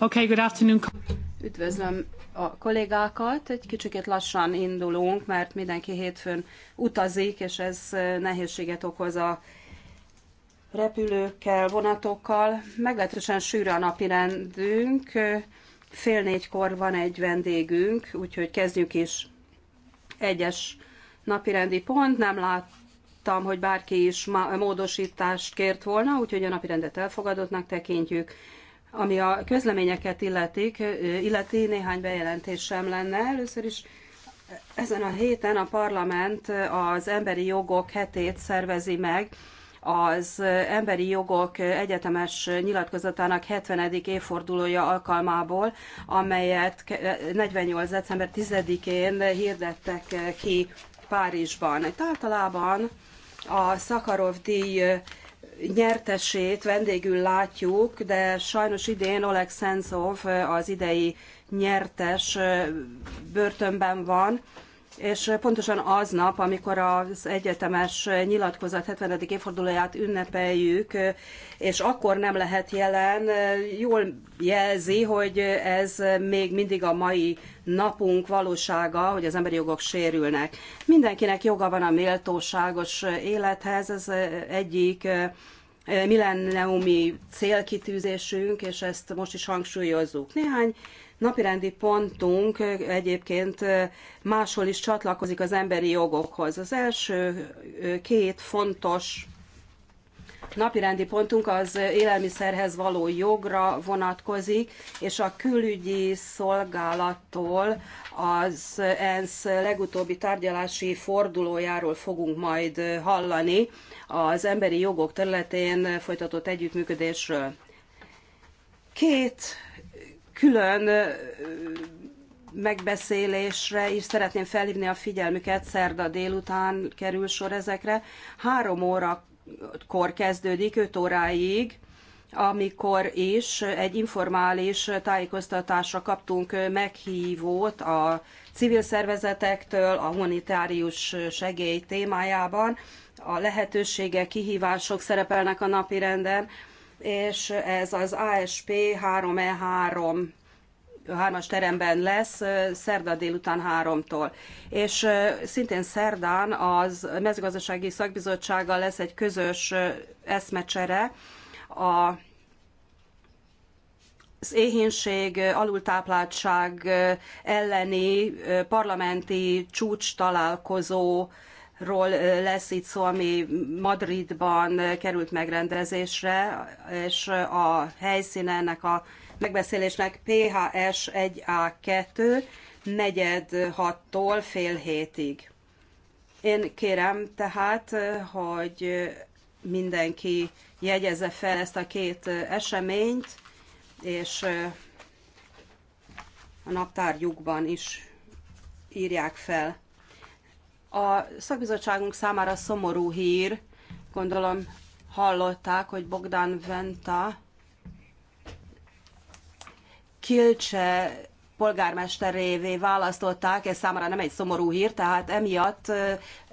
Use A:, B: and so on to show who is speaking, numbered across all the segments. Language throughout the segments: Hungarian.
A: Okay, good afternoon.
B: Üdvözlöm a kollégákat. Egy kicsikét lassan indulunk, mert mindenki hétfőn utazik, és ez nehézséget okoz a repülőkkel, vonatokkal. Meglehetősen sűrű a napi rendünk. Fél négykor van egy vendégünk, úgyhogy kezdjük is egyes napirendi pont. Nem láttam, hogy bárki is módosítást kért volna, úgyhogy a napirendet elfogadottnak tekintjük. Ami a közleményeket illetik, illeti néhány bejelentés sem lenne. Először is ezen a héten a parlament az emberi jogok hetét szervezi meg, az Emberi Jogok Egyetemes Nyilatkozatának 70. évfordulója alkalmából, amelyet 48. december 10-én hirdettek ki Párizsban. általában a Szakarov díj nyertesét vendégül látjuk, de sajnos idén Oleg Szenzov az idei nyertes börtönben van, és pontosan aznap, amikor az egyetemes nyilatkozat 70. évfordulóját ünnepeljük, és akkor nem lehet jelen, jól jelzi, hogy ez még mindig a mai napunk valósága, hogy az emberi jogok sérülnek. Mindenkinek joga van a méltóságos élethez, ez egyik eh, milleniumi célkitűzésünk, és ezt most is hangsúlyozzuk. Néhány napirendi pontunk egyébként máshol is csatlakozik az emberi jogokhoz. Az első két fontos napirendi pontunk az élelmiszerhez való jogra vonatkozik, és a külügyi szolgálattól az ENSZ legutóbbi tárgyalási fordulójáról fogunk majd hallani az emberi jogok területén folytatott együttműködésről. Két külön megbeszélésre is szeretném felhívni a figyelmüket, szerda délután kerül sor ezekre. Három órakor kezdődik, öt óráig, amikor is egy informális tájékoztatásra kaptunk meghívót a civil szervezetektől a humanitárius segély témájában. A lehetőségek, kihívások szerepelnek a renden és ez az ASP 3E3 hármas teremben lesz, szerda délután háromtól. És szintén szerdán az mezőgazdasági szakbizottsággal lesz egy közös eszmecsere a az éhénység, alultápláltság elleni parlamenti csúcs találkozó ról lesz itt szó, ami Madridban került megrendezésre, és a helyszíne ennek a megbeszélésnek PHS 1A2, negyed hattól fél hétig. Én kérem tehát, hogy mindenki jegyezze fel ezt a két eseményt, és a naptárgyukban is írják fel. A szakbizottságunk számára szomorú hír, gondolom hallották, hogy Bogdan Venta Kilcse polgármesterévé választották, ez számára nem egy szomorú hír, tehát emiatt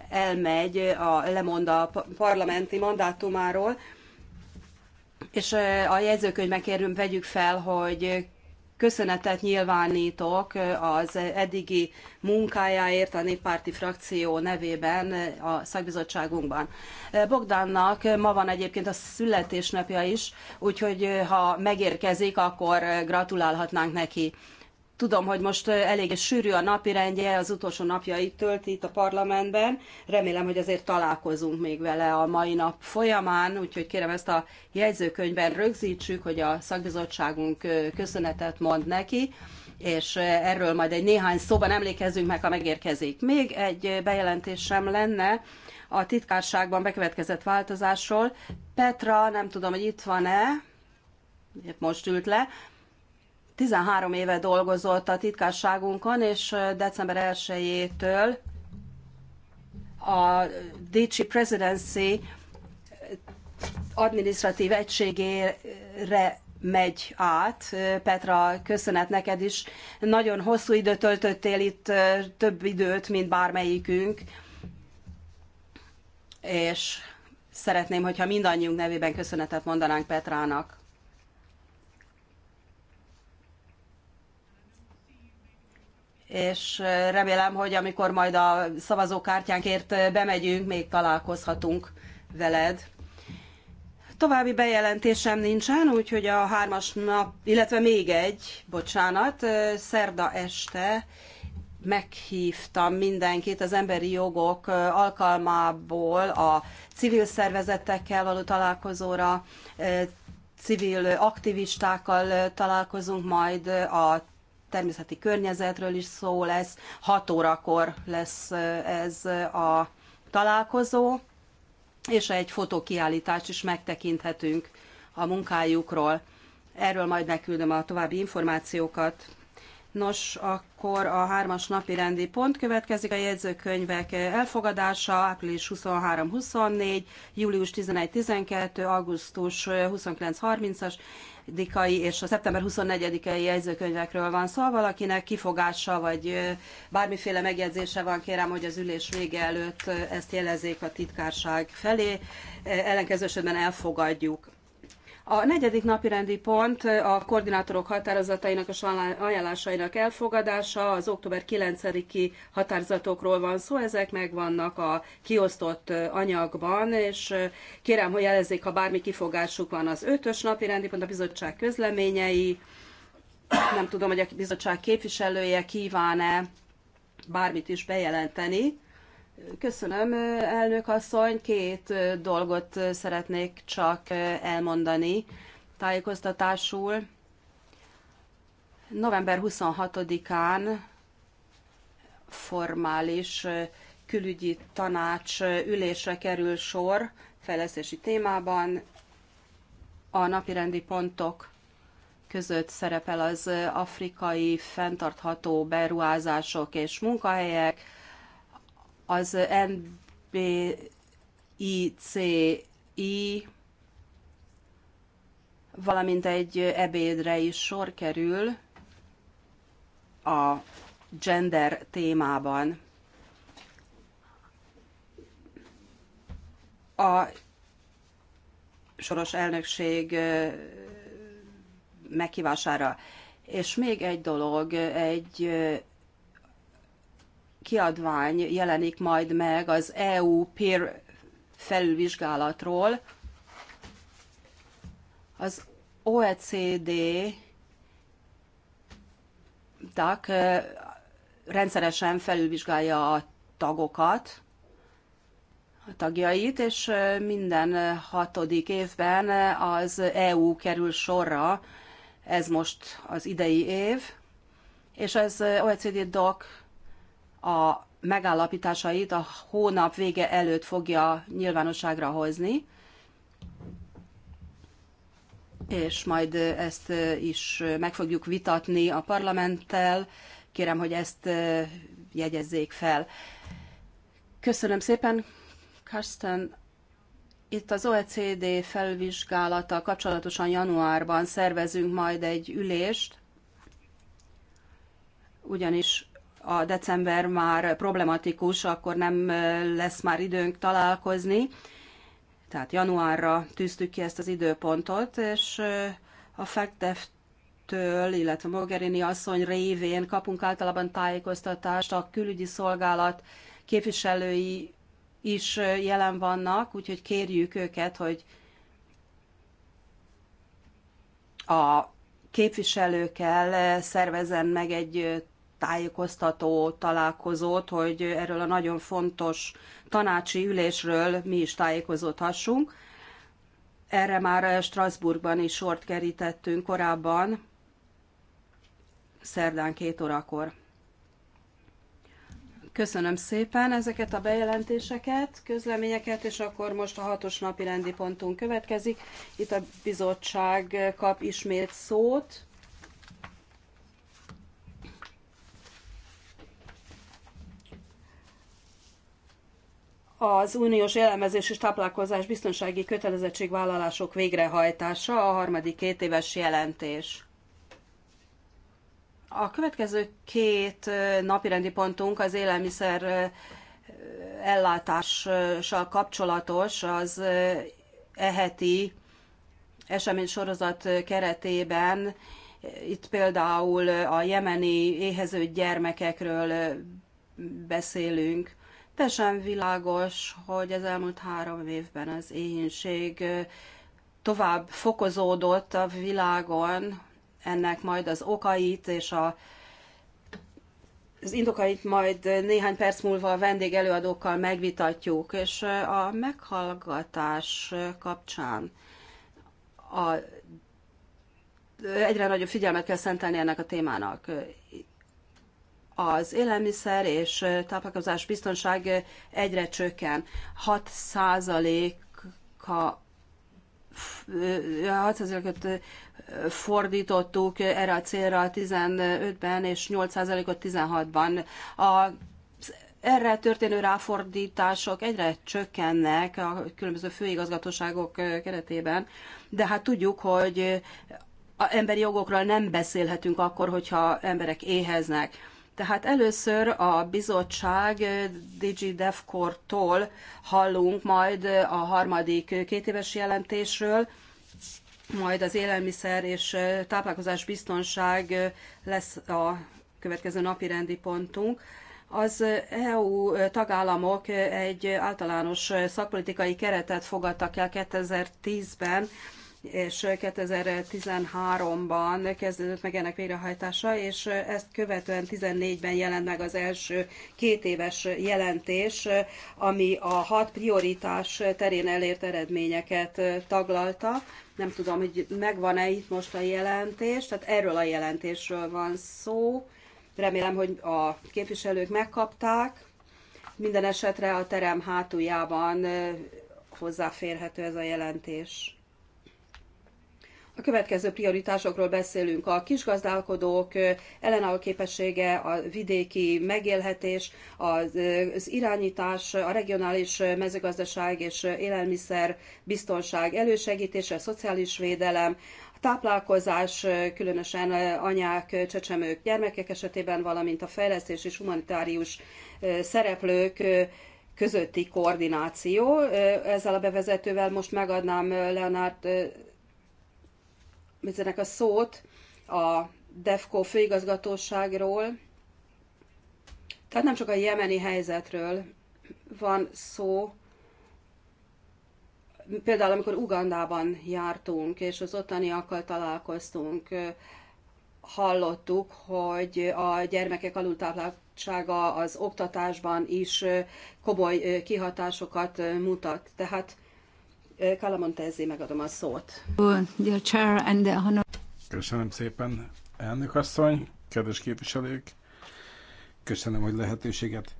B: elmegy, a, lemond a parlamenti mandátumáról, és a jegyzőkönyvben kérünk, vegyük fel, hogy köszönetet nyilvánítok az eddigi munkájáért a néppárti frakció nevében a szakbizottságunkban. Bogdánnak ma van egyébként a születésnapja is, úgyhogy ha megérkezik, akkor gratulálhatnánk neki. Tudom, hogy most elég sűrű a napirendje, az utolsó napjait tölt itt a parlamentben. Remélem, hogy azért találkozunk még vele a mai nap folyamán, úgyhogy kérem ezt a jegyzőkönyvben rögzítsük, hogy a szakbizottságunk köszönetet mond neki és erről majd egy néhány szóban emlékezzünk meg, ha megérkezik. Még egy bejelentésem lenne a titkárságban bekövetkezett változásról. Petra, nem tudom, hogy itt van-e, most ült le, 13 éve dolgozott a titkárságunkon, és december 1-től a DG Presidency adminisztratív egységére megy át. Petra, köszönet neked is. Nagyon hosszú időt töltöttél itt, több időt, mint bármelyikünk. És szeretném, hogyha mindannyiunk nevében köszönetet mondanánk Petrának. és remélem, hogy amikor majd a szavazókártyánkért bemegyünk, még találkozhatunk veled. További bejelentésem nincsen, úgyhogy a hármas nap, illetve még egy, bocsánat, szerda este meghívtam mindenkit az emberi jogok alkalmából a civil szervezetekkel való találkozóra, civil aktivistákkal találkozunk majd a természeti környezetről is szó lesz. 6 órakor lesz ez a találkozó, és egy fotókiállítást is megtekinthetünk a munkájukról. Erről majd megküldöm a további információkat. Nos, akkor a hármas napi rendi pont következik a jegyzőkönyvek elfogadása, április 23-24, július 11-12, augusztus 29-30-as, 23-ai és a szeptember 24-i jegyzőkönyvekről van szó. Szóval valakinek kifogása vagy bármiféle megjegyzése van, kérem, hogy az ülés vége előtt ezt jelezzék a titkárság felé. Ellenkező esetben elfogadjuk. A negyedik napi rendi pont a koordinátorok határozatainak és ajánlásainak elfogadása, az október 9-i határozatokról van szó, ezek megvannak a kiosztott anyagban, és kérem, hogy jelezzék, ha bármi kifogásuk van az ötös napi rendi pont, a bizottság közleményei, nem tudom, hogy a bizottság képviselője kíván-e bármit is bejelenteni. Köszönöm, elnök asszony. Két dolgot szeretnék csak elmondani tájékoztatásul. November 26-án formális külügyi tanács ülésre kerül sor fejlesztési témában. A napirendi pontok között szerepel az afrikai fenntartható beruházások és munkahelyek, az NBICI, valamint egy ebédre is sor kerül a gender témában. A soros elnökség meghívására. És még egy dolog, egy kiadvány jelenik majd meg az EU peer felülvizsgálatról. Az OECD DAC rendszeresen felülvizsgálja a tagokat, a tagjait, és minden hatodik évben az EU kerül sorra, ez most az idei év, és az OECD DOC a megállapításait a hónap vége előtt fogja nyilvánosságra hozni, és majd ezt is meg fogjuk vitatni a parlamenttel. Kérem, hogy ezt jegyezzék fel. Köszönöm szépen, Karsten. Itt az OECD felvizsgálata kapcsolatosan januárban szervezünk majd egy ülést, ugyanis a december már problematikus, akkor nem lesz már időnk találkozni. Tehát januárra tűztük ki ezt az időpontot, és a FECDEF től, illetve Mogherini asszony révén kapunk általában tájékoztatást, a külügyi szolgálat képviselői is jelen vannak, úgyhogy kérjük őket, hogy a képviselőkkel szervezzen meg egy tájékoztató találkozót, hogy erről a nagyon fontos tanácsi ülésről mi is tájékozódhassunk. Erre már Strasbourgban is sort kerítettünk korábban, szerdán két órakor. Köszönöm szépen ezeket a bejelentéseket, közleményeket, és akkor most a hatos napi rendi pontunk következik. Itt a bizottság kap ismét szót. az uniós élelmezés és táplálkozás biztonsági kötelezettségvállalások végrehajtása, a harmadik két éves jelentés. A következő két napirendi pontunk az élelmiszer ellátással kapcsolatos, az eheti sorozat keretében. Itt például a jemeni éhező gyermekekről beszélünk teljesen világos, hogy az elmúlt három évben az éhínség tovább fokozódott a világon, ennek majd az okait és a, az indokait majd néhány perc múlva a vendégelőadókkal megvitatjuk, és a meghallgatás kapcsán a, egyre nagyobb figyelmet kell szentelni ennek a témának az élelmiszer és táplálkozás biztonság egyre csökken. 6 százaléka 6%-ot fordítottuk erre a célra 15-ben, és 8%-ot 16-ban. A erre történő ráfordítások egyre csökkennek a különböző főigazgatóságok keretében, de hát tudjuk, hogy a emberi jogokról nem beszélhetünk akkor, hogyha emberek éheznek. Tehát először a bizottság DigiDevCore-tól hallunk majd a harmadik kétéves jelentésről, majd az élelmiszer és táplálkozás biztonság lesz a következő napi rendi pontunk. Az EU tagállamok egy általános szakpolitikai keretet fogadtak el 2010-ben és 2013-ban kezdődött meg ennek végrehajtása, és ezt követően 14-ben jelent meg az első két éves jelentés, ami a hat prioritás terén elért eredményeket taglalta. Nem tudom, hogy megvan-e itt most a jelentés, tehát erről a jelentésről van szó. Remélem, hogy a képviselők megkapták. Minden esetre a terem hátuljában hozzáférhető ez a jelentés. A következő prioritásokról beszélünk. A kisgazdálkodók ellenálló képessége, a vidéki megélhetés, az irányítás, a regionális mezőgazdaság és élelmiszer biztonság elősegítése, a szociális védelem, a táplálkozás, különösen anyák, csecsemők, gyermekek esetében, valamint a fejlesztés és humanitárius szereplők közötti koordináció. Ezzel a bevezetővel most megadnám Leonard a szót a DEFCO főigazgatóságról. Tehát nem csak a jemeni helyzetről van szó, például amikor Ugandában jártunk, és az ottaniakkal találkoztunk, hallottuk, hogy a gyermekek alultápláltsága az oktatásban is komoly kihatásokat mutat. Tehát Kalamontezi, eh, megadom a szót.
C: Köszönöm szépen, elnök asszony, kedves képviselők. Köszönöm, hogy lehetőséget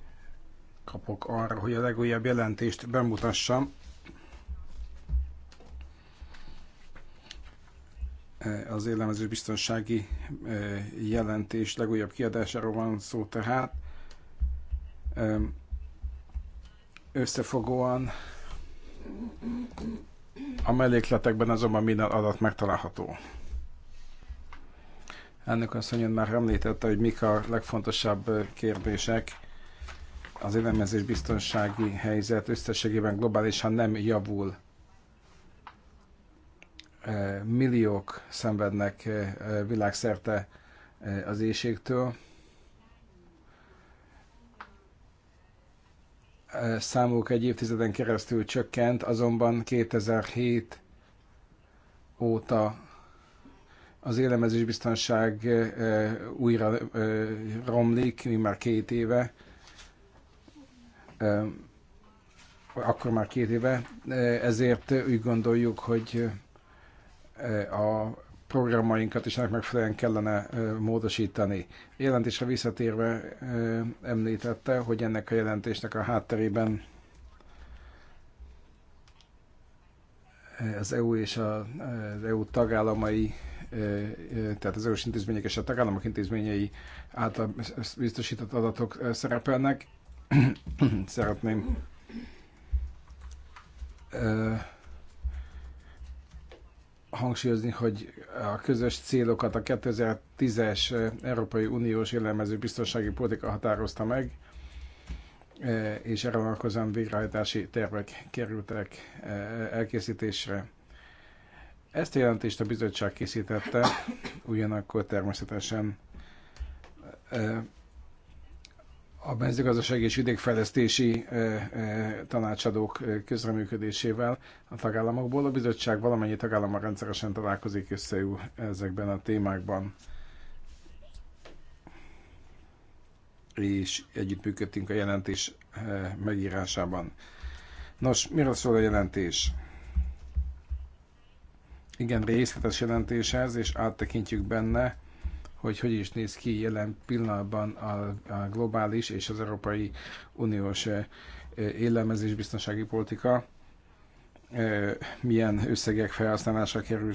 C: kapok arra, hogy a legújabb jelentést bemutassam. Eh, az élelmező biztonsági eh, jelentés legújabb kiadásáról van szó tehát. Összefogóan a mellékletekben azonban minden adat megtalálható. Ennek asszonyon már említette, hogy mik a legfontosabb kérdések. Az élelmezés biztonsági helyzet összességében globálisan nem javul. E, milliók szenvednek e, világszerte e, az éjségtől E, számuk egy évtizeden keresztül csökkent, azonban 2007 óta az biztonság e, újra e, romlik, mi már két éve, akkor már két éve, ezért úgy gondoljuk, hogy a programainkat is ennek megfelelően kellene módosítani. Jelentésre visszatérve említette, hogy ennek a jelentésnek a hátterében az EU és az EU tagállamai, tehát az EU-s intézmények és a tagállamok intézményei által biztosított adatok szerepelnek. Szeretném hangsúlyozni, hogy a közös célokat a 2010-es Európai Uniós Élelmező Biztonsági Politika határozta meg, e, és erre vonatkozóan végrehajtási tervek kerültek e, elkészítésre. Ezt a jelentést a bizottság készítette, ugyanakkor természetesen e, a mezőgazdasági és vidékfejlesztési tanácsadók közreműködésével a tagállamokból. A bizottság valamennyi tagállama rendszeresen találkozik összeül ezekben a témákban. És együttműködtünk a jelentés megírásában. Nos, miről szól a jelentés? Igen, részletes jelentés ez, és áttekintjük benne hogy hogy is néz ki jelen pillanatban a, a globális és az Európai Uniós élelmezés biztonsági politika, milyen összegek felhasználása kerül,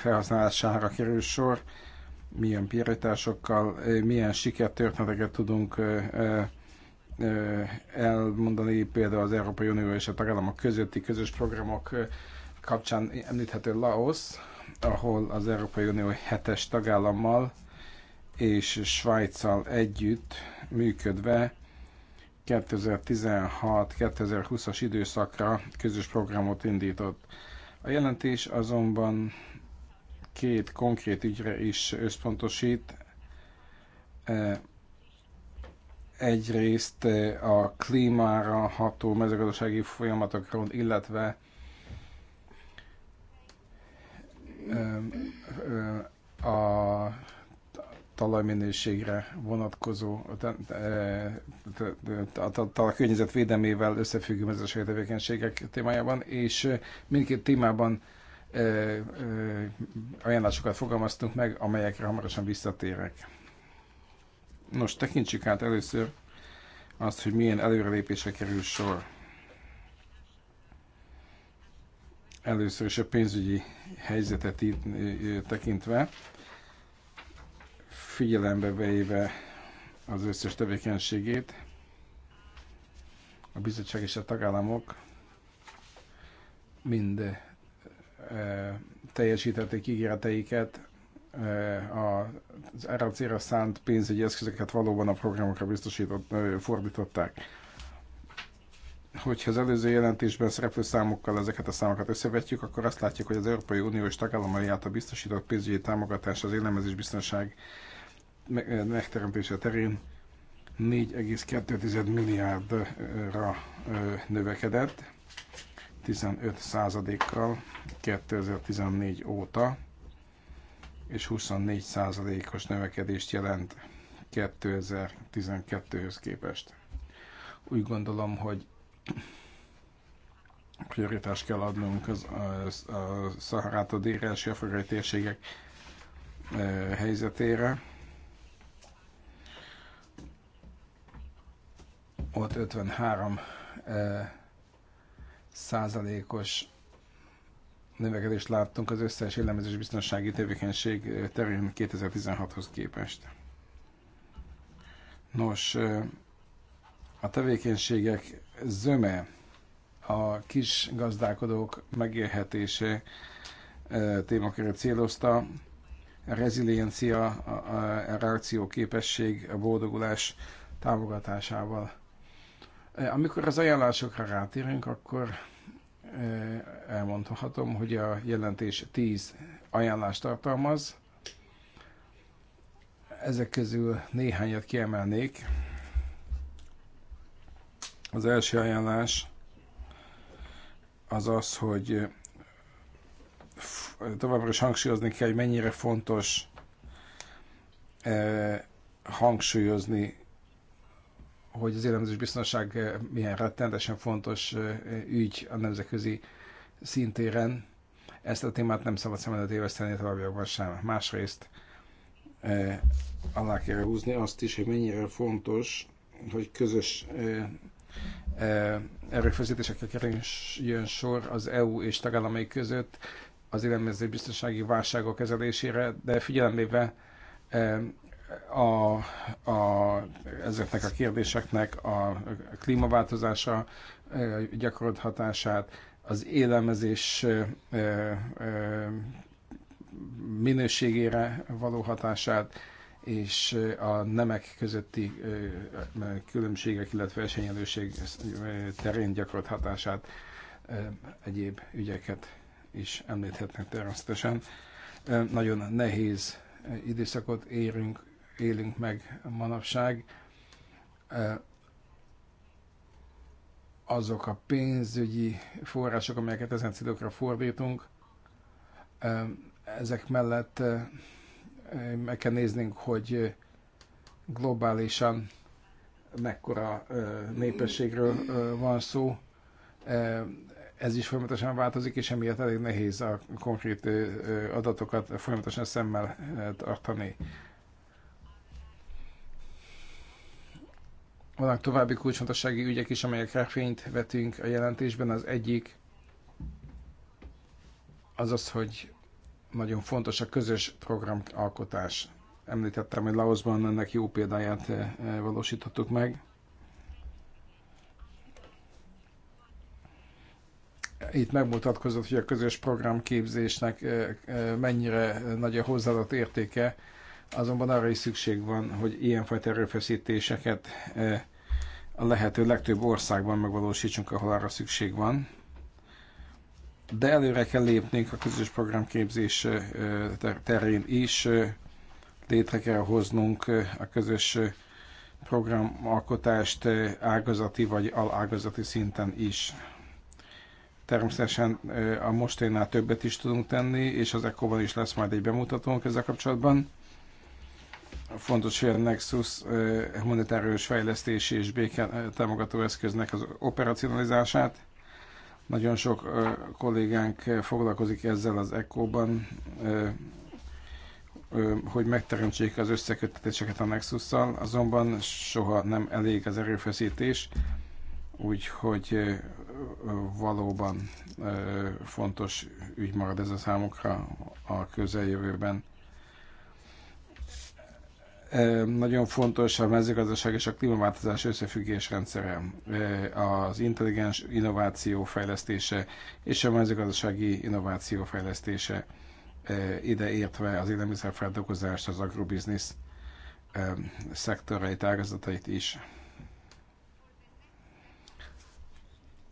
C: felhasználására kerül sor, milyen prioritásokkal, milyen sikertörténeteket tudunk elmondani, például az Európai Unió és a tagállamok közötti közös programok kapcsán említhető Laos, ahol az Európai Unió hetes tagállammal és Svájccal együtt működve 2016-2020-as időszakra közös programot indított. A jelentés azonban két konkrét ügyre is összpontosít. E, egyrészt a klímára ható mezőgazdasági folyamatokról, illetve e, e, a talajminőségre vonatkozó, a környezet védelmével összefüggő mezőgazdasági tevékenységek témájában, és mindkét témában e, e, ajánlásokat fogalmaztunk meg, amelyekre hamarosan visszatérek. Nos, tekintsük át először azt, hogy milyen előrelépése kerül sor. Először is a pénzügyi helyzetet e, tekintve figyelembe véve az összes tevékenységét, a bizottság és a tagállamok mind e, teljesítették ígéreteiket, e, az erre célra szánt pénzügyi eszközöket valóban a programokra biztosított, e, fordították. Hogyha az előző jelentésben szereplő számokkal ezeket a számokat összevetjük, akkor azt látjuk, hogy az Európai Uniós tagállamai által biztosított pénzügyi támogatás az élelmezés biztonság Eh, megteremtése terén 4,2 milliárdra eh, növekedett, 15 százalékkal 2014 óta, és 24 százalékos növekedést jelent 2012-höz képest. Úgy gondolom, hogy prioritást kell adnunk az, az, a a délre első afrikai térségek eh, helyzetére volt 53 százalékos növekedést láttunk az összes élelmezés biztonsági tevékenység terén 2016-hoz képest. Nos, a tevékenységek zöme, a kis gazdálkodók megélhetése témakörre célozta, a reziliencia, a reakcióképesség, a boldogulás támogatásával Eh, amikor az ajánlásokra rátérünk, akkor eh, elmondhatom, hogy a jelentés 10 ajánlást tartalmaz. Ezek közül néhányat kiemelnék. Az első ajánlás az az, hogy eh, továbbra is hangsúlyozni kell, hogy mennyire fontos hangsúlyozni hogy az élelmezés biztonság eh, milyen rettenetesen fontos eh, ügy a nemzetközi szintéren. Ezt a témát nem szabad szem előtt éveszteni továbbiakban sem. Másrészt eh, alá kell húzni azt is, hogy mennyire fontos, hogy közös erőfeszítésekre kerüljön sor az EU és tagállamai között az élelmezés biztonsági válságok kezelésére, de figyelembe a, a, ezeknek a kérdéseknek a klímaváltozása gyakorolt hatását, az élelmezés minőségére való hatását, és a nemek közötti különbségek, illetve esélyelőség terén gyakorolt hatását, egyéb ügyeket is említhetnek természetesen. Nagyon nehéz időszakot érünk, élünk meg manapság, azok a pénzügyi források, amelyeket ezen célokra fordítunk, ezek mellett meg kell néznünk, hogy globálisan mekkora népességről van szó. Ez is folyamatosan változik, és emiatt elég nehéz a konkrét adatokat folyamatosan szemmel tartani. Vannak további kulcsfontossági ügyek is, amelyekre fényt vetünk a jelentésben. Az egyik az az, hogy nagyon fontos a közös programalkotás. Említettem, hogy Laosban ennek jó példáját eh, eh, valósítottuk meg. Itt megmutatkozott, hogy a közös programképzésnek eh, mennyire nagy a hozzáadott értéke Azonban arra is szükség van, hogy ilyenfajta erőfeszítéseket e, a lehető legtöbb országban megvalósítsunk, ahol arra szükség van. De előre kell lépnünk a közös programképzés e, terén is, e, létre kell hoznunk a közös programalkotást ágazati vagy alágazati szinten is. Természetesen a mostaninál többet is tudunk tenni, és az ECO-ban is lesz majd egy bemutatónk ezzel kapcsolatban. Fontos, hogy a Nexus humanitárius fejlesztési és béke támogató eszköznek az operacionalizását. Nagyon sok kollégánk foglalkozik ezzel az ECO-ban, hogy megteremtsék az összekötetéseket a Nexus-szal, azonban soha nem elég az erőfeszítés, úgyhogy valóban fontos ügy marad ez a számukra a közeljövőben nagyon fontos a mezőgazdaság és a klímaváltozás összefüggés rendszere, az intelligens innováció fejlesztése és a mezőgazdasági innováció fejlesztése, ide értve az élelmiszerfeldolgozást, az agrobiznisz szektorait, ágazatait is.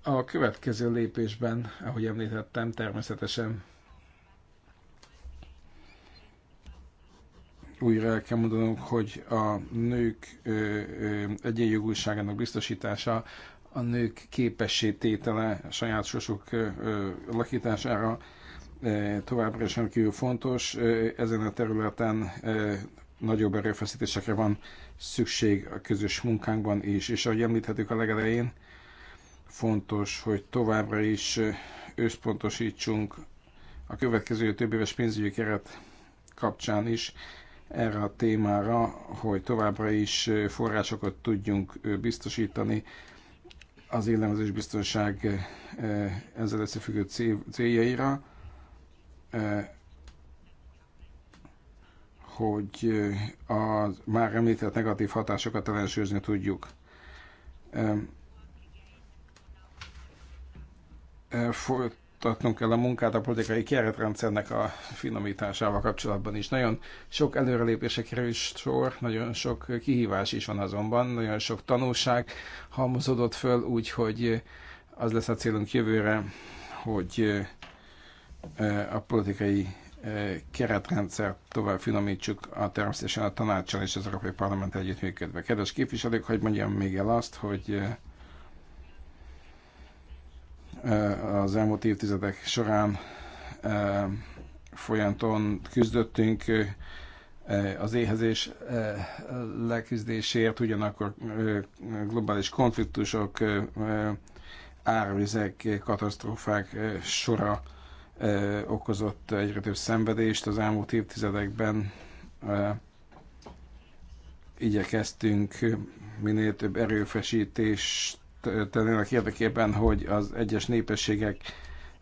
C: A következő lépésben, ahogy említettem, természetesen újra el kell mondanunk, hogy a nők egyenjogúságának biztosítása, a nők képessé tétele a saját sosok lakítására továbbra is rendkívül fontos. Ezen a területen nagyobb erőfeszítésekre van szükség a közös munkánkban is, és ahogy említhetük a legelején, fontos, hogy továbbra is összpontosítsunk a következő több éves pénzügyi keret kapcsán is erre a témára, hogy továbbra is forrásokat tudjunk biztosítani az élelmezés biztonság ezzel összefüggő céljaira, hogy a már említett negatív hatásokat ellensúlyozni tudjuk folytatnunk kell a munkát a politikai keretrendszernek a finomításával kapcsolatban is. Nagyon sok előrelépése kerül sor, nagyon sok kihívás is van azonban, nagyon sok tanulság halmozódott föl, úgyhogy az lesz a célunk jövőre, hogy eh, a politikai eh, keretrendszer tovább finomítsuk a természetesen a tanácssal és az Európai Parlament együttműködve. Kedves képviselők, hogy mondjam még el azt, hogy eh, Eh, az elmúlt évtizedek során eh, folyamaton küzdöttünk eh, az éhezés leküzdésért, ugyanakkor globális konfliktusok, árvizek, katasztrófák sora okozott egyre több szenvedést az elmúlt évtizedekben. Igyekeztünk minél több erőfesítést tennének érdekében, hogy az egyes népességek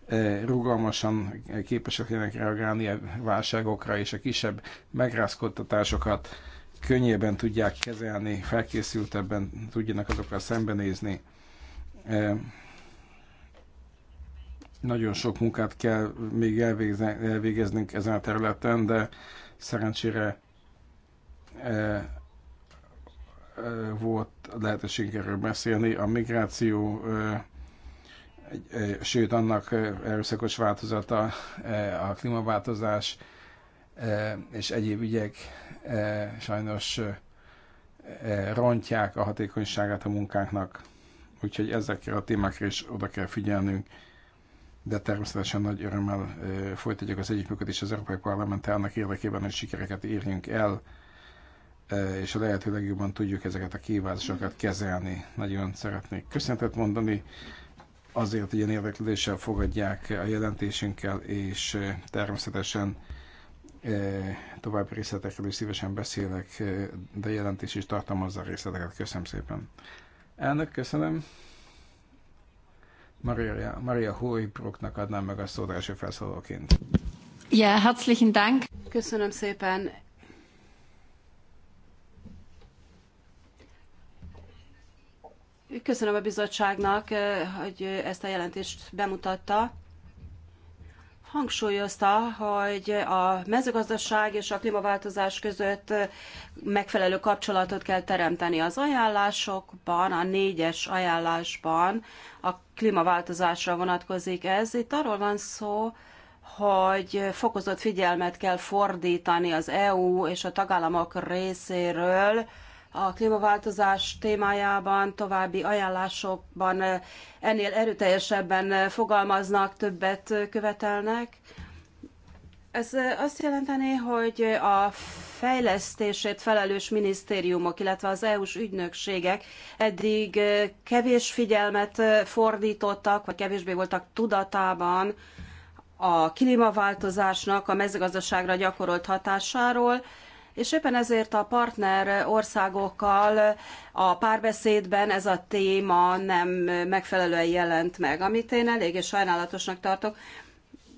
C: eh, rugalmasan képesek legyenek reagálni a válságokra, és a kisebb megrázkodtatásokat könnyebben tudják kezelni, felkészültebben tudjanak azokkal szembenézni. Eh, nagyon sok munkát kell még elvégeznünk ezen a területen, de szerencsére eh, volt lehetőség erről beszélni. A migráció, sőt annak erőszakos változata, a klímaváltozás és egyéb ügyek sajnos rontják a hatékonyságát a munkánknak. Úgyhogy ezekre a témákra is oda kell figyelnünk de természetesen nagy örömmel folytatjuk az együttműködést az Európai Parlamenttel annak érdekében, hogy sikereket érjünk el és a lehető legjobban tudjuk ezeket a kívánságokat kezelni. Nagyon szeretnék köszönetet mondani azért, hogy ilyen érdeklődéssel fogadják a jelentésünkkel, és természetesen további részletekről is szívesen beszélek, de jelentés is tartalmazza a részleteket. Köszönöm szépen. Elnök, köszönöm. Maria, Maria Hoibroknak adnám meg a szót első felszólóként.
B: Ja, herzlichen Dank. Köszönöm szépen. Köszönöm a bizottságnak, hogy ezt a jelentést bemutatta. Hangsúlyozta, hogy a mezőgazdaság és a klímaváltozás között megfelelő kapcsolatot kell teremteni. Az ajánlásokban, a négyes ajánlásban a klímaváltozásra vonatkozik ez. Itt arról van szó, hogy fokozott figyelmet kell fordítani az EU és a tagállamok részéről, a klímaváltozás témájában, további ajánlásokban eh, ennél erőteljesebben eh, fogalmaznak, többet követelnek. Ez eh, azt jelenteni, hogy a fejlesztését felelős minisztériumok, illetve az EU-s ügynökségek eddig kevés figyelmet fordítottak, vagy kevésbé voltak tudatában a klímaváltozásnak a mezőgazdaságra gyakorolt hatásáról, és éppen ezért a partner országokkal a párbeszédben ez a téma nem megfelelően jelent meg, amit én eléggé sajnálatosnak tartok.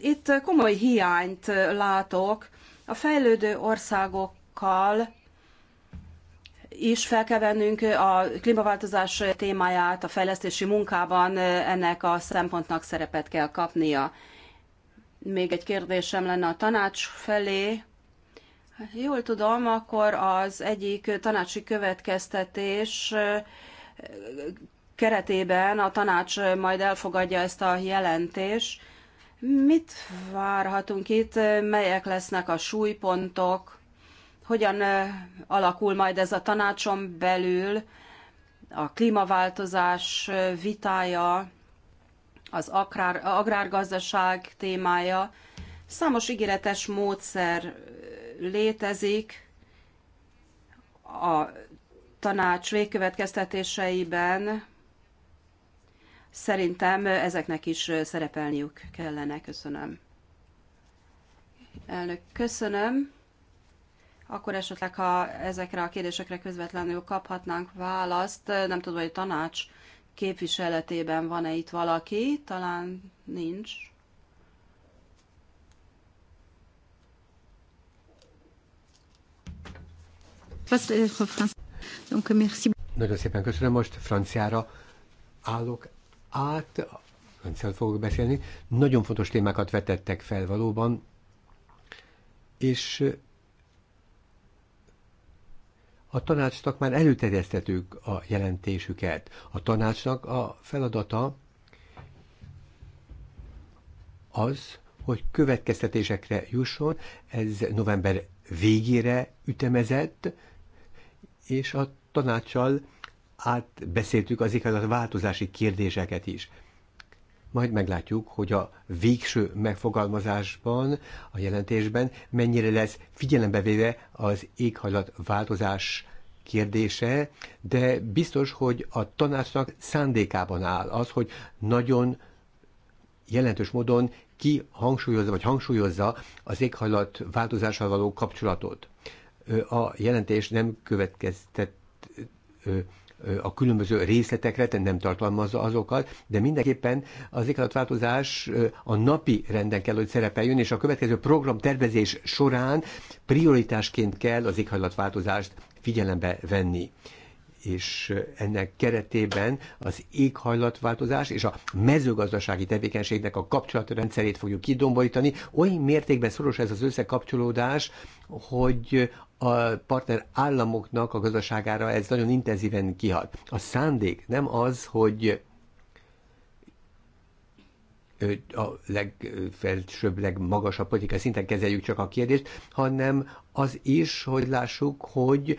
B: Itt komoly hiányt látok. A fejlődő országokkal is fel kell vennünk a klímaváltozás témáját, a fejlesztési munkában ennek a szempontnak szerepet kell kapnia. Még egy kérdésem lenne a tanács felé. Jól tudom, akkor az egyik tanácsi következtetés keretében a tanács majd elfogadja ezt a jelentést. Mit várhatunk itt, melyek lesznek a súlypontok, hogyan alakul majd ez a tanácson belül, a klímaváltozás vitája, az agrár, agrárgazdaság témája. Számos ígéretes módszer létezik, a tanács végkövetkeztetéseiben szerintem ezeknek is szerepelniük kellene. Köszönöm. Elnök, köszönöm. Akkor esetleg, ha ezekre a kérdésekre közvetlenül kaphatnánk választ, nem tudom, hogy a tanács képviseletében van-e itt valaki, talán nincs.
A: Nagyon szépen köszönöm, most franciára állok át, franciára fogok beszélni. Nagyon fontos témákat vetettek fel valóban, és eh, a tanácsnak már előterjesztettük a jelentésüket. A tanácsnak a feladata az, hogy következtetésekre jusson, ez november végére ütemezett, és a tanácssal átbeszéltük az változási kérdéseket is. Majd meglátjuk, hogy a végső megfogalmazásban, a jelentésben mennyire lesz figyelembe véve az változás kérdése, de biztos, hogy a tanácsnak szándékában áll az, hogy nagyon jelentős módon ki hangsúlyozza, vagy hangsúlyozza az éghajlat változással való kapcsolatot a jelentés nem következtet a különböző részletekre, tehát nem tartalmazza azokat, de mindenképpen az éghajlatváltozás a napi renden kell, hogy szerepeljön, és a következő program tervezés során prioritásként kell az éghajlatváltozást figyelembe venni és eh, ennek keretében az éghajlatváltozás és a mezőgazdasági tevékenységnek a kapcsolatrendszerét fogjuk kidomborítani. Oly mértékben szoros ez az összekapcsolódás, hogy a partner államoknak a gazdaságára ez nagyon intenzíven kihat. A szándék nem az, hogy eh, a legfelsőbb, legmagasabb politikai szinten kezeljük csak a kérdést, hanem az is, hogy lássuk, hogy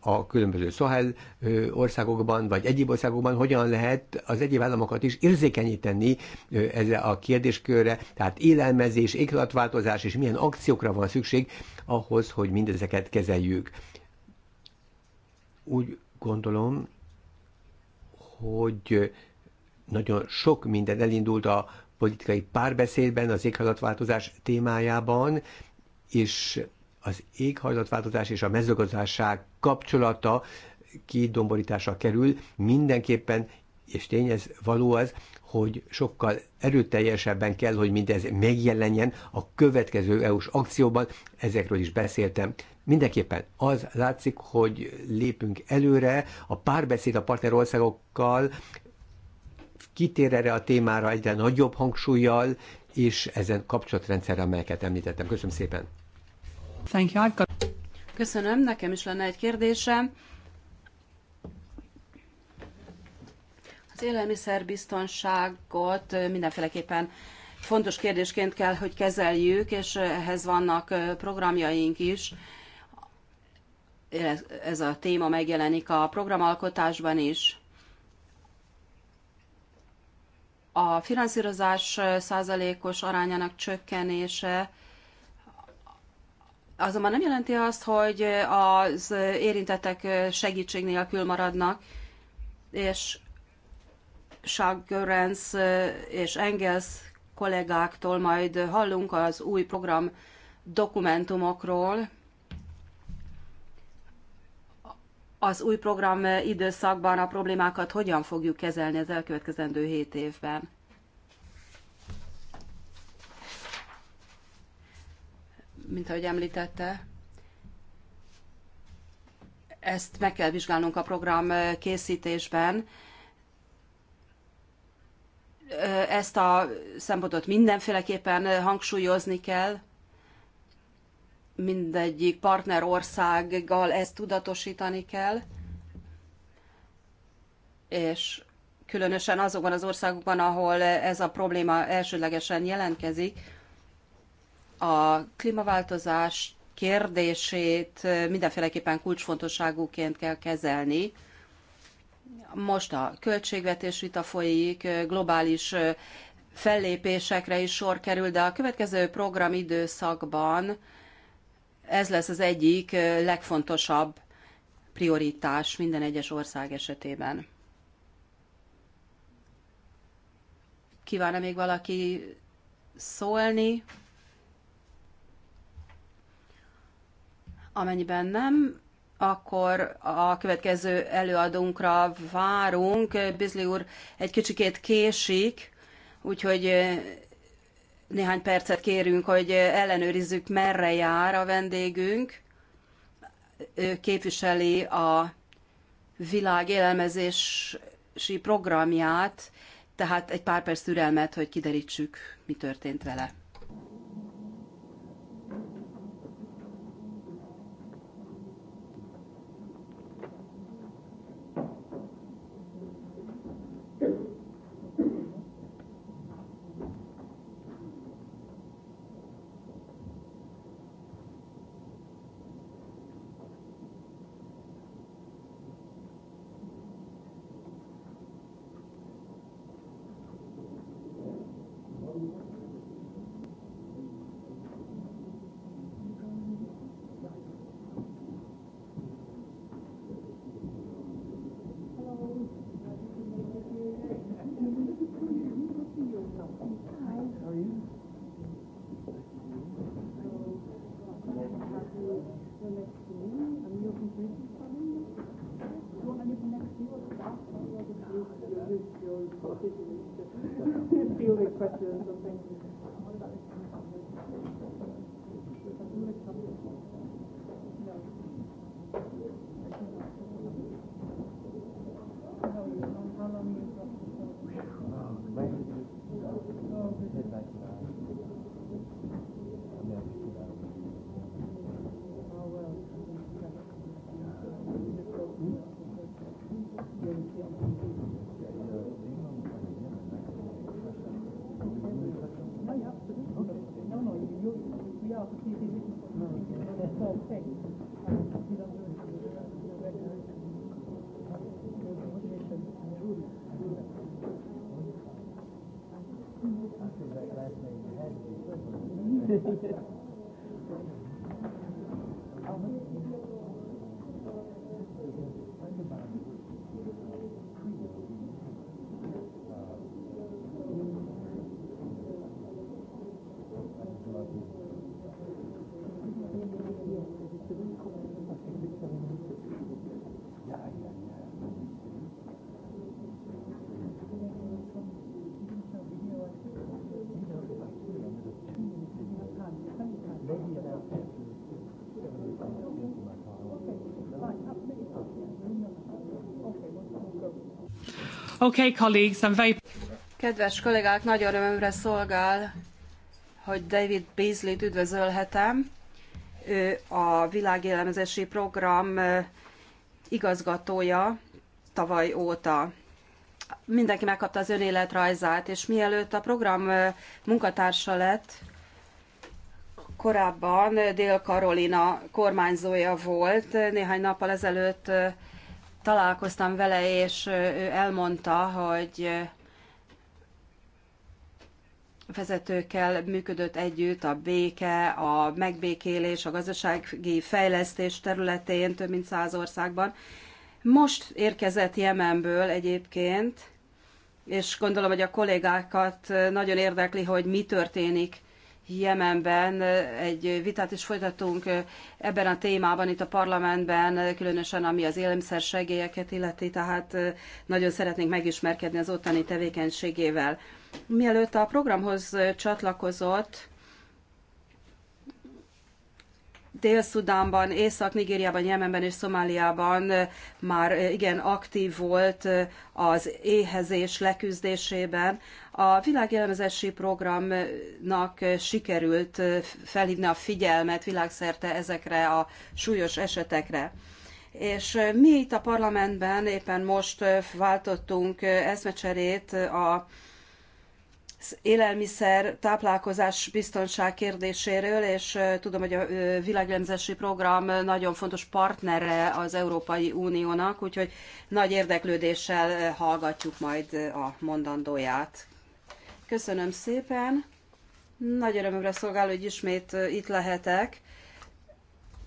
A: a különböző Szahel országokban, vagy egyéb országokban hogyan lehet az egyéb államokat is érzékenyíteni ezre a kérdéskörre, tehát élelmezés, éghajlatváltozás és milyen akciókra van szükség ahhoz, hogy mindezeket kezeljük. Úgy gondolom, hogy nagyon sok minden elindult a politikai párbeszédben, az éghajlatváltozás témájában, és az éghajlatváltozás és a mezőgazdaság kapcsolata kidomborításra kerül, mindenképpen, és tény ez való az, hogy sokkal erőteljesebben kell, hogy mindez megjelenjen a következő EU-s akcióban, ezekről is beszéltem. Mindenképpen az látszik, hogy lépünk előre, a párbeszéd a partnerországokkal kitér erre a témára egyre nagyobb hangsúlyjal, és ezen kapcsolatrendszerre, amelyeket említettem. Köszönöm szépen! Thank you. I've got...
B: Köszönöm, nekem is lenne egy kérdésem. Az élelmiszerbiztonságot mindenféleképpen fontos kérdésként kell, hogy kezeljük, és ehhez vannak programjaink is. Ez a téma megjelenik a programalkotásban is. A finanszírozás százalékos arányának csökkenése azonban nem jelenti azt, hogy az érintettek segítség nélkül maradnak, és Schaggörens és Engels kollégáktól majd hallunk az új program dokumentumokról. Az új program időszakban a problémákat hogyan fogjuk kezelni az elkövetkezendő 7 évben? mint ahogy említette, ezt meg kell vizsgálnunk a program készítésben. Ezt a szempontot mindenféleképpen hangsúlyozni kell, mindegyik partner országgal ezt tudatosítani kell, és különösen azokban az országokban, ahol ez a probléma elsődlegesen jelentkezik, a klímaváltozás kérdését mindenféleképpen kulcsfontosságúként kell kezelni. Most a költségvetés vita folyik, globális fellépésekre is sor kerül, de a következő programidőszakban ez lesz az egyik legfontosabb prioritás minden egyes ország esetében. Kívánna még valaki szólni? Amennyiben nem, akkor a következő előadónkra várunk. Bizli úr egy kicsikét késik, úgyhogy néhány percet kérünk, hogy ellenőrizzük, merre jár a vendégünk. Ő képviseli a világ élelmezési programját, tehát egy pár perc türelmet, hogy kiderítsük, mi történt vele.
A: Okay, colleagues, I'm very...
B: Kedves kollégák, nagy örömömre szolgál, hogy David Beasley-t üdvözölhetem. Ő a világélelmezési program igazgatója tavaly óta. Mindenki megkapta az önéletrajzát, és mielőtt a program munkatársa lett, korábban Dél-Karolina kormányzója volt. Néhány nappal ezelőtt találkoztam vele, és ő elmondta, hogy vezetőkkel működött együtt a béke, a megbékélés, a gazdasági fejlesztés területén több mint száz országban. Most érkezett Jemenből egyébként, és gondolom, hogy a kollégákat nagyon érdekli, hogy mi történik Jemenben eh, egy vitát is folytatunk eh, ebben a témában itt a parlamentben, eh, különösen ami az élelmiszer segélyeket illeti, tehát nagyon szeretnénk megismerkedni az ottani tevékenységével. Mielőtt a programhoz csatlakozott, Dél-Szudánban, Észak-Nigériában, Jemenben és Szomáliában már eh, igen aktív volt eh, az éhezés leküzdésében. A világjelmezési programnak eh, sikerült felhívni a figyelmet világszerte ezekre a súlyos esetekre. És mi itt a parlamentben éppen most váltottunk eszmecserét a élelmiszer, táplálkozás, biztonság kérdéséről, és tudom, hogy a világlemzési program nagyon fontos partnere az Európai Uniónak, úgyhogy nagy érdeklődéssel hallgatjuk majd a mondandóját. Köszönöm szépen! Nagy örömömre szolgál, hogy ismét itt lehetek.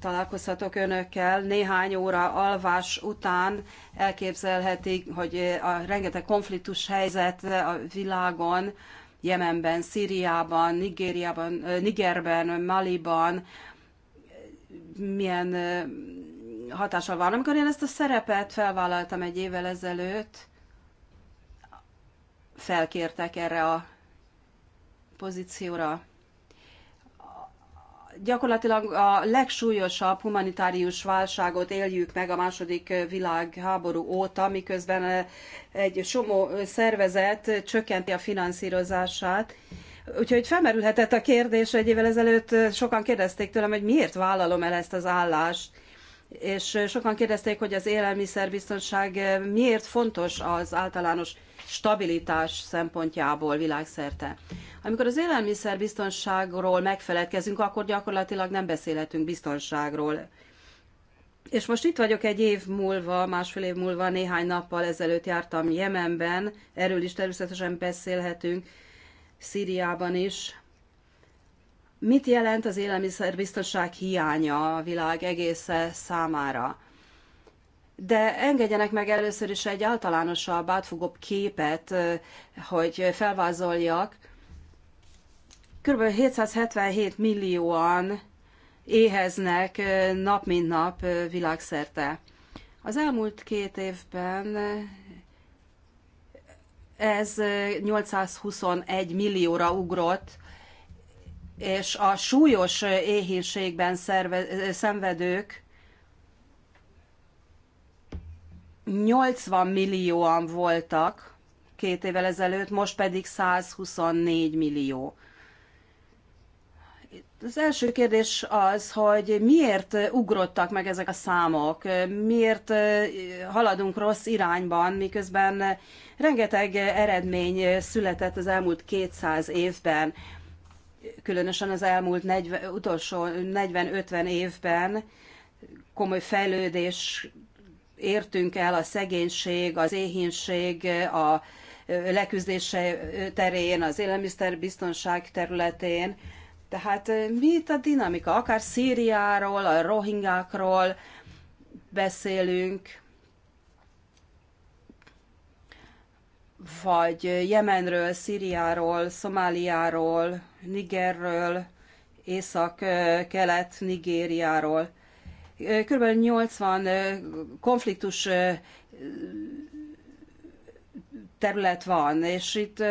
B: Találkozhatok önökkel. Néhány óra alvás után elképzelhetik, hogy a rengeteg konfliktus helyzet a világon, Jemenben, Szíriában, Nigériában, Nigerben, Maliban, milyen hatással van. Amikor én ezt a szerepet felvállaltam egy évvel ezelőtt, felkértek erre a pozícióra gyakorlatilag a legsúlyosabb humanitárius válságot éljük meg a második világháború óta, miközben eh, egy somó eh, szervezet csökkenti a finanszírozását. Úgyhogy felmerülhetett a kérdés, egy évvel ezelőtt eh, sokan kérdezték tőlem, hogy miért vállalom el ezt az állást. És sokan kérdezték, hogy az élelmiszerbiztonság miért fontos az általános stabilitás szempontjából világszerte. Amikor az élelmiszerbiztonságról megfeledkezünk, akkor gyakorlatilag nem beszélhetünk biztonságról. És most itt vagyok egy év múlva, másfél év múlva, néhány nappal ezelőtt jártam Jemenben, erről is természetesen beszélhetünk, Szíriában is. Mit jelent az élelmiszerbiztonság hiánya a világ egésze számára? De engedjenek meg először is egy általánosabb, átfogóbb képet, hogy felvázoljak. Kb. 777 millióan éheznek nap mint nap világszerte. Az elmúlt két évben ez 821 millióra ugrott, és a súlyos éhínségben szenvedők 80 millióan voltak két évvel ezelőtt, most pedig 124 millió. Az első kérdés az, hogy miért ugrottak meg ezek a számok, miért haladunk rossz irányban, miközben rengeteg eredmény született az elmúlt 200 évben, különösen az elmúlt 40, utolsó 40-50 évben komoly fejlődés értünk el a szegénység, az éhínség, a leküzdése terén, az élelmiszerbiztonság területén. Tehát eh, mi itt a dinamika? Akár Szíriáról, a rohingákról beszélünk, vagy Jemenről, Szíriáról, Szomáliáról, Nigerről, Észak-Kelet, Nigériáról. Kb. 80 konfliktus terület van, és itt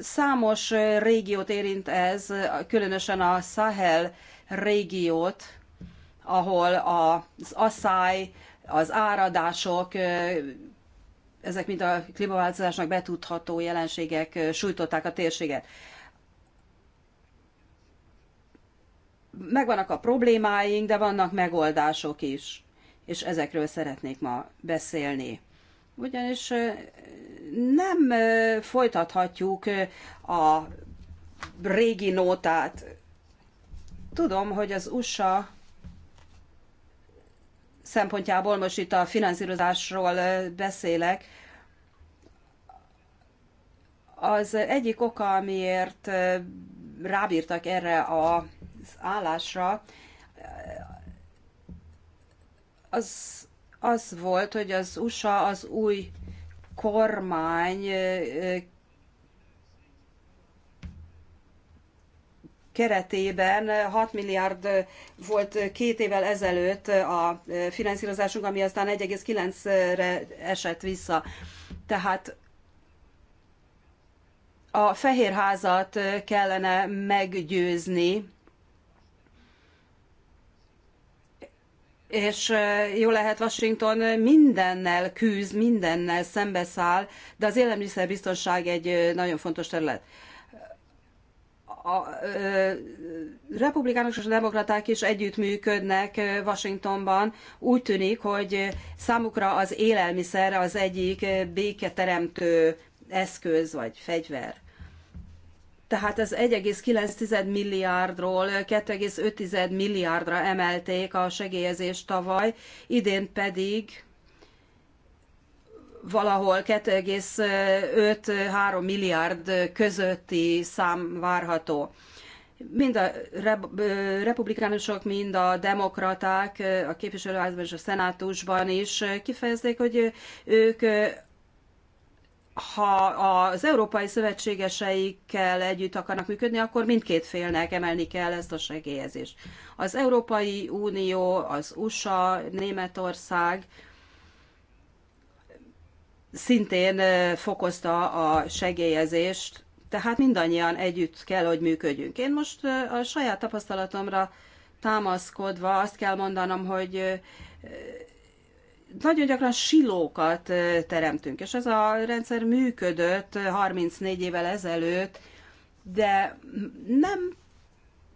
B: számos régiót érint ez, különösen a Sahel régiót, ahol az asszály, az áradások, ezek mind a klímaváltozásnak betudható jelenségek sújtották a térséget. megvannak a problémáink, de vannak megoldások is, és ezekről szeretnék ma beszélni. Ugyanis nem folytathatjuk a régi nótát. Tudom, hogy az USA szempontjából most itt a finanszírozásról beszélek, az egyik oka, amiért rábírtak erre a állásra, az, az volt, hogy az USA az új kormány keretében 6 milliárd volt két évvel ezelőtt a finanszírozásunk, ami aztán 1,9-re esett vissza. Tehát a fehér házat kellene meggyőzni és jó lehet Washington mindennel küzd, mindennel szembeszáll, de az élelmiszerbiztonság egy nagyon fontos terület. A republikánus és a demokraták is együttműködnek Washingtonban. Úgy tűnik, hogy számukra az élelmiszer az egyik béketeremtő eszköz vagy fegyver. Tehát az 1,9 milliárdról 2,5 milliárdra emelték a segélyezést tavaly, idén pedig valahol 2,5-3 milliárd közötti szám várható. Mind a republikánusok, mind a demokraták a képviselőházban és a szenátusban is kifejezték, hogy ők ha az európai szövetségeseikkel együtt akarnak működni, akkor mindkét félnek emelni kell ezt a segélyezést. Az Európai Unió, az USA, Németország szintén fokozta a segélyezést, tehát mindannyian együtt kell, hogy működjünk. Én most a saját tapasztalatomra támaszkodva azt kell mondanom, hogy nagyon gyakran silókat teremtünk, és ez a rendszer működött 34 évvel ezelőtt, de nem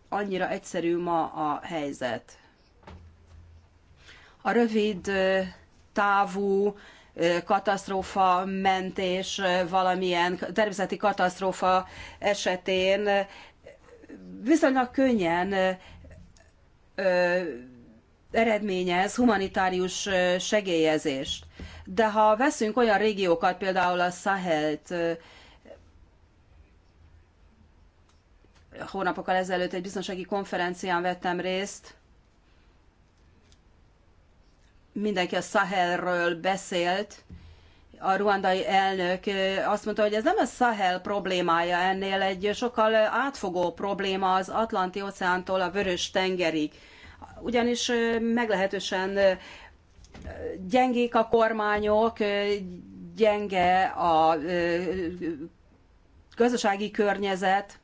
B: annyira egyszerű ma a helyzet. A rövid távú katasztrófa mentés valamilyen természeti katasztrófa esetén viszonylag könnyen eredményez humanitárius segélyezést. De ha veszünk olyan régiókat, például a Sahelt, hónapokkal ezelőtt egy biztonsági konferencián vettem részt, mindenki a Sahelről beszélt, a ruandai elnök azt mondta, hogy ez nem a Sahel problémája ennél, egy sokkal átfogó probléma az Atlanti óceántól a Vörös tengerig ugyanis meglehetősen gyengék a kormányok, gyenge a gazdasági környezet,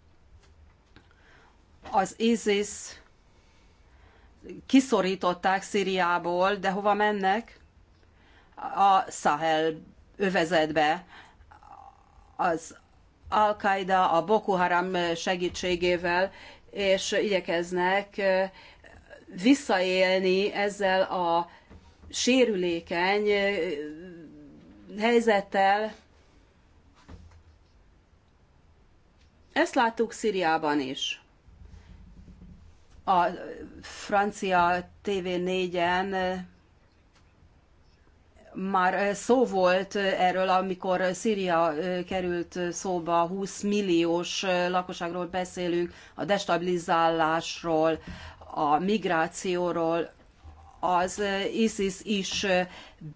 B: az ISIS kiszorították Szíriából, de hova mennek? A Sahel övezetbe. Az Al-Qaeda a Boko Haram segítségével, és igyekeznek visszaélni ezzel a sérülékeny helyzettel. Ezt láttuk Szíriában is. A francia TV4-en már szó volt erről, amikor Szíria került szóba, 20 milliós lakosságról beszélünk, a destabilizálásról, a migrációról, az ISIS is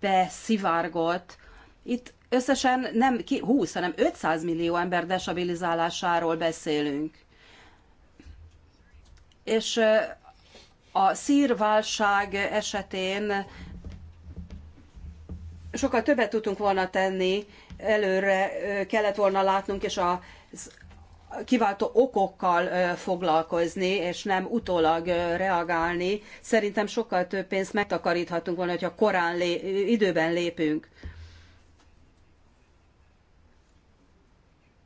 B: beszivárgott. Itt összesen nem 20, hanem 500 millió ember destabilizálásáról beszélünk. És a szírválság esetén sokkal többet tudtunk volna tenni, előre kellett volna látnunk, és az kiváltó okokkal foglalkozni, és nem utólag reagálni. Szerintem sokkal több pénzt megtakaríthatunk volna, hogyha korán lé, időben lépünk.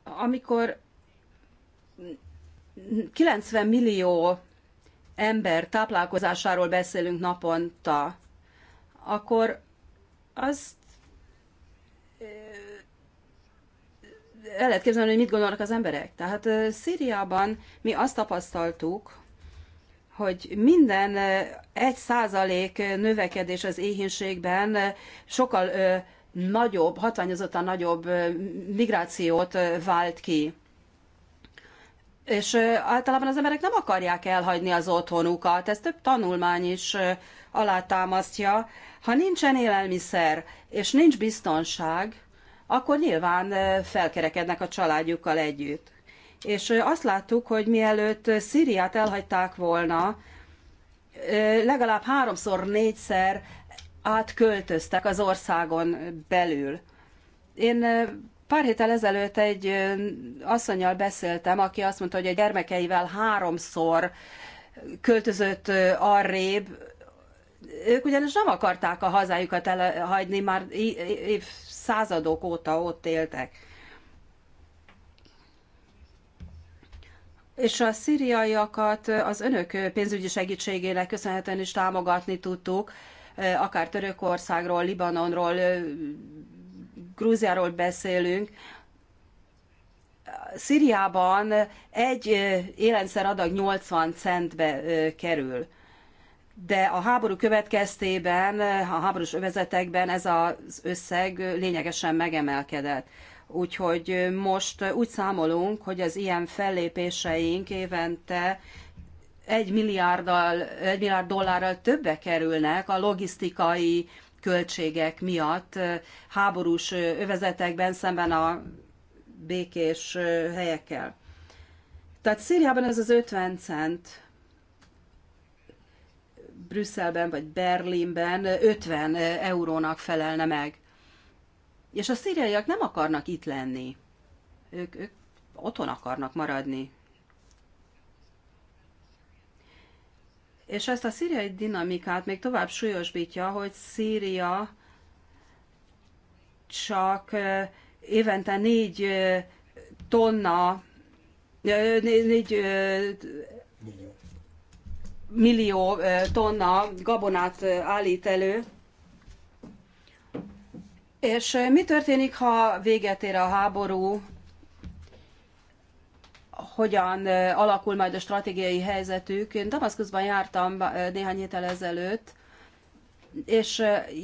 B: Amikor 90 millió ember táplálkozásáról beszélünk naponta, akkor az el lehet képzelni, hogy mit gondolnak az emberek. Tehát Szíriában mi azt tapasztaltuk, hogy minden egy százalék növekedés az éhénységben sokkal nagyobb, hatványozottan nagyobb migrációt vált ki. És általában az emberek nem akarják elhagyni az otthonukat, ez több tanulmány is alátámasztja. Ha nincsen élelmiszer, és nincs biztonság, akkor nyilván felkerekednek a családjukkal együtt. És azt láttuk, hogy mielőtt Szíriát elhagyták volna, legalább háromszor, négyszer átköltöztek az országon belül. Én pár héttel ezelőtt egy asszonyjal beszéltem, aki azt mondta, hogy a gyermekeivel háromszor költözött arrébb, ők ugyanis nem akarták a hazájukat elhagyni, már évszázadok óta ott éltek. És a szíriaiakat az önök pénzügyi segítségének köszönhetően is támogatni tudtuk, akár Törökországról, Libanonról, Grúziáról beszélünk. Szíriában egy élelmiszer adag 80 centbe kerül de a háború következtében, a háborús övezetekben ez az összeg lényegesen megemelkedett. Úgyhogy most úgy számolunk, hogy az ilyen fellépéseink évente egy, milliárddal, egy milliárd dollárral többe kerülnek a logisztikai költségek miatt háborús övezetekben szemben a békés helyekkel. Tehát Szíriában ez az 50 cent Brüsszelben vagy Berlinben 50 eurónak felelne meg. És a szíriaiak nem akarnak itt lenni. Ők, ők otthon akarnak maradni. És ezt a szíriai dinamikát még tovább súlyosbítja, hogy Szíria csak évente négy tonna, négy millió tonna gabonát állít elő. És mi történik, ha véget ér a háború? Hogyan alakul majd a stratégiai helyzetük? Én Damaszkuszban jártam néhány héttel ezelőtt, és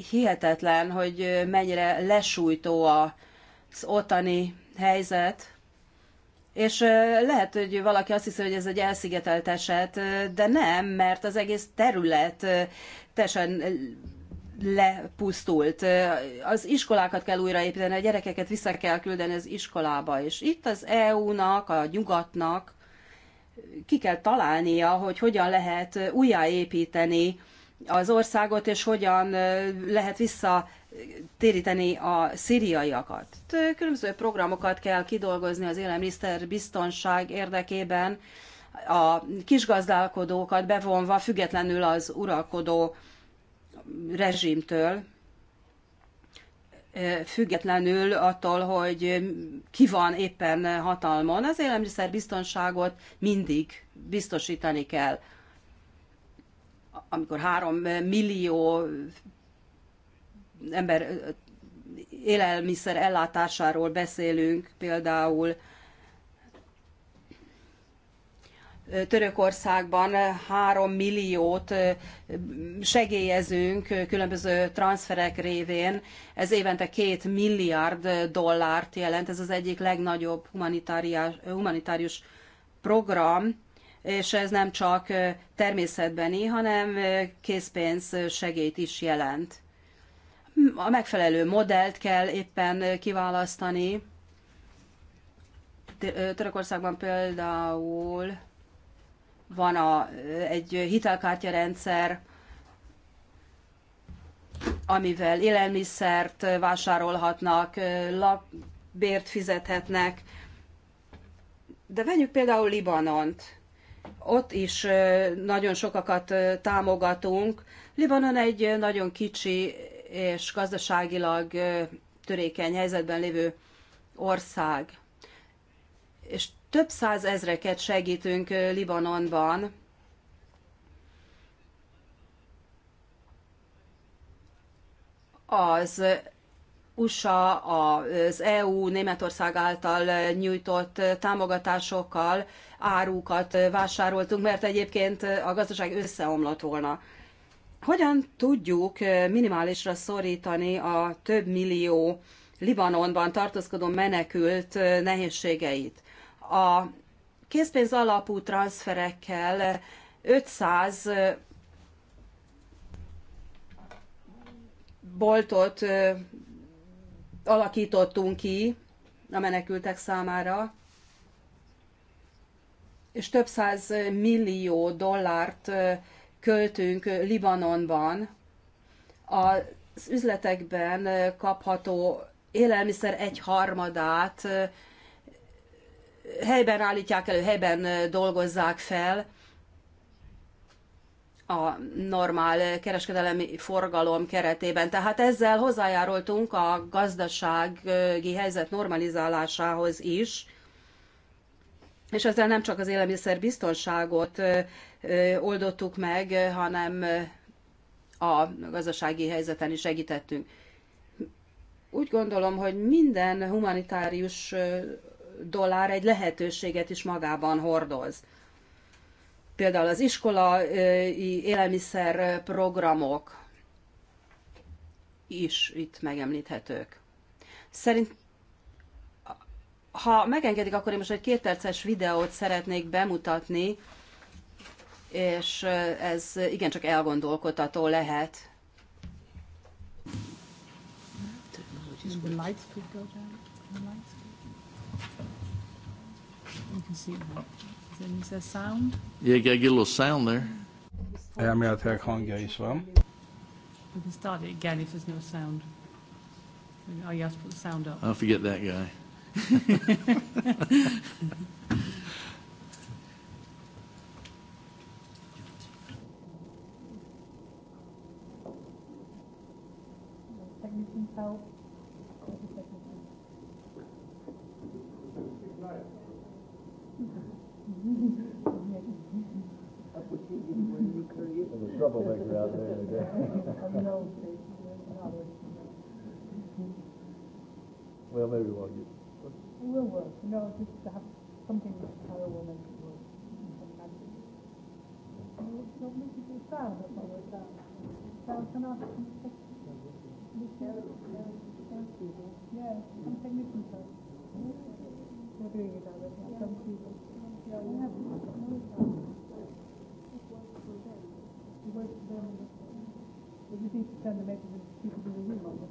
B: hihetetlen, hogy mennyire lesújtó az ottani helyzet és lehet, hogy valaki azt hiszi, hogy ez egy elszigetelt eset, de nem, mert az egész terület teljesen lepusztult. Az iskolákat kell újraépíteni, a gyerekeket vissza kell küldeni az iskolába, és itt az EU-nak, a nyugatnak ki kell találnia, hogy hogyan lehet újjáépíteni az országot, és hogyan lehet visszatéríteni a szíriaiakat. Különböző programokat kell kidolgozni az élelmiszer biztonság érdekében, a kisgazdálkodókat bevonva, függetlenül az uralkodó rezsimtől, függetlenül attól, hogy ki van éppen hatalmon. Az élelmiszer biztonságot mindig biztosítani kell amikor három millió ember élelmiszer ellátásáról beszélünk például, Törökországban három milliót segélyezünk különböző transferek révén. Ez évente két milliárd dollárt jelent. Ez az egyik legnagyobb humanitárius program és ez nem csak természetbeni, hanem készpénz segélyt is jelent. A megfelelő modellt kell éppen kiválasztani. Törökországban például van a, egy hitelkártyarendszer, amivel élelmiszert vásárolhatnak, lakbért fizethetnek. De vegyük például Libanont ott is nagyon sokakat támogatunk. Libanon egy nagyon kicsi és gazdaságilag törékeny helyzetben lévő ország. És több száz ezreket segítünk Libanonban. Az USA, az EU, Németország által nyújtott támogatásokkal árukat vásároltunk, mert egyébként a gazdaság összeomlott volna. Hogyan tudjuk minimálisra szorítani a több millió Libanonban tartózkodó menekült nehézségeit? A készpénz alapú transferekkel 500 boltot alakítottunk ki a menekültek számára, és több száz millió dollárt költünk Libanonban az üzletekben kapható élelmiszer egy harmadát helyben állítják elő, helyben dolgozzák fel, a normál kereskedelemi forgalom keretében. Tehát ezzel hozzájárultunk a gazdasági helyzet normalizálásához is, és ezzel nem csak az élelmiszer biztonságot oldottuk meg, hanem a gazdasági helyzeten is segítettünk. Úgy gondolom, hogy minden humanitárius dollár egy lehetőséget is magában hordoz például az iskolai élelmiszerprogramok programok is itt megemlíthetők. Szerint, ha megengedik, akkor én most egy kétperces videót szeretnék bemutatni, és ez igencsak elgondolkodható lehet.
D: The There's Yeah, gotta get a little sound there. Elméletileg hangja is van.
A: We can start it again if there's no sound. Oh, you have to put the sound up. I'll
D: forget that guy. Everything felt troublemaker out there today. well, maybe we'll get. It will work. You know, just to have something that Carol will make it work. can Yeah, I'm technicians are. We're doing it Some people. Yeah, we have. What is it? Does it tend to make the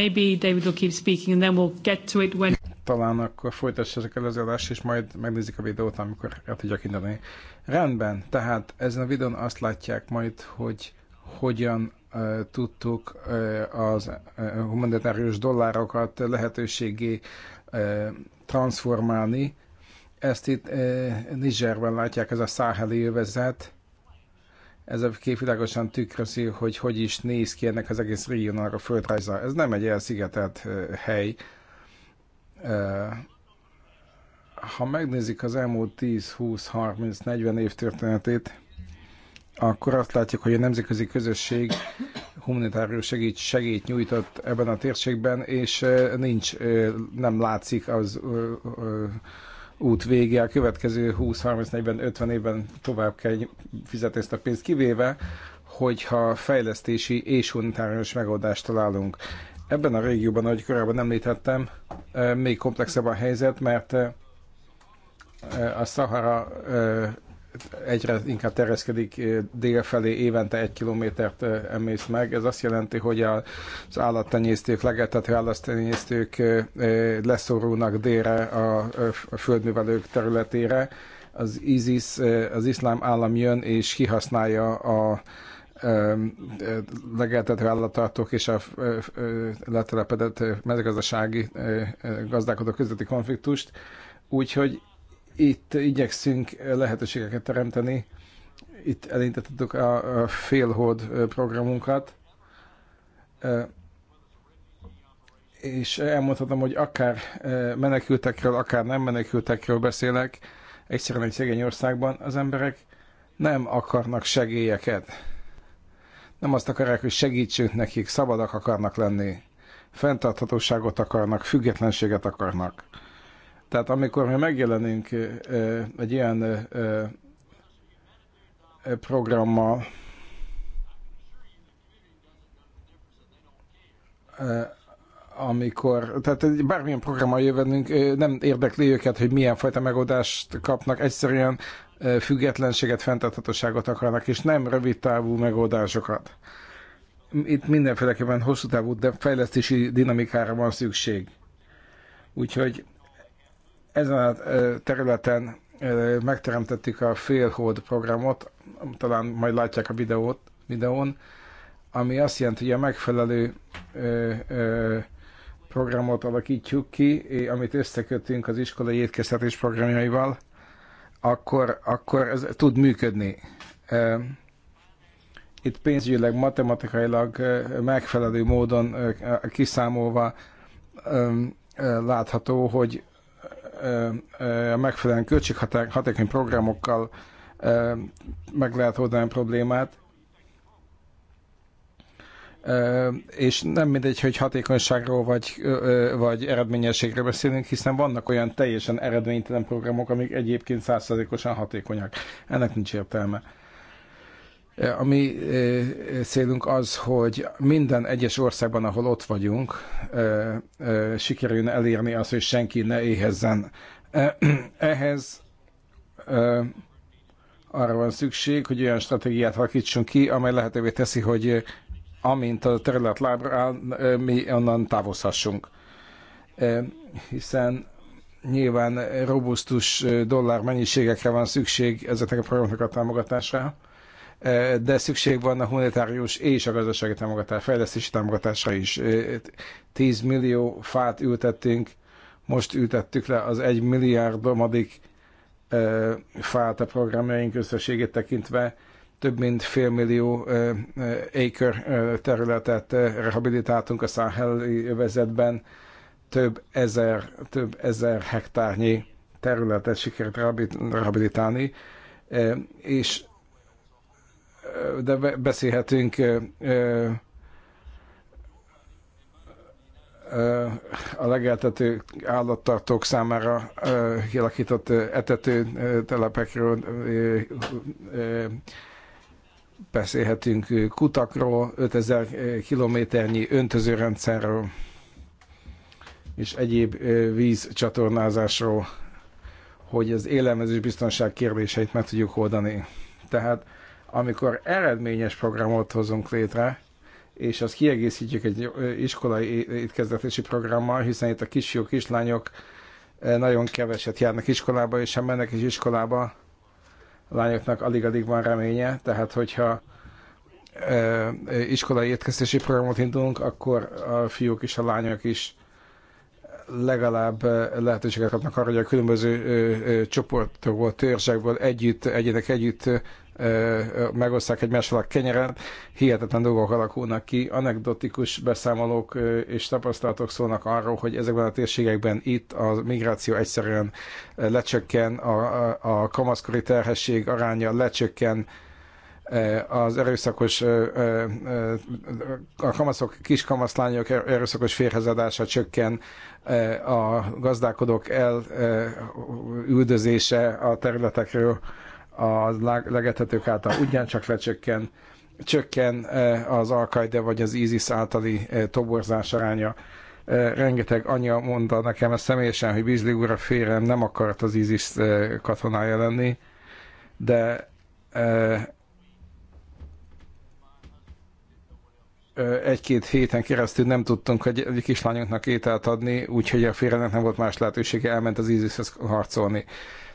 C: Maybe,
A: David will keep speaking and then we'll
C: get to it when... Talán akkor folytassa ezek előadást, és majd megnézik a videót, amikor el tudják indulni. Rendben, tehát ezen a videón azt látják majd, hogy hogyan uh, tudtuk uh, az uh, humanitárius dollárokat lehetőségé uh, transformálni. Ezt itt uh, Nigerben látják, ez a száheli övezet ez a kép világosan tükrözi, hogy hogy is néz ki ennek az egész regionának a földrajza. Ez nem egy elszigetelt hely. Ha megnézik az elmúlt 10, 20, 30, 40 év történetét, akkor azt látjuk, hogy a nemzetközi közösség humanitárius segít, segít nyújtott ebben a térségben, és nincs, nem látszik az út vége, a következő 20-30-40-50 évben tovább kell fizetni ezt a pénzt, kivéve, hogyha fejlesztési és unitárius megoldást találunk. Ebben a régióban, ahogy korábban említettem, eh, még komplexebb a helyzet, mert eh, a Sahara eh, egyre inkább terjeszkedik eh, dél felé, évente egy kilométert eh, emészt meg. Ez azt jelenti, hogy az állattenyésztők, legeltető állattenyésztők eh, leszorulnak délre a földművelők területére. Az ISIS, az iszlám állam jön és kihasználja a legeltető állattartók és a letelepedett mezőgazdasági gazdálkodók közötti konfliktust. Úgyhogy itt igyekszünk lehetőségeket teremteni. Itt elindítottuk a félhold programunkat. És elmondhatom, hogy akár menekültekről, akár nem menekültekről beszélek, egyszerűen egy szegény országban az emberek nem akarnak segélyeket. Nem azt akarják, hogy segítsünk nekik, szabadak akarnak lenni, fenntarthatóságot akarnak, függetlenséget akarnak tehát amikor mi megjelenünk egy ilyen programmal, amikor, tehát bármilyen programmal jövünk, nem érdekli őket, hogy milyen fajta megoldást kapnak, egyszerűen függetlenséget, fenntarthatóságot akarnak, és nem rövid távú megoldásokat. Itt mindenféleképpen hosszú távú de fejlesztési dinamikára van szükség. Úgyhogy ezen a területen megteremtettük a Félhold programot, talán majd látják a videót, videón, ami azt jelenti, hogy a megfelelő programot alakítjuk ki, amit összekötünk az iskolai étkeztetés programjaival, akkor, akkor ez tud működni. Itt pénzügyileg, matematikailag megfelelő módon kiszámolva látható, hogy a megfelelően költséghatékony programokkal meg lehet oldani a problémát, és nem mindegy, hogy hatékonyságról vagy, vagy eredményességről beszélünk, hiszen vannak olyan teljesen eredménytelen programok, amik egyébként százszerzékosan hatékonyak. Ennek nincs értelme. A mi célunk az, hogy minden egyes országban, ahol ott vagyunk, sikerüljön elérni azt, hogy senki ne éhezzen. Ehhez arra van szükség, hogy olyan stratégiát alakítsunk ki, amely lehetővé teszi, hogy amint a terület lábra áll, mi onnan távozhassunk. Hiszen nyilván robusztus dollár mennyiségekre van szükség ezeknek a programoknak a támogatására de szükség van a humanitárius és a gazdasági támogatás, fejlesztési támogatásra is. 10 millió fát ültettünk, most ültettük le az 1 milliárdomadik fát a programjaink összességét tekintve, több mint fél millió acre területet rehabilitáltunk a száheli övezetben, több ezer, több ezer hektárnyi területet sikerült rehabilitálni, és de beszélhetünk a legeltető állattartók számára kialakított etető telepekről, beszélhetünk kutakról, 5000 kilométernyi öntözőrendszerről és egyéb vízcsatornázásról, hogy az élelmezés biztonság kérdéseit meg tudjuk oldani. Tehát amikor eredményes programot hozunk létre, és azt kiegészítjük egy iskolai étkezdetési programmal, hiszen itt a kisfiúk, kislányok nagyon keveset járnak iskolába, és sem mennek is iskolába, a lányoknak alig-alig van reménye, tehát hogyha iskolai étkezési programot indulunk, akkor a fiúk és a lányok is legalább lehetőséget kapnak arra, hogy a különböző csoportokból, törzsekből együtt, egyének együtt megosztják egymással a kenyeret, hihetetlen dolgok alakulnak ki, anekdotikus beszámolók és tapasztalatok szólnak arról, hogy ezekben a térségekben itt a migráció egyszerűen lecsökken, a, a kamaszkori terhesség aránya lecsökken, az erőszakos, a kamaszok, kis kamaszlányok er, erőszakos férhezadása csökken, a gazdálkodók elüldözése a területekről a legethetők által ugyancsak lecsökken, csökken eh, az al vagy az ISIS általi eh, toborzás aránya. Eh, rengeteg anya mondta nekem ezt személyesen, hogy Bizli úr a férjem nem akart az ISIS katonája lenni, de egy-két héten keresztül nem tudtunk egy, egy kislányunknak ételt adni, úgyhogy a férjemnek nem volt más lehetősége, elment az ISIS-hez harcolni.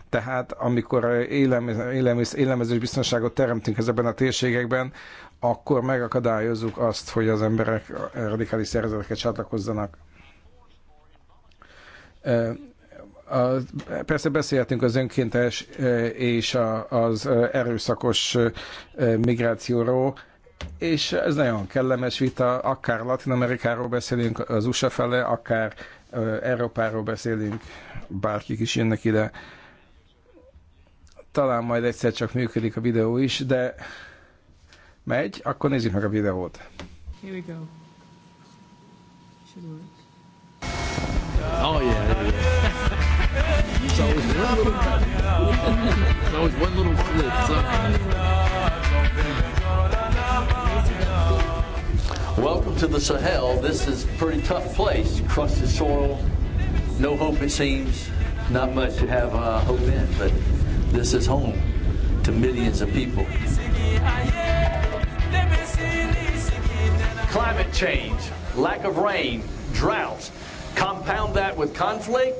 C: Tehát amikor élelmez, élelmezés biztonságot teremtünk ezekben a térségekben, akkor megakadályozunk azt, hogy az emberek radikális szervezeteket csatlakozzanak. Persze beszélhetünk az önkéntes és az erőszakos migrációról, és ez nagyon kellemes vita, akár Latin Amerikáról beszélünk az USA fele, akár Európáról beszélünk, bárkik is jönnek ide. Talán majd egyszer csak működik a videó is, de megy, akkor nézzük meg a videót.
A: Here we go. Should
D: work. Oh yeah. so it's one little So one little flip. So. Welcome to the Sahel. This is a pretty tough place. Crusted soil, no hope it seems. Not much to have uh, hope in, but This is home to millions of people. Climate change, lack of rain, droughts. Compound that with conflict,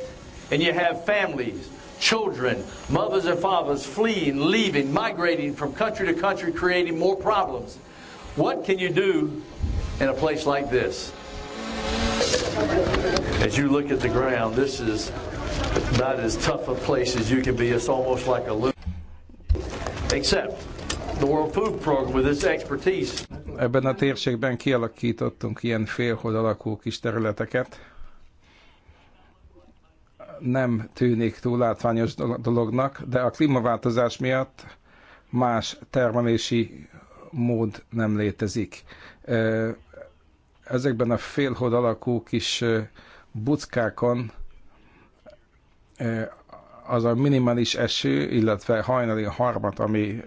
D: and you have families, children, mothers and fathers fleeing, leaving, migrating from country to country, creating more problems. What can you do in a place like this? As you look at the ground, this is not as tough a place as you can be. It's almost like a loop. Except the World Food Program with its expertise.
C: Ebben a térségben kialakítottunk ilyen félhold alakú kis területeket. Nem tűnik túl látványos dolognak, de a klímaváltozás miatt más termelési mód nem létezik. Ezekben a félhold alakú kis buckákon az a minimális eső, illetve hajnali harmat, ami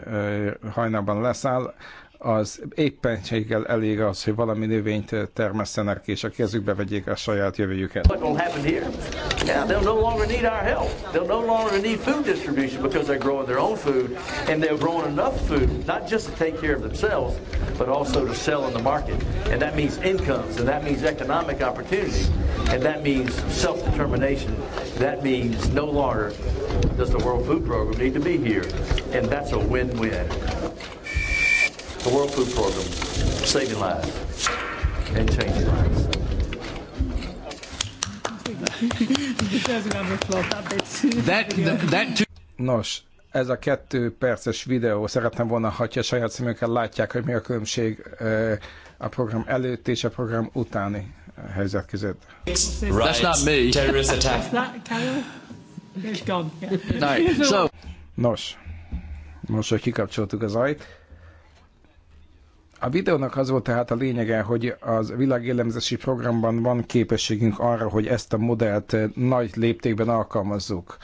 C: hajnalban leszáll, az éppenséggel elég az, hogy valami növényt termesztenek, és a kezükbe vegyék a saját jövőjüket.
D: but also to sell in the market. And that means incomes, and that means economic and that means self-determination. That means no longer does the World Food Program need to be here. And that's a win-win. The World Food Program, saving lives
C: and changing lives. Nos, ez a kettő perces videó, szeretném volna, ha a saját szemükkel látják, hogy mi a különbség a program előtt és a program utáni helyzet között. That's not me. Terrorist attack. Nos, most, hogy kikapcsoltuk az ajt, a videónak az volt tehát a lényege, hogy az világélemzési programban van képességünk arra, hogy ezt a modellt eh, nagy léptékben alkalmazzuk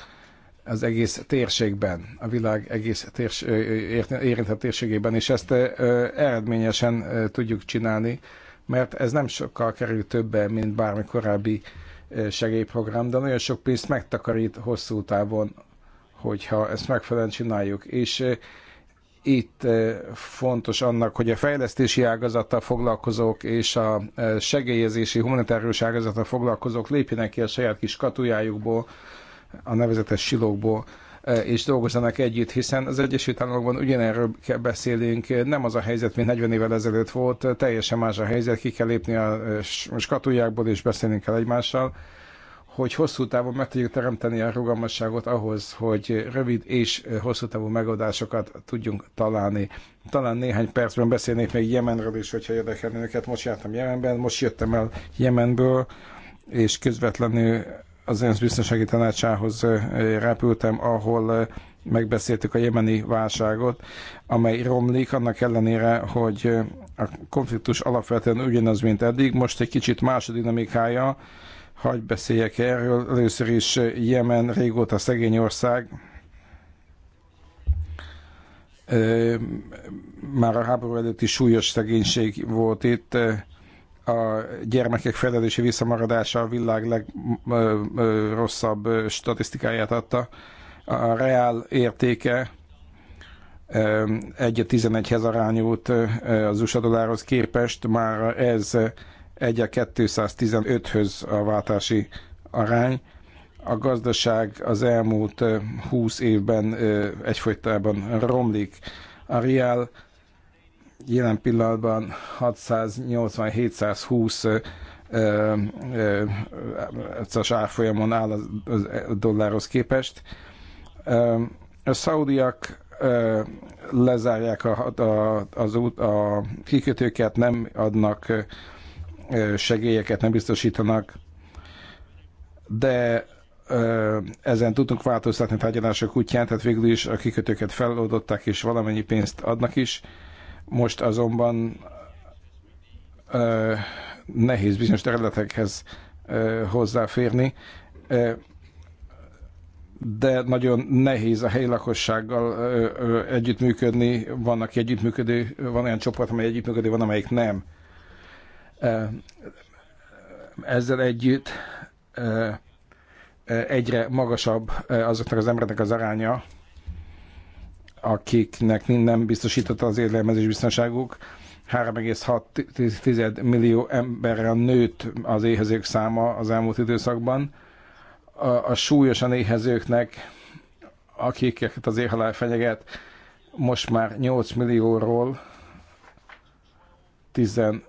C: az egész térségben, a világ egész térs, eh, eh, érintett térségében, és ezt eredményesen tudjuk csinálni, mert ez nem sokkal kerül többe, mint bármi korábbi segélyprogram, de nagyon sok pénzt megtakarít hosszú távon, hogyha ezt megfelelően csináljuk. És itt eh, fontos annak, hogy a fejlesztési ágazattal foglalkozók és a eh, segélyezési humanitárius ágazattal foglalkozók lépjenek ki a saját kis katujájukból, a nevezetes silókból, eh, és dolgozzanak együtt, hiszen az Egyesült Államokban ugyanerről beszélünk, nem az a helyzet, mint 40 évvel ezelőtt volt, teljesen más a helyzet, ki kell lépni a skatujákból, és beszélni kell egymással hogy hosszú távon meg tudjuk teremteni a rugalmasságot ahhoz, hogy rövid és hosszú távú megoldásokat tudjunk találni. Talán néhány percben beszélnék még Jemenről is, hogyha érdekelni őket. Most jártam Jemenben, most jöttem el Jemenből, és közvetlenül az ENSZ biztonsági tanácsához eh, repültem, ahol eh, megbeszéltük a jemeni válságot, amely romlik, annak ellenére, hogy eh, a konfliktus alapvetően ugyanaz, mint eddig, most egy kicsit más a dinamikája, Hagy beszéljek erről. Először is eh, Jemen régóta szegény ország. Eh, már a háború előtti súlyos szegénység volt itt. Eh, a gyermekek felelősi visszamaradása a világ legrosszabb statisztikáját adta. A reál értéke 1-11-hez arányult az USA dollárhoz képest, már ez 1 a 215-höz a váltási arány. A gazdaság az elmúlt 20 évben egyfolytában romlik. A real jelen pillanatban 680-720 as árfolyamon áll a dollárhoz képest. A szaudiak lezárják a, a, az út, a kikötőket, nem adnak segélyeket nem biztosítanak, de ezen tudunk változtatni tárgyalások útján, tehát végül is a kikötőket feloldották, és valamennyi pénzt adnak is. Most azonban nehéz bizonyos területekhez hozzáférni, de nagyon nehéz a helyi lakossággal együttműködni, vannak együttműködő, van olyan csoport, amely együttműködő, van amelyik nem. Ezzel együtt egyre magasabb azoknak az embereknek az aránya, akiknek nem biztosította az élelmezés biztonságuk. 3,6 millió emberre nőtt az éhezők száma az elmúlt időszakban. A, a súlyosan éhezőknek, akiket az éhhalál fenyeget, most már 8 millióról 15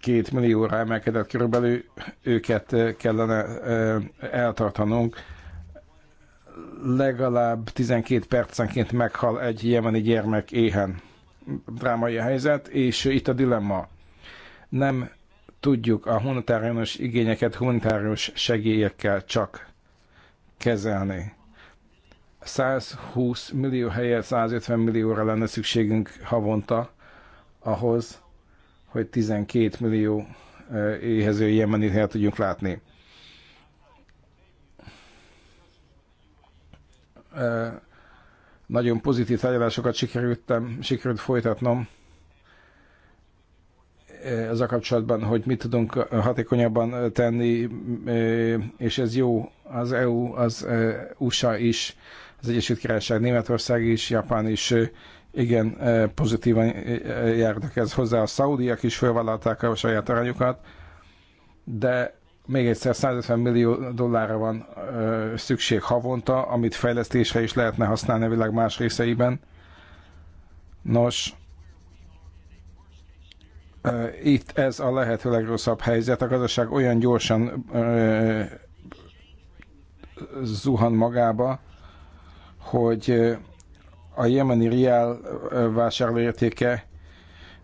C: két millióra emelkedett körülbelül, őket kellene eltartanunk. Legalább 12 percenként meghal egy jemeni gyermek éhen. Drámai a helyzet, és itt a dilemma. Nem tudjuk a humanitárius igényeket humanitárius segélyekkel csak kezelni. 120 millió helyett 150 millióra lenne szükségünk havonta ahhoz, hogy 12 millió éhező jemenit el tudjunk látni. Nagyon pozitív tárgyalásokat sikerültem, sikerült folytatnom az a kapcsolatban, hogy mit tudunk hatékonyabban tenni, és ez jó az EU, az USA is, az Egyesült Királyság, Németország is, Japán is igen e, pozitívan e, e, járnak ez hozzá. A szaudiak is felvállalták a saját arányukat, de még egyszer 150 millió dollárra van ö, szükség havonta, amit fejlesztésre is lehetne használni a világ más részeiben. Nos, ö, itt ez a lehető legrosszabb helyzet. A gazdaság olyan gyorsan ö, zuhan magába, hogy a jemeni riál vásárlóértéke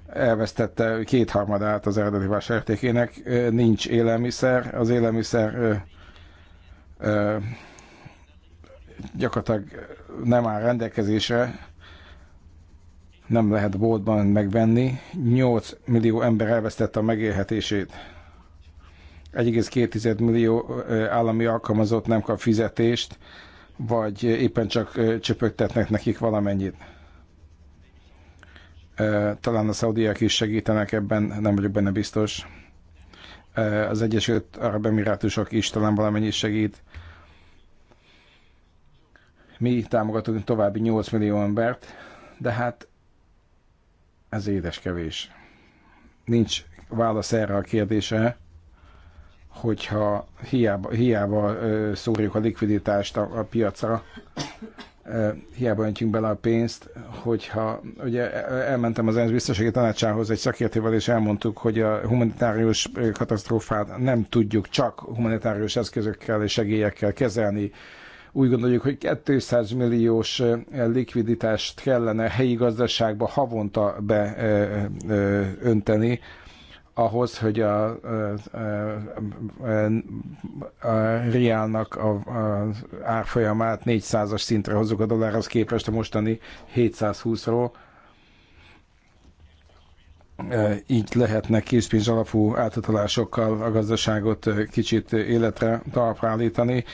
C: elvesztette kétharmadát az eredeti vásárértékének, nincs élelmiszer, az élelmiszer gyakorlatilag nem áll rendelkezésre, nem lehet boltban megvenni. 8 millió ember elvesztette a megélhetését. 1,2 millió állami alkalmazott nem kap fizetést, vagy éppen csak csöpögtetnek nekik valamennyit. Talán a szaudiak is segítenek ebben, nem vagyok benne biztos. Az Egyesült Arab Emirátusok is talán valamennyit segít. Mi támogatunk további 8 millió embert, de hát ez édes kevés. Nincs válasz erre a kérdésre hogyha hiába, hiába szórjuk a likviditást a, a piacra, hiába öntjünk bele a pénzt, hogyha ugye elmentem az ENSZ biztonsági tanácsához egy szakértővel, és elmondtuk, hogy a humanitárius katasztrófát nem tudjuk csak humanitárius eszközökkel és segélyekkel kezelni. Úgy gondoljuk, hogy 200 milliós likviditást kellene helyi gazdaságba havonta beönteni, ahhoz, hogy a, a, a, a riálnak az árfolyamát 400-as szintre hozzuk a dollárhoz képest a mostani 720-ról. E, így lehetne készpénz alapú átutalásokkal a gazdaságot kicsit életre talpra állítani,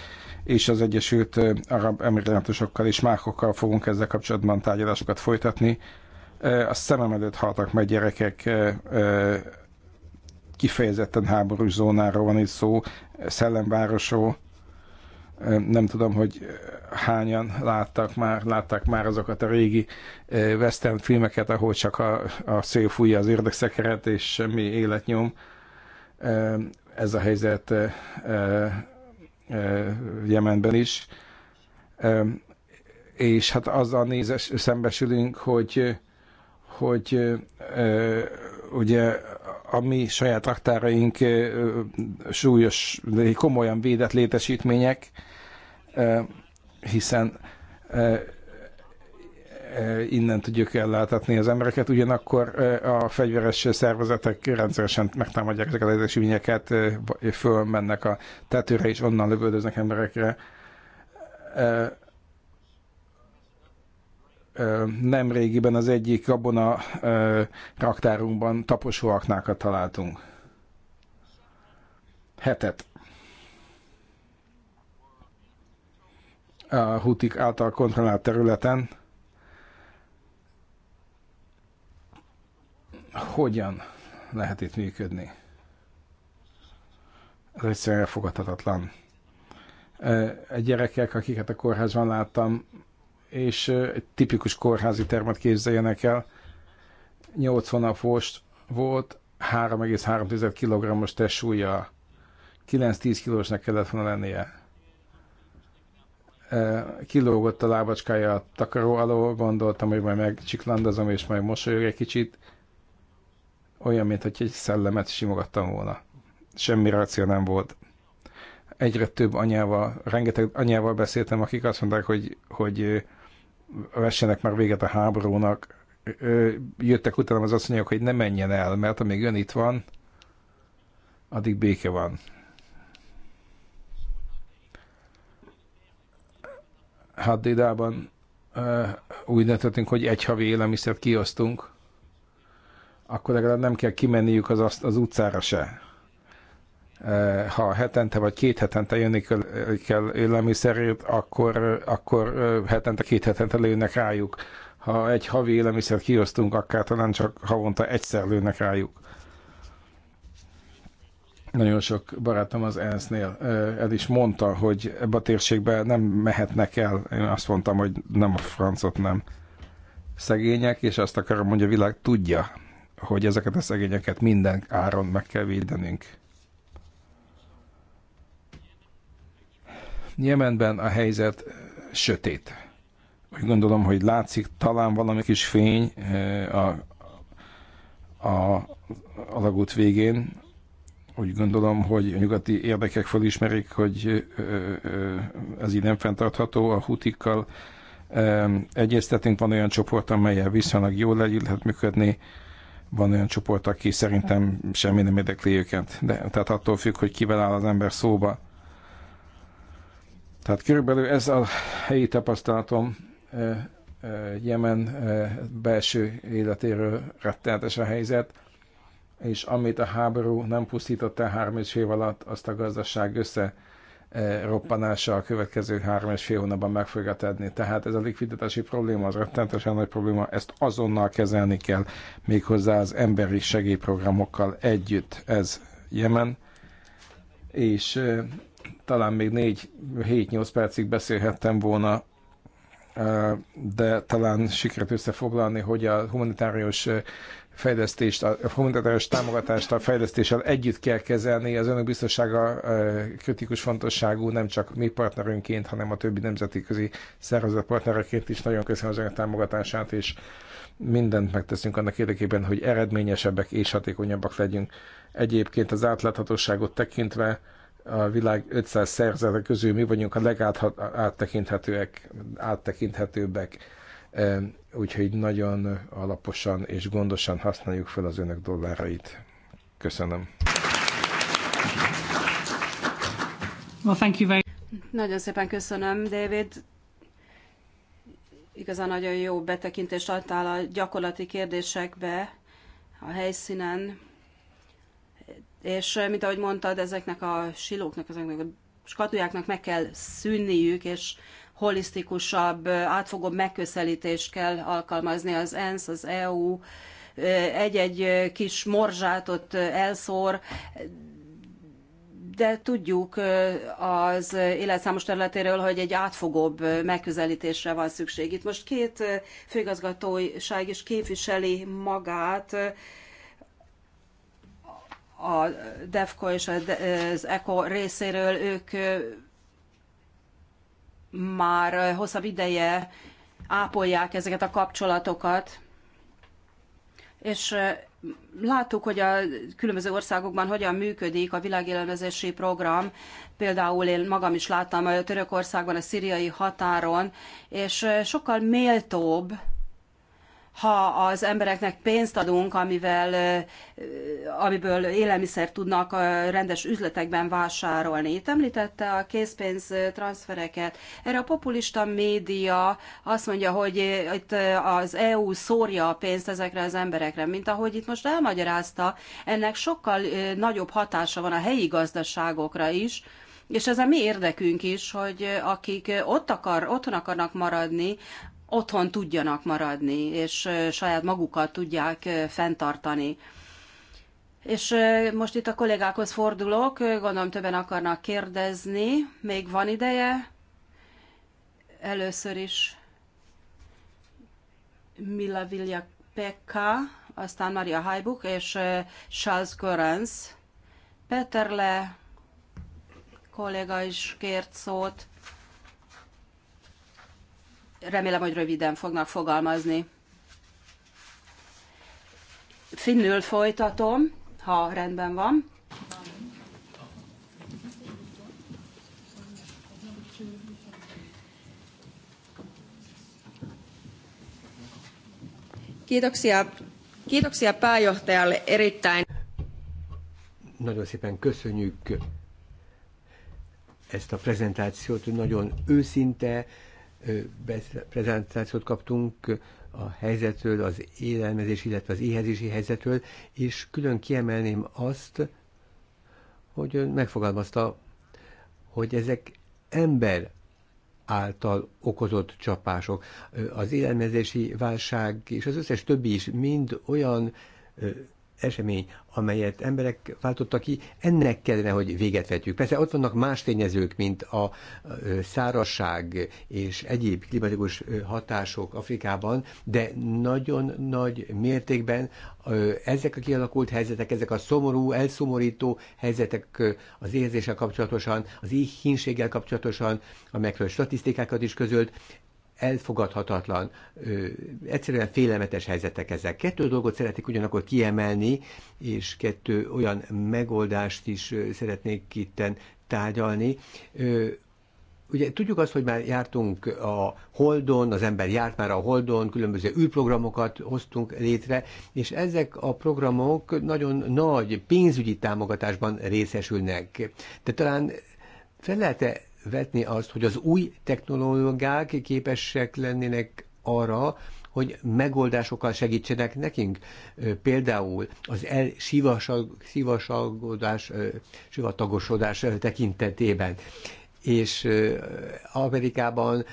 C: és az Egyesült Arab Emirátusokkal és mákokkal fogunk ezzel kapcsolatban tárgyalásokat folytatni. E, a szemem előtt haltak meg gyerekek e, kifejezetten háborús zónáról van itt szó, szellemvárosról. Nem tudom, hogy hányan láttak már, látták már azokat a régi western filmeket, ahol csak a, a szél fújja az érdekszekeret, és semmi életnyom. Ez a helyzet Jemenben is. És hát azzal nézes, szembesülünk, hogy hogy ugye a mi saját raktáraink súlyos, komolyan védett létesítmények, hiszen innen tudjuk ellátatni az embereket, ugyanakkor a fegyveres szervezetek rendszeresen megtámadják ezeket az létesítményeket, fölmennek a tetőre, és onnan lövöldöznek emberekre nem régiben az egyik gabona raktárunkban taposóaknákat találtunk. Hetet. A Hutik által kontrollált területen. Hogyan lehet itt működni? Ez egyszerűen elfogadhatatlan. A gyerekek, akiket a kórházban láttam, és egy tipikus kórházi termet képzeljenek el. 8 hónap volt, 3,3 kg-os testsúlya, 9-10 kilósnak kellett volna lennie. Kilógott a lábacskája a takaró alól, gondoltam, hogy majd megcsiklandozom, és majd mosolyog egy kicsit. Olyan, mint egy szellemet simogattam volna. Semmi ráció nem volt. Egyre több anyával, rengeteg anyával beszéltem, akik azt mondták, hogy, hogy vessenek már véget a háborúnak. Jöttek utána az asszonyok, hogy ne menjen el, mert amíg ön itt van, addig béke van. Haddidában hát, úgy döntöttünk, hogy egy havi élelmiszert kiosztunk, akkor legalább nem kell kimenniük az, az utcára se. Eh, ha hetente vagy két hetente jönni kell eh, élelmiszerért, akkor, eh, akkor hetente, két hetente lőnek rájuk. Ha egy havi élelmiszert kiosztunk, akár talán csak havonta egyszer lőnek rájuk. Nagyon sok barátom az ENSZ-nél el is mondta, hogy ebbe a térségbe nem mehetnek el. Én azt mondtam, hogy nem a francot nem. Szegények, és azt akarom, hogy a világ tudja, hogy ezeket a szegényeket minden áron meg kell védenünk. Jemenben a helyzet sötét. Úgy gondolom, hogy látszik talán valami kis fény a, a alagút végén. Úgy gondolom, hogy a nyugati érdekek felismerik, hogy ez így nem fenntartható. A hutikkal egyeztetünk, van olyan csoport, amelyel viszonylag jól együtt lehet működni, van olyan csoport, aki szerintem semmi nem érdekli őket. De, tehát attól függ, hogy kivel áll az ember szóba tehát körülbelül ez a helyi tapasztalatom Jemen belső életéről rettenetes a helyzet, és amit a háború nem pusztított el három és fél alatt, azt a gazdaság össze roppanása a következő három és fél hónapban meg fogja tenni. Tehát ez a likviditási probléma, az rettenetesen nagy probléma, ezt azonnal kezelni kell, méghozzá az emberi segélyprogramokkal együtt. Ez Jemen, és talán még 4-7-8 percig beszélhettem volna, de talán sikerült összefoglalni, hogy a humanitárius fejlesztést, a humanitárius támogatást a fejlesztéssel együtt kell kezelni. Az önök biztonsága kritikus fontosságú, nem csak mi partnerünként, hanem a többi nemzetközi szervezet partnereként is. Nagyon köszönöm az önök támogatását, és mindent megteszünk annak érdekében, hogy eredményesebbek és hatékonyabbak legyünk. Egyébként az átláthatóságot tekintve a világ 500 szerzete közül mi vagyunk a legáttekinthetőek, áttekinthetőbbek, úgyhogy nagyon alaposan és gondosan használjuk fel az önök dollárait. Köszönöm.
B: Well, thank you very... Nagyon szépen köszönöm, David. Igazán nagyon jó betekintést adtál a gyakorlati kérdésekbe a helyszínen. És mint ahogy mondtad, ezeknek a silóknak, ezeknek a skatujáknak meg kell szűnniük, és holisztikusabb, átfogóbb megközelítést kell alkalmazni az ENSZ, az EU, egy-egy kis morzsát ott elszór, de tudjuk az életszámos területéről, hogy egy átfogóbb megközelítésre van szükség. Itt most két főigazgatóság is képviseli magát, a DEFCO és az ECO részéről ők már hosszabb ideje ápolják ezeket a kapcsolatokat, és láttuk, hogy a különböző országokban hogyan működik a világélelmezési program. Például én magam is láttam a Törökországban, a szíriai határon, és sokkal méltóbb ha az embereknek pénzt adunk, amivel, amiből élelmiszert tudnak rendes üzletekben vásárolni. Itt említette a készpénz transfereket. Erre a populista média azt mondja, hogy itt az EU szórja a pénzt ezekre az emberekre, mint ahogy itt most elmagyarázta, ennek sokkal nagyobb hatása van a helyi gazdaságokra is, és ez a mi érdekünk is, hogy akik ott akar, otthon akarnak maradni, otthon tudjanak maradni, és saját magukat tudják fenntartani. És most itt a kollégákhoz fordulok, gondolom többen akarnak kérdezni, még van ideje. Először is Mila Vilja Pekka, aztán Maria Hajbuk és Charles Görens. Peterle kolléga is kért szót. Remélem, hogy röviden fognak fogalmazni. Finnül folytatom, ha rendben van. Kiitoksia, kiitoksia pääjohtajalle erittäin.
A: Nagyon szépen köszönjük ezt a prezentációt, nagyon őszinte, prezentációt kaptunk a helyzetről, az élelmezés, illetve az éhezési helyzetről, és külön kiemelném azt, hogy ön megfogalmazta, hogy ezek ember által okozott csapások. Az élelmezési válság és az összes többi is mind olyan esemény, amelyet emberek váltottak ki, ennek kellene, hogy véget vetjük. Persze ott vannak más tényezők, mint a szárasság és egyéb klimatikus hatások Afrikában, de nagyon nagy mértékben ezek a kialakult helyzetek, ezek a szomorú, elszomorító helyzetek az érzéssel kapcsolatosan, az éhínséggel kapcsolatosan, amelyekről statisztikákat is közölt, elfogadhatatlan, ö, egyszerűen félelmetes helyzetek ezek. Kettő dolgot szeretnék ugyanakkor kiemelni, és kettő olyan megoldást is szeretnék itten tárgyalni. Ö, ugye tudjuk azt, hogy már jártunk a Holdon, az ember járt már a Holdon, különböző űrprogramokat hoztunk létre, és ezek a programok nagyon nagy pénzügyi támogatásban részesülnek. De talán fel lehet -e vetni azt, hogy az új technológiák képesek lennének arra, hogy megoldásokkal segítsenek nekünk. Például az elsivasagodás, sivatagosodás tekintetében. És Amerikában,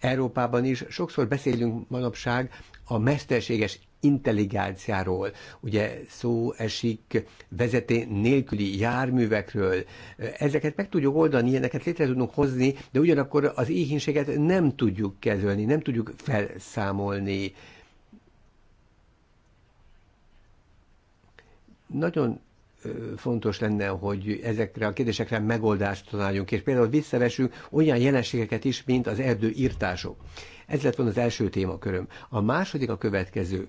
A: Európában is sokszor beszélünk manapság a mesterséges intelligenciáról, ugye szó esik vezeté nélküli járművekről. Ezeket meg tudjuk oldani, ilyeneket létre tudunk hozni, de ugyanakkor az éhínséget nem tudjuk kezelni, nem tudjuk felszámolni. Nagyon fontos lenne, hogy ezekre a kérdésekre megoldást találjunk, és például visszavesünk olyan jelenségeket is, mint az erdőírtások. Ez lett volna az első témaköröm. A második a következő.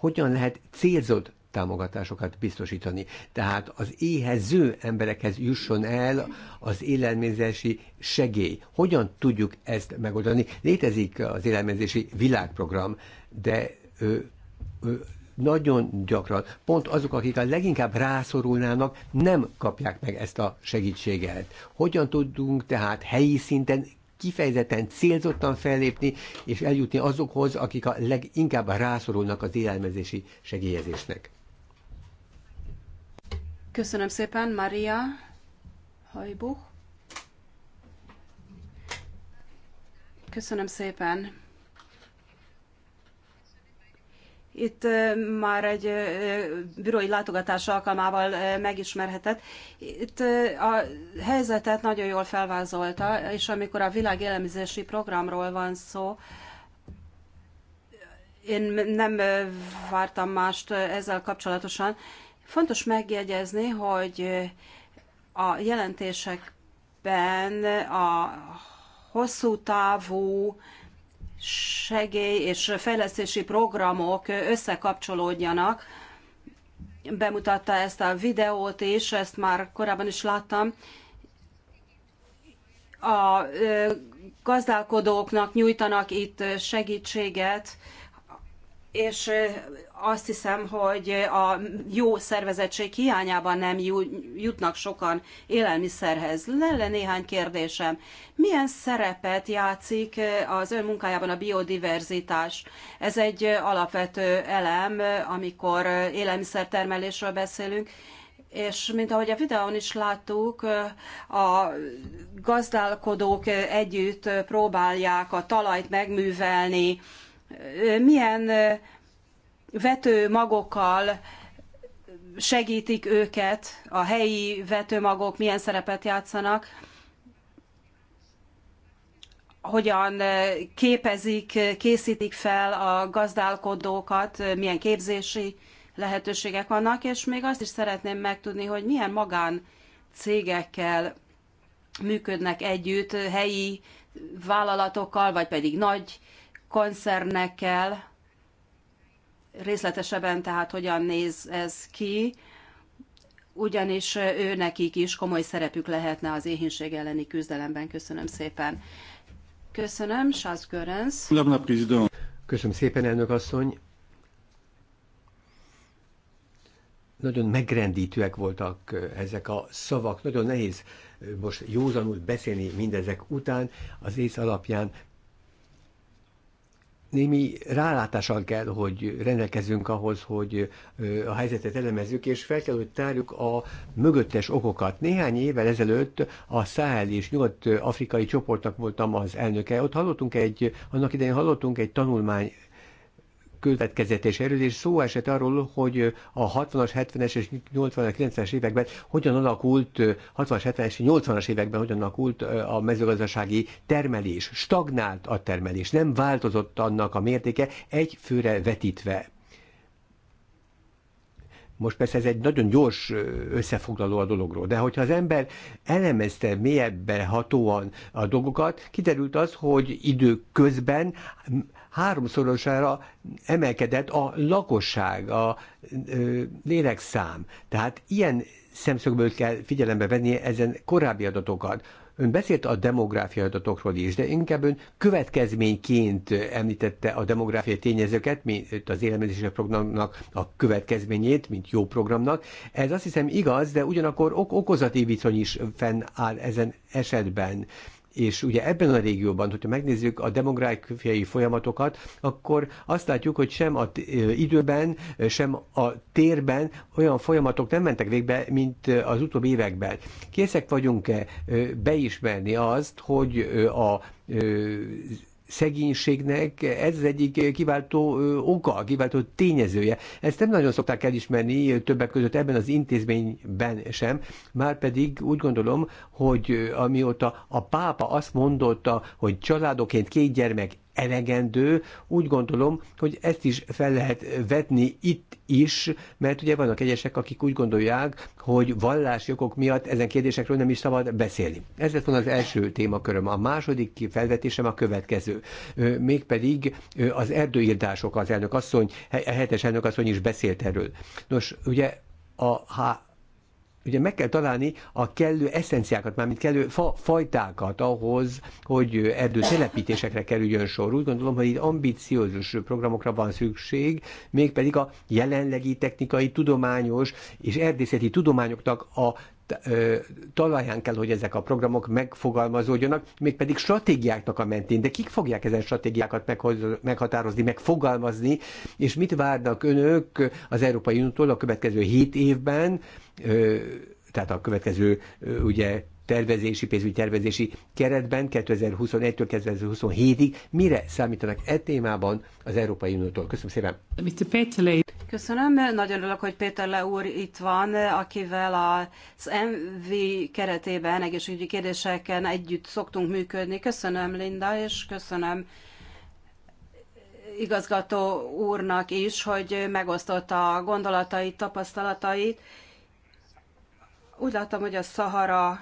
A: hogyan lehet célzott támogatásokat biztosítani. Tehát az éhező emberekhez jusson el az élelmezési segély. Hogyan tudjuk ezt megoldani? Létezik az élelmezési világprogram, de ő, ő, nagyon gyakran pont azok, akik a leginkább rászorulnának, nem kapják meg ezt a segítséget. Hogyan tudunk tehát helyi szinten kifejezetten célzottan fellépni, és eljutni azokhoz, akik a leginkább rászorulnak az élelmezési segélyezésnek.
B: Köszönöm szépen, Maria Hajbuch. Köszönöm szépen. itt már egy bürói látogatás alkalmával megismerhetett. Itt a helyzetet nagyon jól felvázolta, és amikor a világélemzési programról van szó, én nem vártam mást ezzel kapcsolatosan. Fontos megjegyezni, hogy a jelentésekben a hosszú távú segély és fejlesztési programok összekapcsolódjanak. Bemutatta ezt a videót is, ezt már korábban is láttam. A gazdálkodóknak nyújtanak itt segítséget, és azt hiszem, hogy a jó szervezettség hiányában nem jutnak sokan élelmiszerhez. Lenne néhány kérdésem. Milyen szerepet játszik eh, az ön munkájában a biodiverzitás? Ez egy eh, alapvető elem, eh, amikor élelmiszertermelésről beszélünk, és mint ahogy a videón is láttuk, a gazdálkodók együtt próbálják a talajt megművelni. Milyen vetőmagokkal segítik őket, a helyi vetőmagok milyen szerepet játszanak, hogyan képezik, készítik fel a gazdálkodókat, milyen képzési lehetőségek vannak, és még azt is szeretném megtudni, hogy milyen magán cégekkel működnek együtt, helyi vállalatokkal, vagy pedig nagy koncernekkel, részletesebben, tehát hogyan néz ez ki, ugyanis ő nekik is komoly szerepük lehetne az éhínség elleni küzdelemben. Köszönöm szépen. Köszönöm, Charles Görens.
A: Köszönöm szépen, elnök asszony. Nagyon megrendítőek voltak ezek a szavak, nagyon nehéz most józanul beszélni mindezek után, az ész alapján némi rálátással kell, hogy rendelkezünk ahhoz, hogy a helyzetet elemezzük, és fel kell, hogy tárjuk a mögöttes okokat. Néhány évvel ezelőtt a Száhel és Nyugat-Afrikai csoportnak voltam az elnöke. Ott hallottunk egy, annak idején hallottunk egy tanulmány következetes erről, és szó esett arról, hogy a 60-as, 70-es és 80-as, 90-es években hogyan alakult, 60-as, 70-es, és 80-as években hogyan alakult eh, a mezőgazdasági termelés. Stagnált a termelés, nem változott annak a mértéke, egy főre vetítve. Most persze ez egy nagyon gyors eh, összefoglaló a dologról, de hogyha az ember elemezte mélyebben hatóan a dolgokat, kiderült az, hogy idő közben háromszorosára emelkedett a lakosság, a lélekszám. Tehát ilyen szemszögből kell figyelembe vennie ezen korábbi adatokat. Ön beszélt a demográfiai adatokról is, de inkább ön következményként említette a demográfiai tényezőket, mint az élelmezési programnak a következményét, mint jó programnak. Ez azt hiszem igaz, de ugyanakkor ok okozati viszony is fennáll ezen esetben. És ugye ebben a régióban, hogyha megnézzük a demográfiai folyamatokat, akkor azt látjuk, hogy sem a időben, sem a térben olyan folyamatok nem mentek végbe, mint az utóbbi években. Készek vagyunk-e beismerni azt, hogy a szegénységnek ez az egyik eh, kiváltó eh, oka, kiváltó tényezője. Ezt nem nagyon szokták elismerni eh, többek között ebben az intézményben sem, már pedig úgy gondolom, hogy amióta a pápa azt mondotta, hogy családoként két gyermek elegendő. Úgy gondolom, hogy ezt is fel lehet vetni itt is, mert ugye vannak egyesek, akik úgy gondolják, hogy vallásjogok miatt ezen kérdésekről nem is szabad beszélni. Ez lett volna az első témaköröm. A második felvetésem a következő. Mégpedig az erdőírdások az elnök asszony, a hetes elnök asszony is beszélt erről. Nos, ugye a, ha ugye meg kell találni a kellő eszenciákat, mármint kellő fa, fajtákat ahhoz, hogy erdő telepítésekre kerüljön sor. Úgy gondolom, hogy itt ambiciózus programokra van szükség, mégpedig a jelenlegi technikai, tudományos és erdészeti tudományoknak a talaján kell, hogy ezek a programok megfogalmazódjanak, mégpedig stratégiáknak a mentén. De kik fogják ezen stratégiákat meghatározni, megfogalmazni, és mit várnak önök az Európai Uniótól a következő hét évben, tehát a következő ugye tervezési, pénzügyi tervezési keretben 2021-től 2027-ig. Mire számítanak e témában az Európai Uniótól? Köszönöm
B: szépen! Köszönöm, nagyon örülök, hogy Le úr itt van, akivel az MV keretében egészségügyi kérdéseken együtt szoktunk működni. Köszönöm, Linda, és köszönöm igazgató úrnak is, hogy megosztotta a gondolatait, tapasztalatait. Úgy látom, hogy a Szahara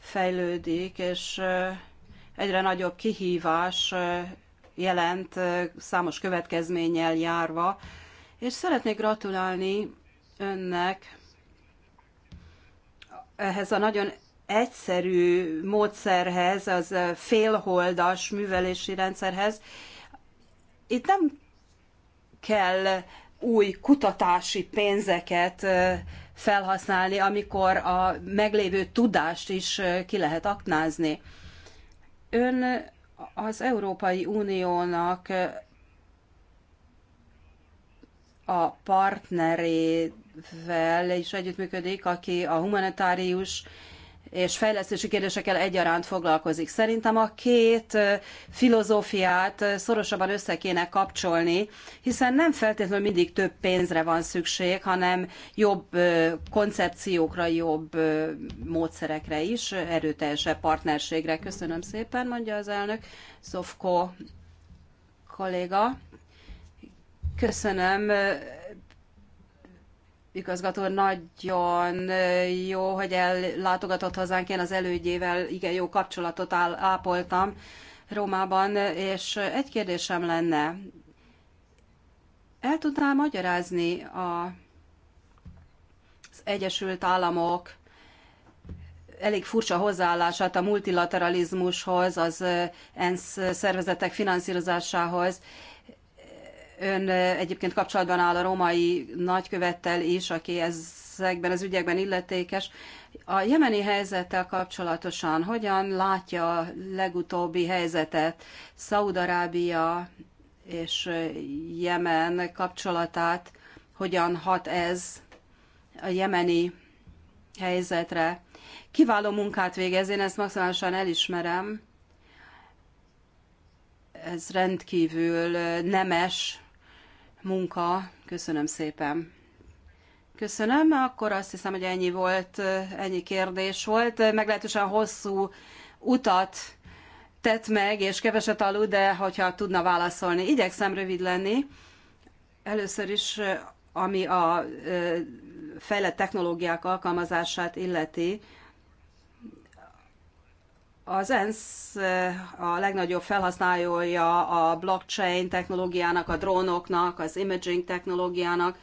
B: fejlődik, és eh, egyre nagyobb kihívás eh, jelent eh, számos következménnyel járva, és szeretnék gratulálni önnek ehhez a nagyon egyszerű módszerhez, az félholdas művelési rendszerhez. Itt nem kell új kutatási pénzeket felhasználni, amikor a meglévő tudást is ki lehet aknázni. Ön az Európai Uniónak a partnerével is együttműködik, aki a humanitárius és fejlesztési kérdésekkel egyaránt foglalkozik. Szerintem a két filozófiát szorosabban össze kéne kapcsolni, hiszen nem feltétlenül mindig több pénzre van szükség, hanem jobb koncepciókra, jobb módszerekre is, erőteljesebb partnerségre. Köszönöm szépen, mondja az elnök. Szofko kolléga. Köszönöm igazgató nagyon jó, hogy ellátogatott hozzánk, én az elődjével igen jó kapcsolatot ápoltam Rómában, és egy kérdésem lenne, el tudnál magyarázni a, az Egyesült Államok elég furcsa hozzáállását a multilateralizmushoz, az eh, ENSZ szervezetek finanszírozásához, Ön egyébként kapcsolatban áll a római nagykövettel is, aki ezekben az ügyekben illetékes. A jemeni helyzettel kapcsolatosan hogyan látja a legutóbbi helyzetet Szaudarábia és Jemen kapcsolatát, hogyan hat ez a jemeni helyzetre? Kiváló munkát végez, én ezt maximálisan elismerem. Ez rendkívül nemes munka. Köszönöm szépen. Köszönöm, akkor azt hiszem, hogy ennyi volt, ennyi kérdés volt. Meglehetősen hosszú utat tett meg, és keveset alud, de hogyha tudna válaszolni. Igyekszem rövid lenni. Először is, ami a fejlett technológiák alkalmazását illeti, az ENSZ eh, a legnagyobb felhasználója a blockchain technológiának, a drónoknak, az imaging technológiának,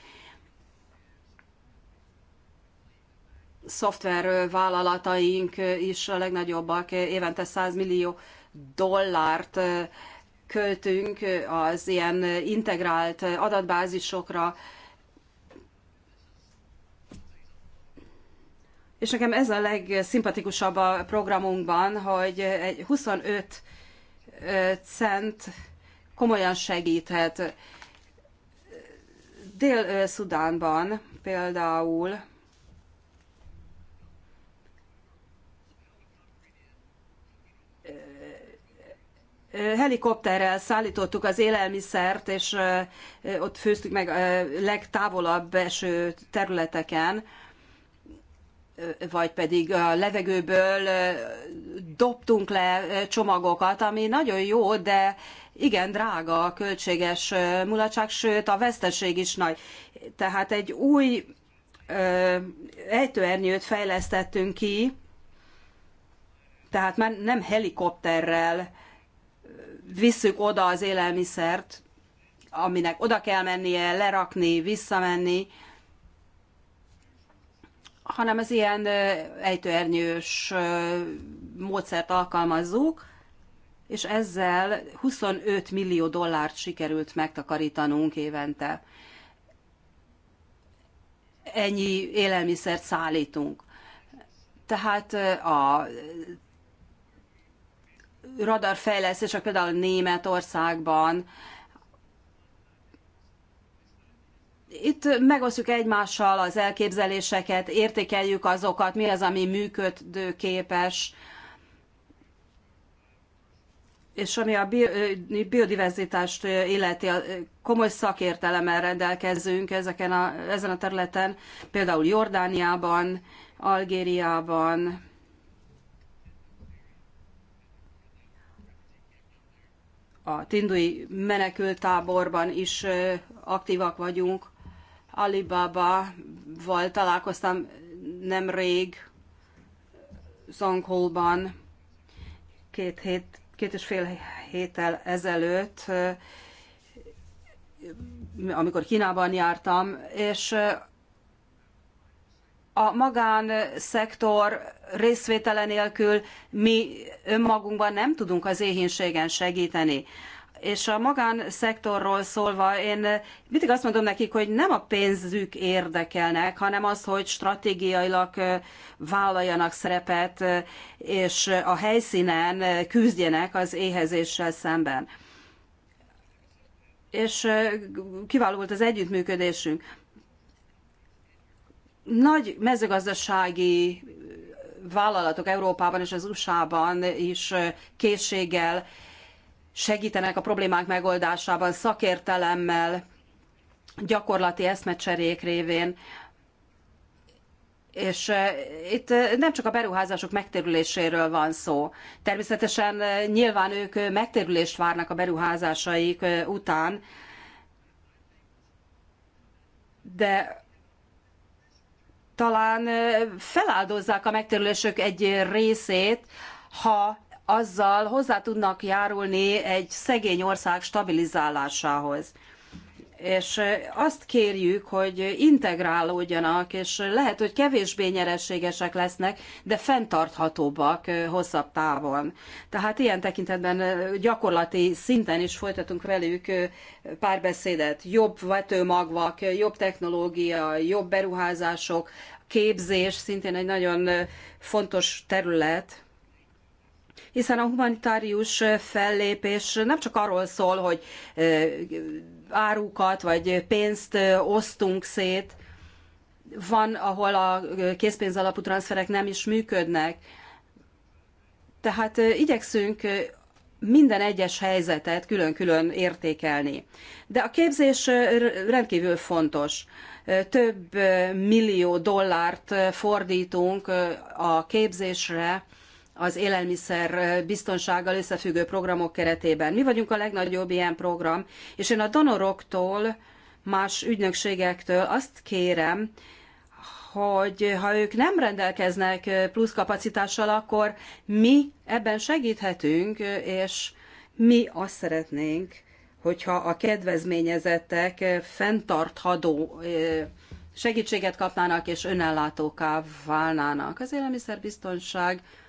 B: szoftver vállalataink is a legnagyobbak, évente 100 millió dollárt eh, költünk az ilyen integrált adatbázisokra, És nekem ez a legszimpatikusabb a programunkban, hogy egy 25 cent komolyan segíthet. Dél-Szudánban például helikopterrel szállítottuk az élelmiszert, és ott főztük meg a legtávolabb eső területeken vagy pedig a levegőből dobtunk le csomagokat, ami nagyon jó, de igen drága, költséges mulatság, sőt a veszteség is nagy. Tehát egy új ejtőernyőt fejlesztettünk ki, tehát már nem helikopterrel visszük oda az élelmiszert, aminek oda kell mennie, lerakni, visszamenni, hanem az ilyen ejtőernyős módszert alkalmazzuk, és ezzel 25 millió dollárt sikerült megtakarítanunk évente. Ennyi élelmiszert szállítunk. Tehát a radarfejlesztések például Németországban itt megosztjuk egymással az elképzeléseket, értékeljük azokat, mi az, ami működőképes, és ami a biodiverzitást illeti, komoly szakértelemmel rendelkezünk ezeken a, ezen a területen, például Jordániában, Algériában, a tindui menekültáborban is aktívak vagyunk. Alibaba-val találkoztam nemrég Zongholban, két, hét, két és fél héttel ezelőtt, amikor Kínában jártam, és a magánszektor részvétele nélkül mi önmagunkban nem tudunk az éhénységen segíteni. És a magánszektorról szólva, én mindig azt mondom nekik, hogy nem a pénzük érdekelnek, hanem az, hogy stratégiailag vállaljanak szerepet, és a helyszínen küzdjenek az éhezéssel szemben. És kiváló volt az együttműködésünk. Nagy mezőgazdasági vállalatok Európában és az USA-ban is készséggel segítenek a problémák megoldásában szakértelemmel, gyakorlati eszmecserék révén. És eh, itt eh, nem csak a beruházások megtérüléséről van szó. Természetesen eh, nyilván ők megtérülést várnak a beruházásaik után, de talán feláldozzák a megtérülésük egy részét, ha azzal hozzá tudnak járulni egy szegény ország stabilizálásához. És azt kérjük, hogy integrálódjanak, és lehet, hogy kevésbé nyereségesek lesznek, de fenntarthatóbbak hosszabb távon. Tehát ilyen tekintetben gyakorlati szinten is folytatunk velük párbeszédet. Jobb vetőmagvak, jobb technológia, jobb beruházások, képzés, szintén egy nagyon fontos terület, hiszen a humanitárius fellépés nem csak arról szól, hogy árukat vagy pénzt osztunk szét, van, ahol a készpénz alapú transzferek nem is működnek. Tehát igyekszünk minden egyes helyzetet külön-külön értékelni. De a képzés rendkívül fontos. Több millió dollárt fordítunk a képzésre, az élelmiszer biztonsággal összefüggő programok keretében. Mi vagyunk a legnagyobb ilyen program, és én a donoroktól, más ügynökségektől azt kérem, hogy ha ők nem rendelkeznek plusz kapacitással, akkor mi ebben segíthetünk, és mi azt szeretnénk, hogyha a kedvezményezettek fenntartható segítséget kapnának és önellátóká válnának. Az élelmiszerbiztonság biztonság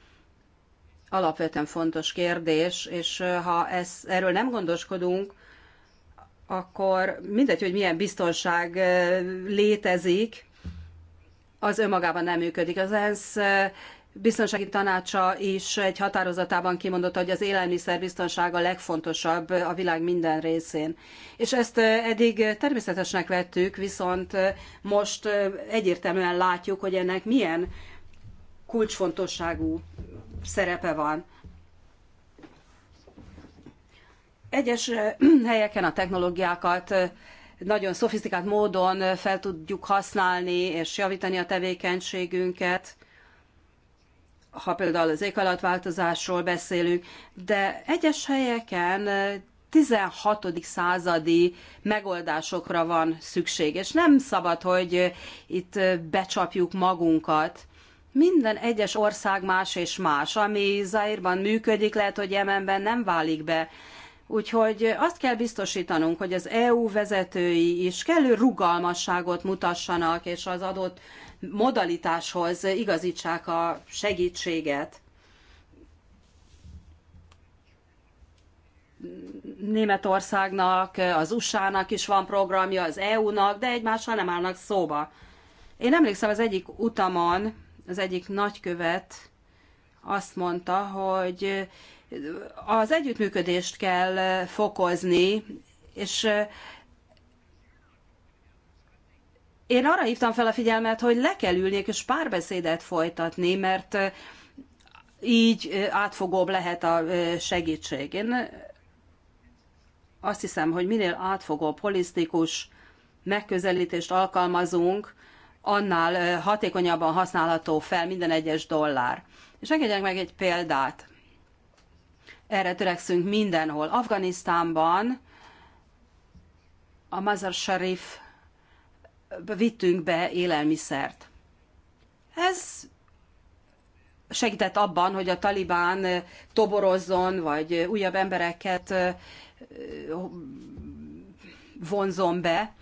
B: alapvetően fontos kérdés, és ha ez, erről nem gondoskodunk, akkor mindegy, hogy milyen biztonság létezik, az önmagában nem működik. Az ENSZ biztonsági tanácsa is egy határozatában kimondotta, hogy az élelmiszer biztonsága a legfontosabb a világ minden részén. És ezt eddig természetesnek vettük, viszont most egyértelműen látjuk, hogy ennek milyen kulcsfontosságú szerepe van. Egyes helyeken a technológiákat nagyon szofisztikált módon fel tudjuk használni és javítani a tevékenységünket, ha például az éghajlatváltozásról beszélünk, de egyes helyeken 16. századi megoldásokra van szükség, és nem szabad, hogy itt becsapjuk magunkat. Minden egyes ország más és más. Ami Zairban működik, lehet, hogy Jemenben nem válik be. Úgyhogy azt kell biztosítanunk, hogy az EU vezetői is kellő rugalmasságot mutassanak, és az adott modalitáshoz igazítsák a segítséget. Németországnak, az USA-nak is van programja, az EU-nak, de egymással nem állnak szóba. Én emlékszem az egyik utamon, az egyik nagykövet azt mondta, hogy az együttműködést kell fokozni, és én arra hívtam fel a figyelmet, hogy le kell ülnék és párbeszédet folytatni, mert így átfogóbb lehet a segítség. Én azt hiszem, hogy minél átfogóbb, holisztikus megközelítést alkalmazunk, annál hatékonyabban használható fel minden egyes dollár. És engedjenek meg egy példát. Erre törekszünk mindenhol. Afganisztánban a Mazar Sharif vittünk be élelmiszert. Ez segített abban, hogy a talibán toborozzon, vagy újabb embereket vonzon be,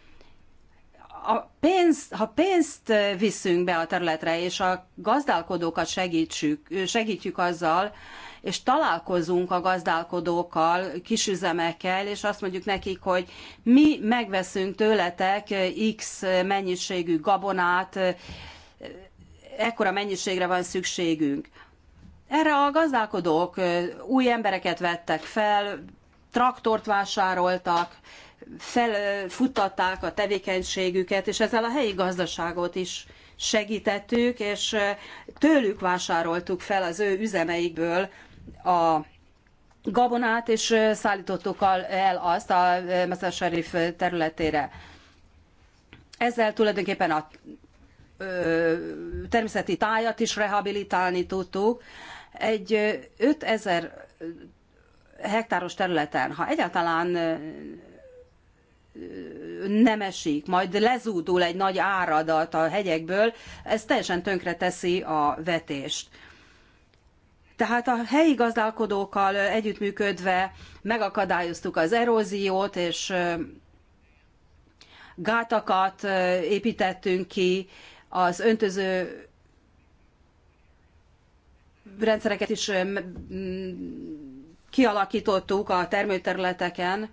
B: a pénz, ha pénzt viszünk be a területre, és a gazdálkodókat segítsük, segítjük azzal, és találkozunk a gazdálkodókkal, kisüzemekkel, és azt mondjuk nekik, hogy mi megveszünk tőletek X mennyiségű gabonát, ekkora mennyiségre van szükségünk. Erre a gazdálkodók új embereket vettek fel, traktort vásároltak, Futtatták a tevékenységüket, és ezzel a helyi gazdaságot is segítettük, és tőlük vásároltuk fel az ő üzemeikből a gabonát, és szállítottuk el azt a Messerserif területére. Ezzel tulajdonképpen a természeti tájat is rehabilitálni tudtuk. Egy 5000 hektáros területen, ha egyáltalán nem esik, majd lezúdul egy nagy áradat a hegyekből, ez teljesen tönkre teszi a vetést. Tehát a helyi gazdálkodókkal együttműködve megakadályoztuk az eróziót, és gátakat építettünk ki, az öntöző rendszereket is kialakítottuk a termőterületeken,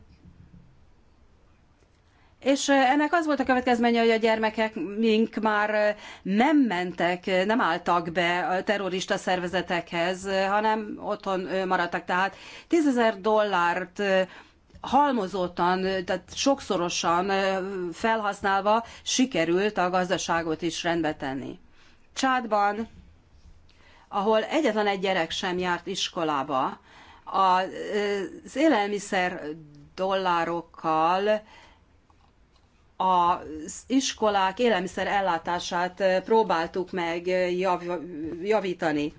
B: és ennek az volt a következménye, hogy a gyermekek mink már nem mentek, nem álltak be a terrorista szervezetekhez, hanem otthon maradtak. Tehát tízezer dollárt halmozottan, tehát sokszorosan felhasználva sikerült a gazdaságot is rendbe tenni. Csádban, ahol egyetlen egy gyerek sem járt iskolába, az élelmiszer dollárokkal az iskolák élelmiszer ellátását próbáltuk meg jav, javítani.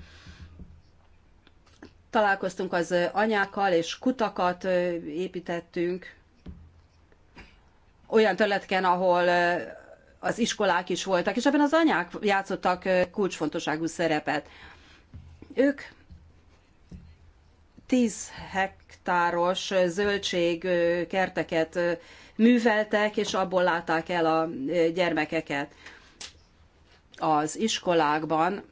B: Találkoztunk az anyákkal, és kutakat építettünk olyan területeken, ahol az iskolák is voltak, és ebben az anyák játszottak kulcsfontosságú szerepet. Ők 10 hektáros zöldségkerteket műveltek, és abból látták el a gyermekeket. Az iskolákban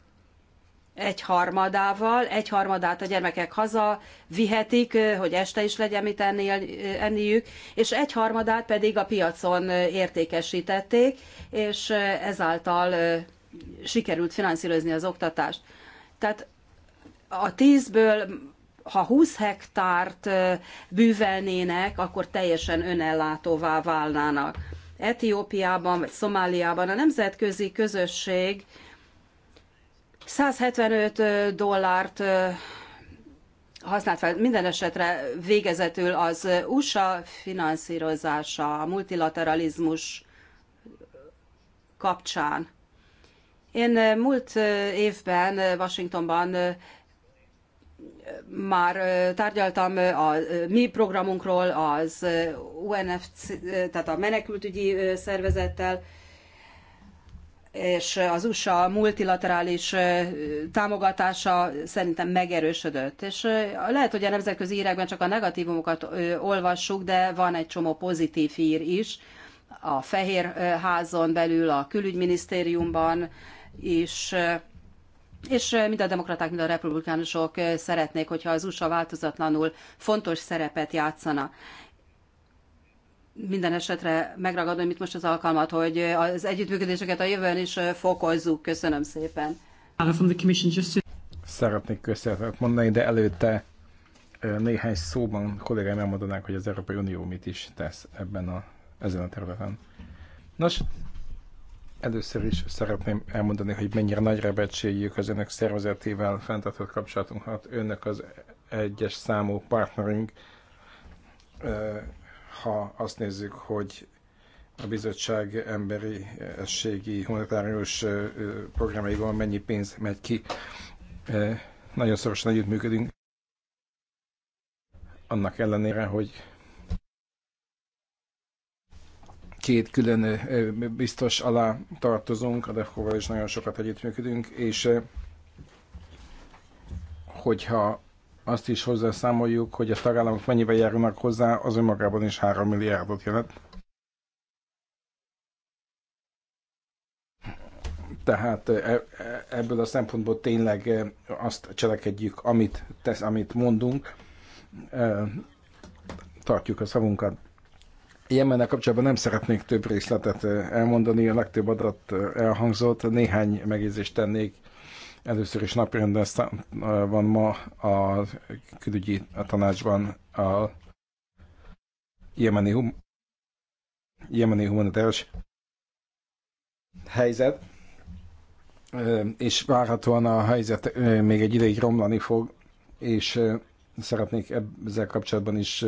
B: egy harmadával, egy harmadát a gyermekek haza vihetik, hogy este is legyen mit ennél, enniük, és egy harmadát pedig a piacon értékesítették, és ezáltal sikerült finanszírozni az oktatást. Tehát a tízből ha 20 hektárt bűvelnének, akkor teljesen önellátóvá válnának. Etiópiában vagy Szomáliában a nemzetközi közösség 175 dollárt használt fel. Minden esetre végezetül az USA finanszírozása a multilateralizmus kapcsán. Én múlt évben Washingtonban már tárgyaltam a mi programunkról az UNFC, tehát a menekültügyi szervezettel, és az USA multilaterális támogatása szerintem megerősödött. És lehet, hogy a nemzetközi hírekben csak a negatívumokat olvassuk, de van egy csomó pozitív hír is. A Fehér Házon belül, a külügyminisztériumban is és mind a demokraták, mind a republikánusok szeretnék, hogyha az USA változatlanul fontos szerepet játszana. Minden esetre megragadom itt most az alkalmat, hogy az együttműködéseket a jövőn is fokozzuk. Köszönöm szépen.
C: Szeretnék köszönetet mondani, de előtte néhány szóban kollégáim elmondanák, hogy az Európai Unió mit is tesz ebben a, ezen a területen. Nos, Először is szeretném elmondani, hogy mennyire nagyra becsüljük az önök szervezetével fenntartott kapcsolatunkat. Önök az egyes számú partnerünk, ha azt nézzük, hogy a bizottság emberi ességi humanitárius programjaival mennyi pénz megy ki. Nagyon szorosan együttműködünk. Annak ellenére, hogy két külön biztos alá tartozunk, a defco is nagyon sokat együttműködünk, és hogyha azt is hozzászámoljuk, hogy a tagállamok mennyivel járulnak hozzá, az önmagában is 3 milliárdot jelent. Tehát e, e, ebből a szempontból tényleg azt cselekedjük, amit, tesz, amit mondunk, tartjuk a szavunkat. Jemennel kapcsolatban nem szeretnék több részletet eh, elmondani, a legtöbb adat eh, elhangzott, néhány megjegyzést tennék. Először is napirenden eh, van ma a külügyi tanácsban a jemeni, hum, jemeni humanitárs helyzet, és várhatóan a helyzet még egy ideig romlani fog, és szeretnék ezzel kapcsolatban is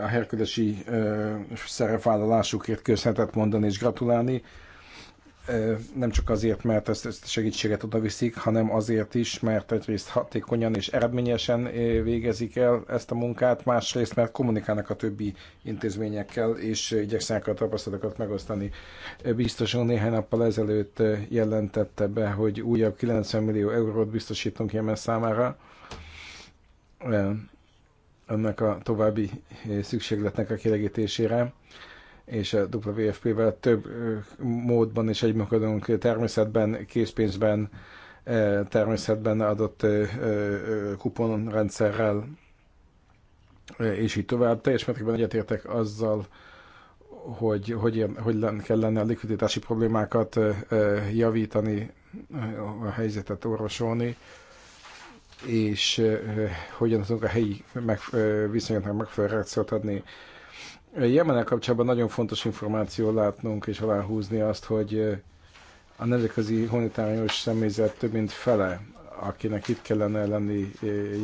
C: a herkülesi szerepvállalásukért közhetet mondani és gratulálni. Nem csak azért, mert ezt, ezt segítséget viszik, hanem azért is, mert egyrészt hatékonyan és eredményesen végezik el ezt a munkát, másrészt, mert kommunikálnak a többi intézményekkel, és igyekszenek a tapasztalatokat megosztani. Biztosan néhány nappal ezelőtt jelentette be, hogy újabb 90 millió eurót biztosítunk Jemen számára ennek a további eh, szükségletnek a kielégítésére, és a WFP-vel több eh, módban is egymagadunk természetben, készpénzben, eh, természetben adott kuponrendszerrel, és így tovább. Teljes mértékben egyetértek azzal, hogy hogy, hogy kellene a likviditási problémákat javítani, a helyzetet orvosolni és hogyan tudunk a helyi meg, viszonyoknak megfelelő reakciót adni. Jemennel kapcsolatban nagyon fontos információ látnunk és aláhúzni azt, hogy a nemzetközi humanitárius személyzet több mint fele, akinek itt kellene lenni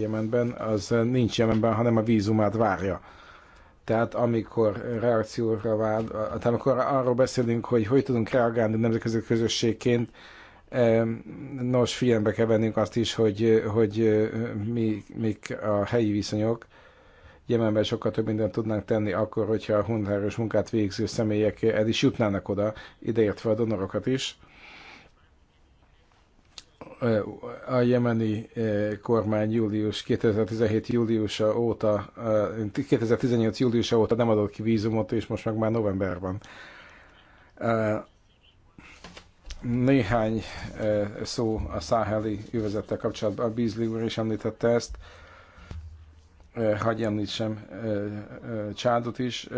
C: Jemenben, az nincs Jemenben, hanem a vízumát várja. Tehát amikor reakcióra vár, tehát amikor arról beszélünk, hogy hogy tudunk reagálni nemzetközi közösségként, Nos, figyelembe kell vennünk azt is, hogy, hogy mi, mik a helyi viszonyok. Jemenben sokkal több mindent tudnánk tenni akkor, hogyha a hundáros munkát végző személyek el is jutnának oda, ideértve a donorokat is. A jemeni kormány július 2017 júliusa óta, 2018 júliusa óta nem adott ki vízumot, és most meg már novemberben néhány szó a száheli jövezettel kapcsolatban. A Beasley úr is említette ezt. Hagyj említsem Csádot is.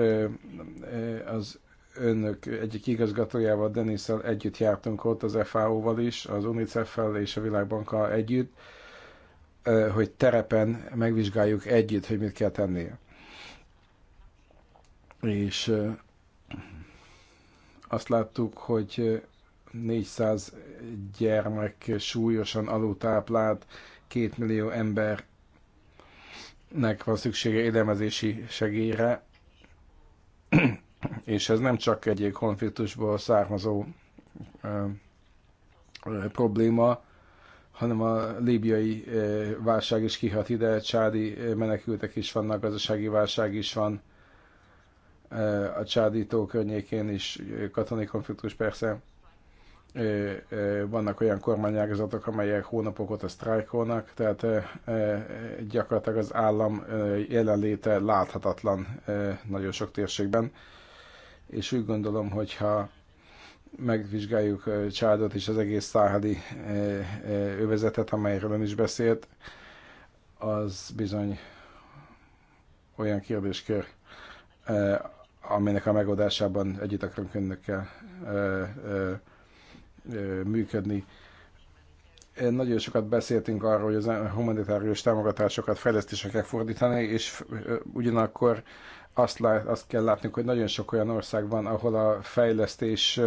C: Az önök egyik igazgatójával, Denisszel együtt jártunk ott, az FAO-val is, az UNICEF-fel és a Világbankkal együtt, hogy terepen megvizsgáljuk együtt, hogy mit kell tennie. És azt láttuk, hogy 400 gyermek súlyosan alultáplált, 2 millió embernek van szüksége élelmezési segélyre, és ez nem csak egy konfliktusból származó ö, ö, probléma, hanem a líbiai ö, válság is kihat ide, csádi menekültek is vannak, gazdasági válság is van, ö, a csádító környékén is katonai konfliktus persze vannak olyan kormányágazatok, amelyek hónapok óta sztrájkolnak, tehát gyakorlatilag az állam jelenléte láthatatlan nagyon sok térségben, és úgy gondolom, hogyha megvizsgáljuk Csádot és az egész száhadi övezetet, amelyről ön is beszélt, az bizony olyan kérdéskör, aminek a megoldásában együtt akarunk önnökkel működni. Nagyon sokat beszéltünk arról, hogy az humanitárius támogatásokat fejlesztésre kell fordítani, és ugyanakkor azt, lát, azt kell látni, hogy nagyon sok olyan ország van, ahol a fejlesztés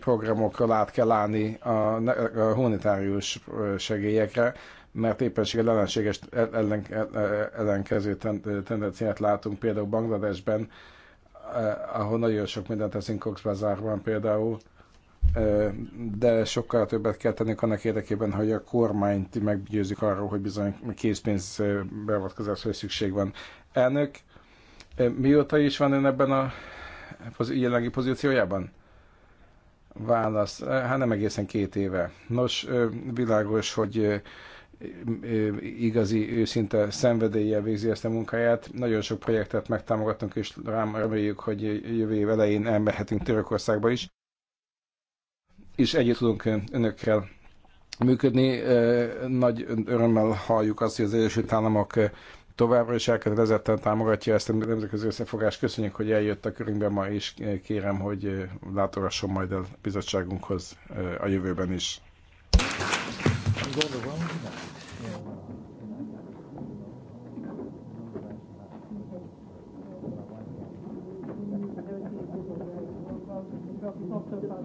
C: programokra át kell állni a, a humanitárius segélyekre, mert éppenséggel ellenséges ellen, ellenkező tendenciát látunk például Bangladesben, Eh, ahol nagyon sok mindent teszünk Cox Bazárban például, eh, de sokkal többet kell tennünk annak érdekében, hogy a kormányt meggyőzik arról, hogy bizony készpénz eh, beavatkozásra szükség van. Elnök, mióta is van ön ebben a jelenlegi pozíciójában? Válasz, hát nem egészen két éve. Nos, világos, hogy igazi, őszinte szenvedéllyel végzi ezt a munkáját. Nagyon sok projektet megtámogatunk, és rám reméljük, hogy jövő év elején elmehetünk Törökországba is. És együtt tudunk önökkel működni. Nagy örömmel halljuk azt, hogy az Egyesült Államok továbbra is elkötelezetten támogatja ezt a nemzetközi összefogást. Köszönjük, hogy eljött a körünkbe ma, és kérem, hogy látogasson majd a bizottságunkhoz a jövőben is.
A: Gondolom. Thank you.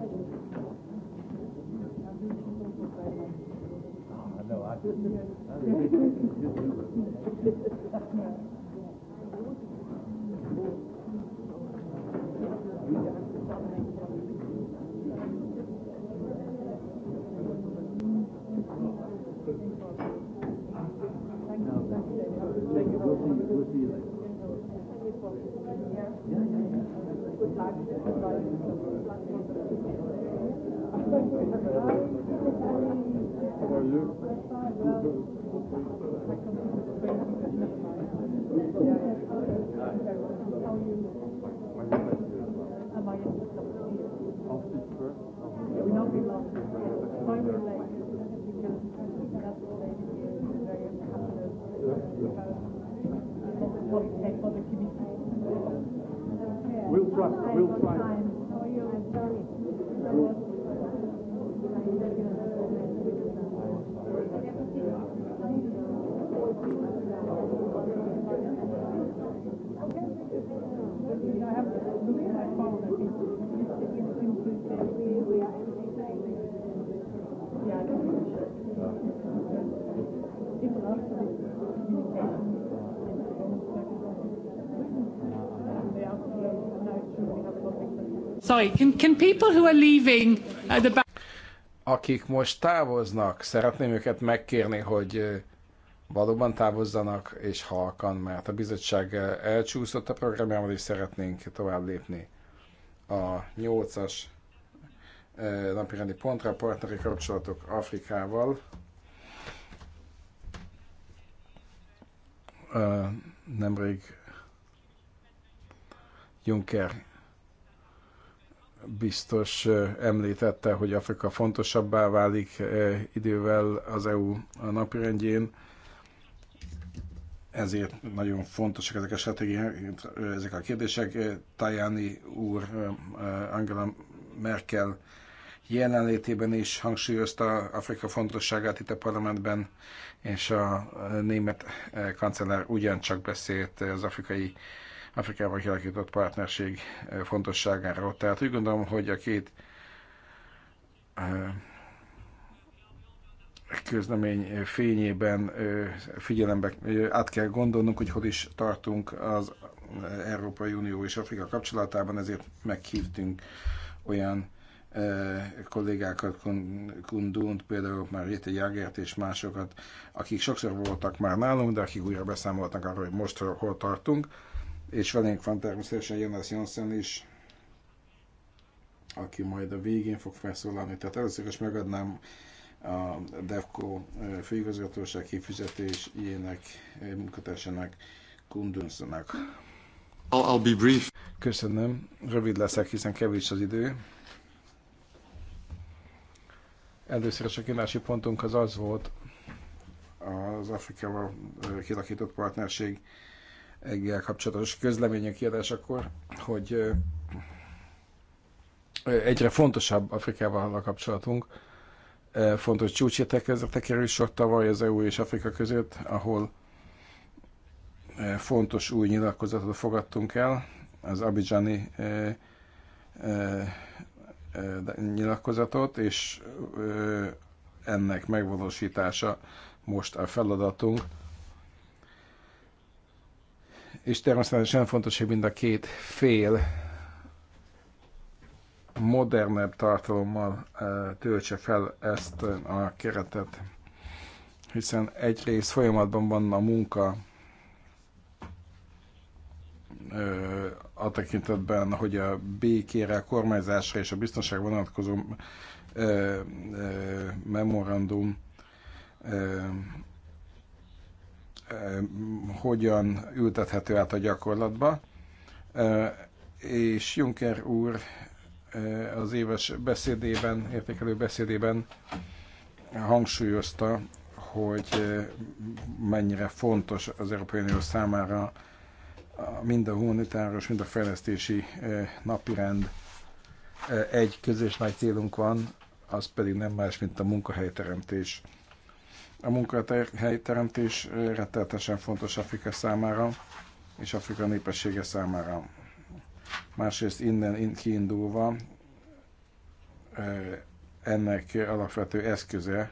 A: Sorry, can, can people who are leaving
C: at uh, the back... Akik most távoznak, szeretném őket megkérni, hogy valóban távozzanak, és halkan, mert a bizottság elcsúszott a programjával, és szeretnénk tovább lépni a nyolcas napirendi pontra, partneri kapcsolatok Afrikával. Nemrég Juncker biztos említette, hogy Afrika fontosabbá válik idővel az EU a napirendjén, ezért nagyon fontosak ezek a stratégiák, ezek a kérdések. Tajani úr, Angela Merkel jelenlétében is hangsúlyozta Afrika fontosságát itt a parlamentben, és a német kancellár ugyancsak beszélt az afrikai Afrikával kialakított partnerség fontosságáról. Tehát úgy gondolom, hogy a két közlemény fényében figyelembe át kell gondolnunk, hogy hol is tartunk az Európai Unió és Afrika kapcsolatában, ezért meghívtunk olyan kollégákat, Kundunt, például már Jete Jagert és másokat, akik sokszor voltak már nálunk, de akik újra beszámoltak arról, hogy most hol tartunk és velünk van természetesen Jonas Jonsson is, aki majd a végén fog felszólalni. Tehát először is megadnám a DEFCO főigazgatóság kifizetésének munkatársának Kundunsznak. I'll, I'll be brief. Köszönöm, rövid leszek, hiszen kevés az idő. Először is a kínási pontunk az az volt, az Afrikával kilakított partnerség kapcsolatos közlemények kiadásakor, hogy egyre fontosabb Afrikával a kapcsolatunk. Fontos csúcsértekezete kerül sok tavaly az EU és Afrika között, ahol fontos új nyilatkozatot fogadtunk el, az Abidjani nyilatkozatot, és ennek megvalósítása most a feladatunk és természetesen fontos, hogy mind a két fél modernebb tartalommal eh, töltse fel ezt eh, a keretet, hiszen egyrészt folyamatban van a munka eh, a tekintetben, hogy a békére, a kormányzásra és a biztonság vonatkozó memorandum hogyan ültethető át a gyakorlatba. És Juncker úr az éves beszédében, értékelő beszédében hangsúlyozta, hogy mennyire fontos az Európai Unió számára mind a humanitáros, mind a fejlesztési napirend. Egy közös nagy célunk van, az pedig nem más, mint a munkahelyteremtés. teremtés a munkahelyteremtés retteltesen fontos Afrika számára és Afrika népessége számára. Másrészt innen kiindulva ennek alapvető eszköze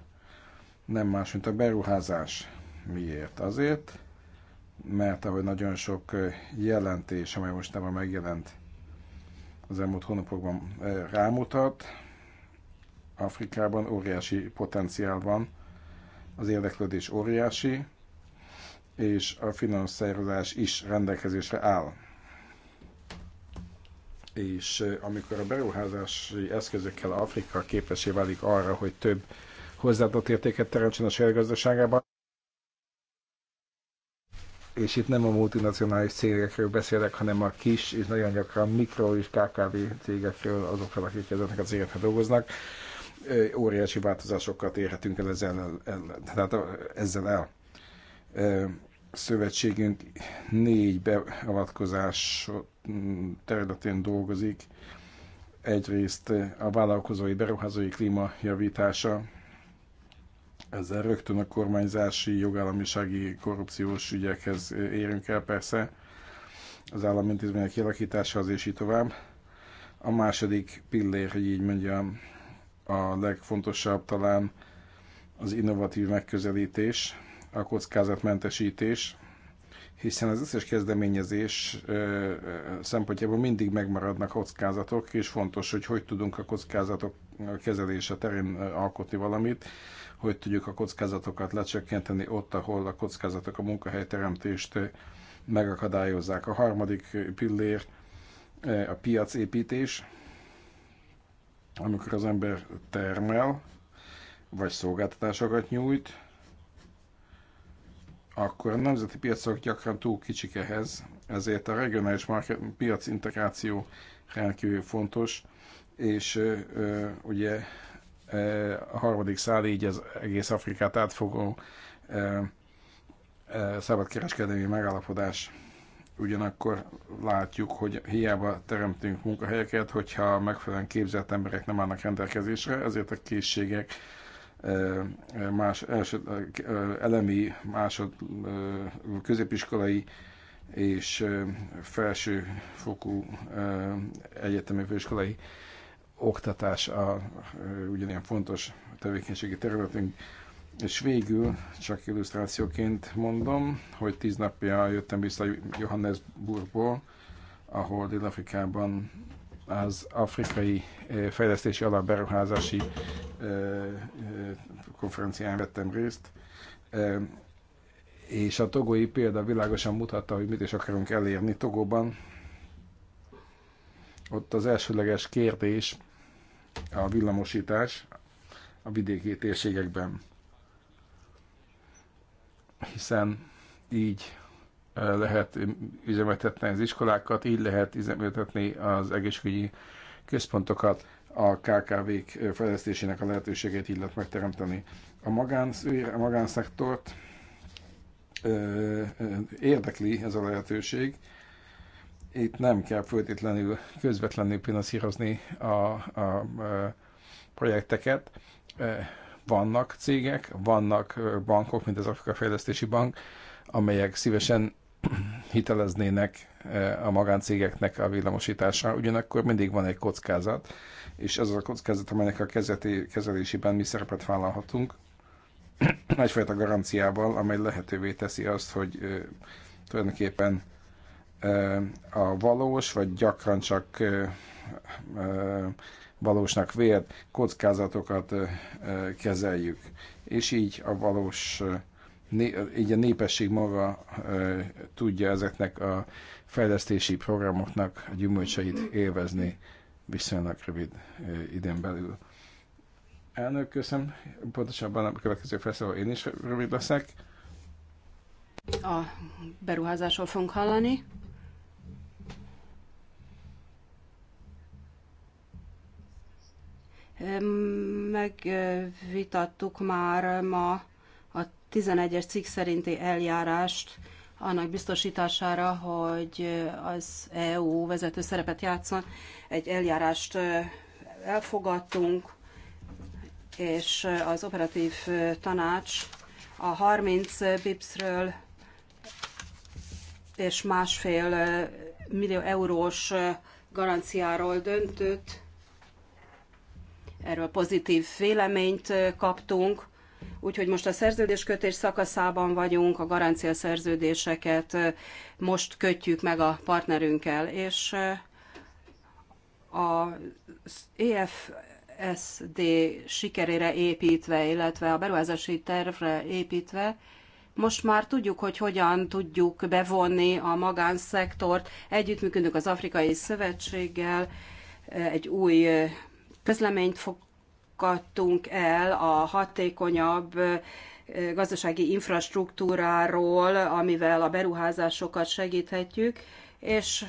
C: nem más, mint a beruházás. Miért? Azért, mert ahogy nagyon sok jelentés, amely most a megjelent az elmúlt hónapokban rámutat, Afrikában óriási potenciál van az érdeklődés óriási, és a finanszírozás is rendelkezésre áll. És amikor a beruházási eszközökkel Afrika képesé válik arra, hogy több hozzáadott értéket teremtsen a saját gazdaságában, és itt nem a multinacionális cégekről beszélek, hanem a kis és nagyon gyakran mikro és KKV cégekről, azokról, akik ezeknek az életre dolgoznak, óriási változásokat érhetünk el ezzel, el, tehát ezzel el. Szövetségünk négy beavatkozás mm, területén dolgozik. Egyrészt a vállalkozói beruházói klíma javítása, ezzel rögtön a kormányzási, jogállamisági, korrupciós ügyekhez érünk el persze, az államintézmények kialakításához és így tovább. A második pillér, hogy így mondjam, a legfontosabb talán az innovatív megközelítés, a kockázatmentesítés, hiszen az összes kezdeményezés szempontjából mindig megmaradnak kockázatok, és fontos, hogy hogy tudunk a kockázatok kezelése terén alkotni valamit, hogy tudjuk a kockázatokat lecsökkenteni ott, ahol a kockázatok a munkahelyteremtést megakadályozzák. A harmadik pillér a piacépítés, amikor az ember termel, vagy szolgáltatásokat nyújt, akkor a nemzeti piacok gyakran túl kicsik ehhez, ezért a regionális market, piac integráció rendkívül fontos, és ö, ugye ö, a harmadik szál így az egész Afrikát átfogó szabadkereskedelmi megállapodás ugyanakkor látjuk, hogy hiába teremtünk munkahelyeket, hogyha megfelelően képzett emberek nem állnak rendelkezésre, ezért a készségek más, első, elemi, másod, középiskolai és felsőfokú egyetemi főiskolai oktatás a ugyanilyen fontos tevékenységi területünk. És végül, csak illusztrációként mondom, hogy tíz napja jöttem vissza Johannesburgból, ahol Dél-Afrikában az Afrikai eh, Fejlesztési Alapberuházási eh, eh, konferencián vettem részt, és a togói példa világosan mutatta, hogy mit is akarunk elérni Togóban. Ott az elsőleges kérdés a villamosítás a vidéki térségekben hiszen így lehet üzemeltetni az iskolákat, így lehet üzemeltetni az egészségügyi központokat, a KKV-k fejlesztésének a lehetőségét így lehet megteremteni. A, magánszűr, a magánszektort érdekli ez a lehetőség. Itt nem kell főtétlenül közvetlenül finanszírozni a, a, a projekteket, vannak cégek, vannak bankok, mint az Afrika Fejlesztési Bank, amelyek szívesen hiteleznének a magáncégeknek a villamosítására, ugyanakkor mindig van egy kockázat, és az a kockázat, amelynek a kezeti, kezelésében mi szerepet vállalhatunk, egyfajta garanciával, amely lehetővé teszi azt, hogy ö, tulajdonképpen ö, a valós, vagy gyakran csak ö, valósnak vélt kockázatokat kezeljük. És így a valós, így a népesség maga tudja ezeknek a fejlesztési programoknak a gyümölcseit élvezni viszonylag rövid időn belül. Elnök, köszönöm. Pontosabban a következő felszóló én is rövid leszek.
B: A beruházásról fogunk hallani. Megvitattuk már ma a 11-es cikk szerinti eljárást annak biztosítására, hogy az EU vezető szerepet játszon. Egy eljárást elfogadtunk, és az operatív tanács a 30 BIPS-ről és másfél millió eurós garanciáról döntött, erről pozitív véleményt kaptunk, úgyhogy most a szerződéskötés szakaszában vagyunk, a garancia szerződéseket most kötjük meg a partnerünkkel, és az EFSD sikerére építve, illetve a beruházási tervre építve, most már tudjuk, hogy hogyan tudjuk bevonni a magánszektort. Együttműködünk az Afrikai Szövetséggel, egy új közleményt fogadtunk el a hatékonyabb gazdasági infrastruktúráról, amivel a beruházásokat segíthetjük, és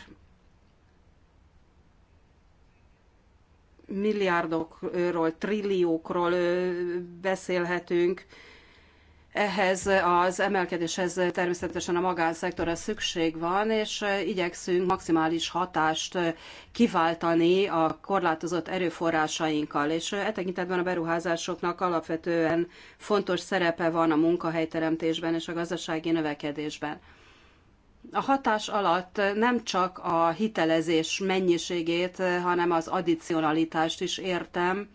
B: milliárdokról, trilliókról beszélhetünk, ehhez az emelkedéshez természetesen a magánszektorra szükség van, és e, igyekszünk maximális hatást e, kiváltani a korlátozott erőforrásainkkal. És e, e tekintetben a beruházásoknak alapvetően fontos szerepe van a munkahelyteremtésben és a gazdasági növekedésben. A hatás alatt nem csak a hitelezés mennyiségét, hanem az addicionalitást is értem.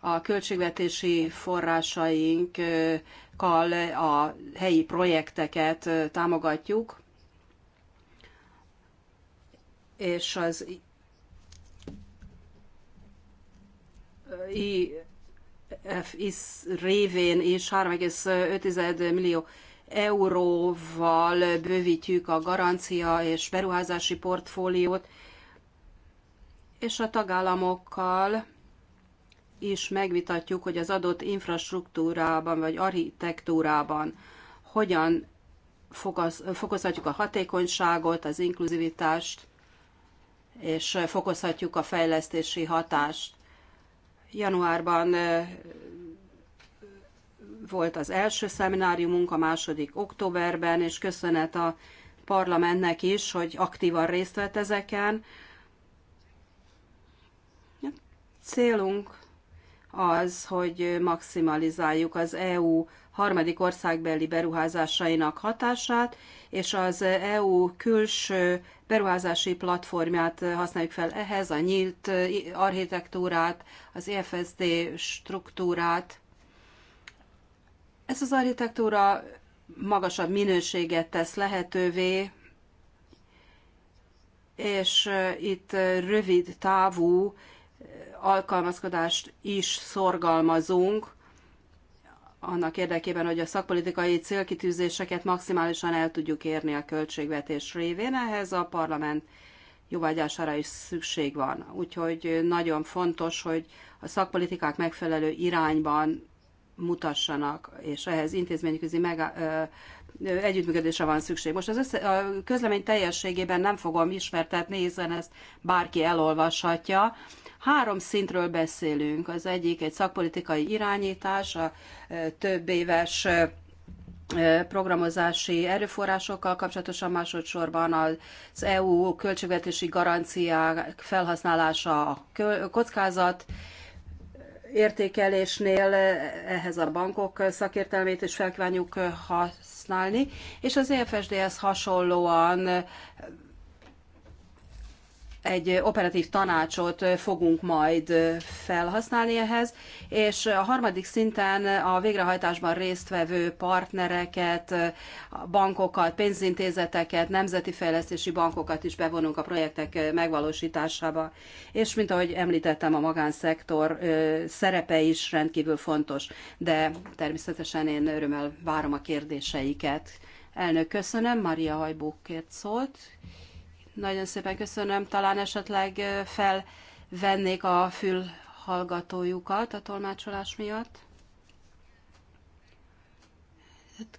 B: A költségvetési forrásaink kal a helyi projekteket támogatjuk, és az IFIS révén is 3,5 millió euróval bővítjük a garancia és beruházási portfóliót, és a tagállamokkal is megvitatjuk, hogy az adott infrastruktúrában vagy architektúrában hogyan fokozhatjuk a hatékonyságot, az inkluzivitást, és fokozhatjuk a fejlesztési hatást. Januárban volt az első szemináriumunk, a második októberben, és köszönet a parlamentnek is, hogy aktívan részt vett ezeken. A célunk az, hogy maximalizáljuk az EU harmadik országbeli beruházásainak hatását, és az EU külső beruházási platformját használjuk fel ehhez, a nyílt architektúrát, az EFSD struktúrát. Ez az architektúra magasabb minőséget tesz lehetővé, és itt rövid távú alkalmazkodást is szorgalmazunk, annak érdekében, hogy a szakpolitikai célkitűzéseket maximálisan el tudjuk érni a költségvetés révén, ehhez a parlament jóvágyására is szükség van. Úgyhogy nagyon fontos, hogy a szakpolitikák megfelelő irányban mutassanak, és ehhez intézményközi meg, ö, együttműködésre van szükség. Most az össze, a közlemény teljességében nem fogom ismertetni, hiszen ezt bárki elolvashatja, Három szintről beszélünk. Az egyik egy szakpolitikai irányítás, a több éves programozási erőforrásokkal kapcsolatosan másodszorban az EU költségvetési garanciák felhasználása a kockázat értékelésnél ehhez a bankok szakértelmét is felkívánjuk használni, és az efsd hasonlóan egy operatív tanácsot fogunk majd felhasználni ehhez, és a harmadik szinten a végrehajtásban résztvevő partnereket, bankokat, pénzintézeteket, nemzeti fejlesztési bankokat is bevonunk a projektek megvalósításába. És mint ahogy említettem, a magánszektor szerepe is rendkívül fontos, de természetesen én örömmel várom a kérdéseiket. Elnök, köszönöm. Maria Hajbókért szólt. Nagyon szépen köszönöm. Talán esetleg felvennék a fülhallgatójukat a tolmácsolás miatt.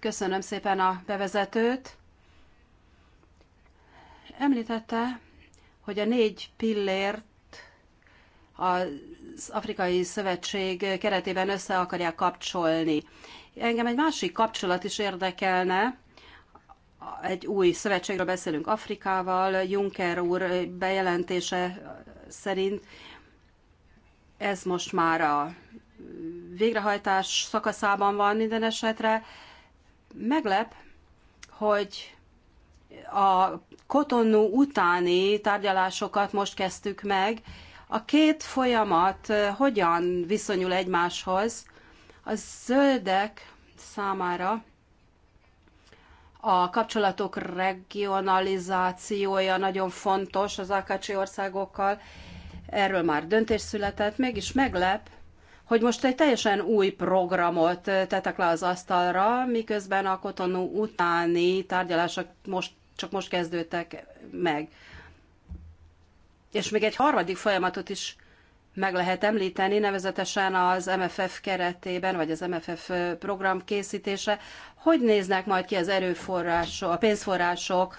B: Köszönöm szépen a bevezetőt. Említette, hogy a négy pillért az Afrikai Szövetség keretében össze akarják kapcsolni. Engem egy másik kapcsolat is érdekelne, egy új szövetségről beszélünk Afrikával, Juncker úr bejelentése szerint ez most már a végrehajtás szakaszában van minden esetre. Meglep, hogy a kotonnú utáni tárgyalásokat most kezdtük meg. A két folyamat hogyan viszonyul egymáshoz? A zöldek számára a kapcsolatok regionalizációja nagyon fontos az AKC országokkal, erről már döntés született, mégis meglep, hogy most egy teljesen új programot tettek le az asztalra, miközben a Kotonú utáni tárgyalások most, csak most kezdődtek meg. És még egy harmadik folyamatot is meg lehet említeni, nevezetesen az MFF keretében, vagy az MFF program készítése, hogy néznek majd ki az erőforrások, a pénzforrások,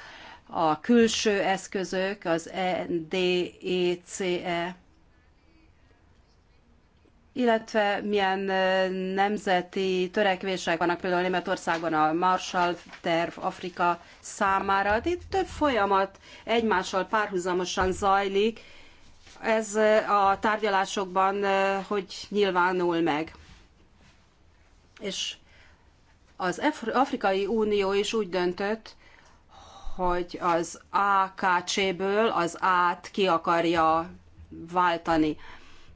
B: a külső eszközök, az EDECE, e e? illetve milyen nemzeti törekvések vannak például Németországban a Marshall terv Afrika számára. Itt több folyamat egymással párhuzamosan zajlik, ez a tárgyalásokban hogy nyilvánul meg. És az Afrikai Unió is úgy döntött, hogy az AKC-ből az át ki akarja váltani.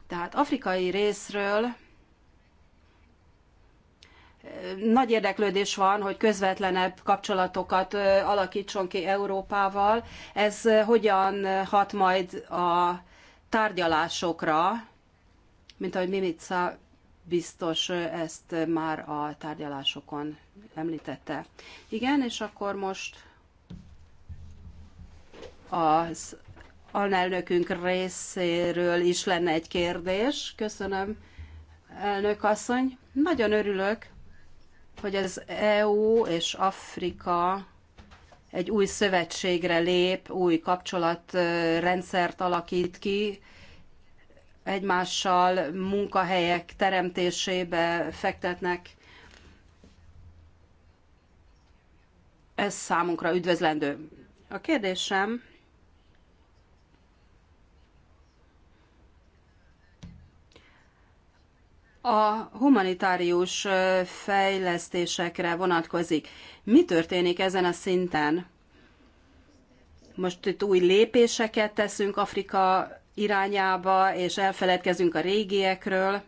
B: Tehát afrikai részről nagy érdeklődés van, hogy közvetlenebb kapcsolatokat alakítson ki Európával. Ez hogyan hat majd a tárgyalásokra, mint ahogy Mimica biztos ezt már a tárgyalásokon említette. Igen, és akkor most az alnelnökünk részéről is lenne egy kérdés. Köszönöm, elnök asszony. Nagyon örülök, hogy az EU és Afrika egy új szövetségre lép, új kapcsolatrendszert alakít ki, egymással munkahelyek teremtésébe fektetnek. Ez számunkra üdvözlendő. A kérdésem a humanitárius fejlesztésekre vonatkozik. Mi történik ezen a szinten? Most itt új lépéseket teszünk Afrika irányába, és elfeledkezünk a régiekről.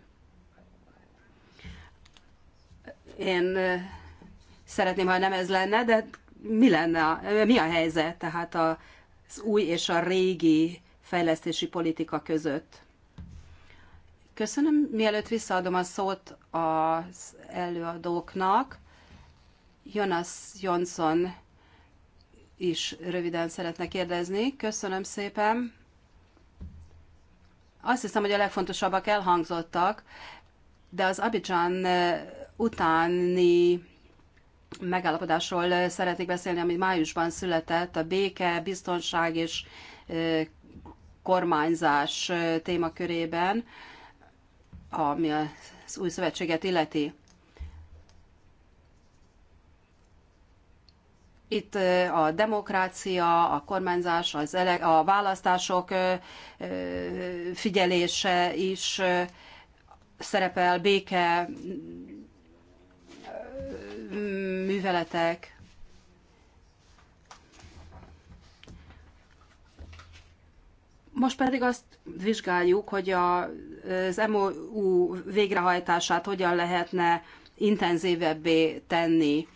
B: Én szeretném, ha nem ez lenne, de mi lenne, mi a helyzet tehát az új és a régi fejlesztési politika között? Köszönöm. Mielőtt visszaadom a szót az előadóknak, Jonas Jonsson is röviden szeretne kérdezni. Köszönöm szépen. Azt hiszem, hogy a legfontosabbak elhangzottak, de az Abidjan eh, utáni megállapodásról eh, szeretnék beszélni, ami májusban született, a béke, biztonság és eh, kormányzás témakörében. körében ami az új szövetséget illeti. Itt a demokrácia, a kormányzás, az ele- a választások figyelése is szerepel, béke, műveletek, Most pedig azt vizsgáljuk, hogy a, az MOU végrehajtását hogyan lehetne intenzívebbé tenni.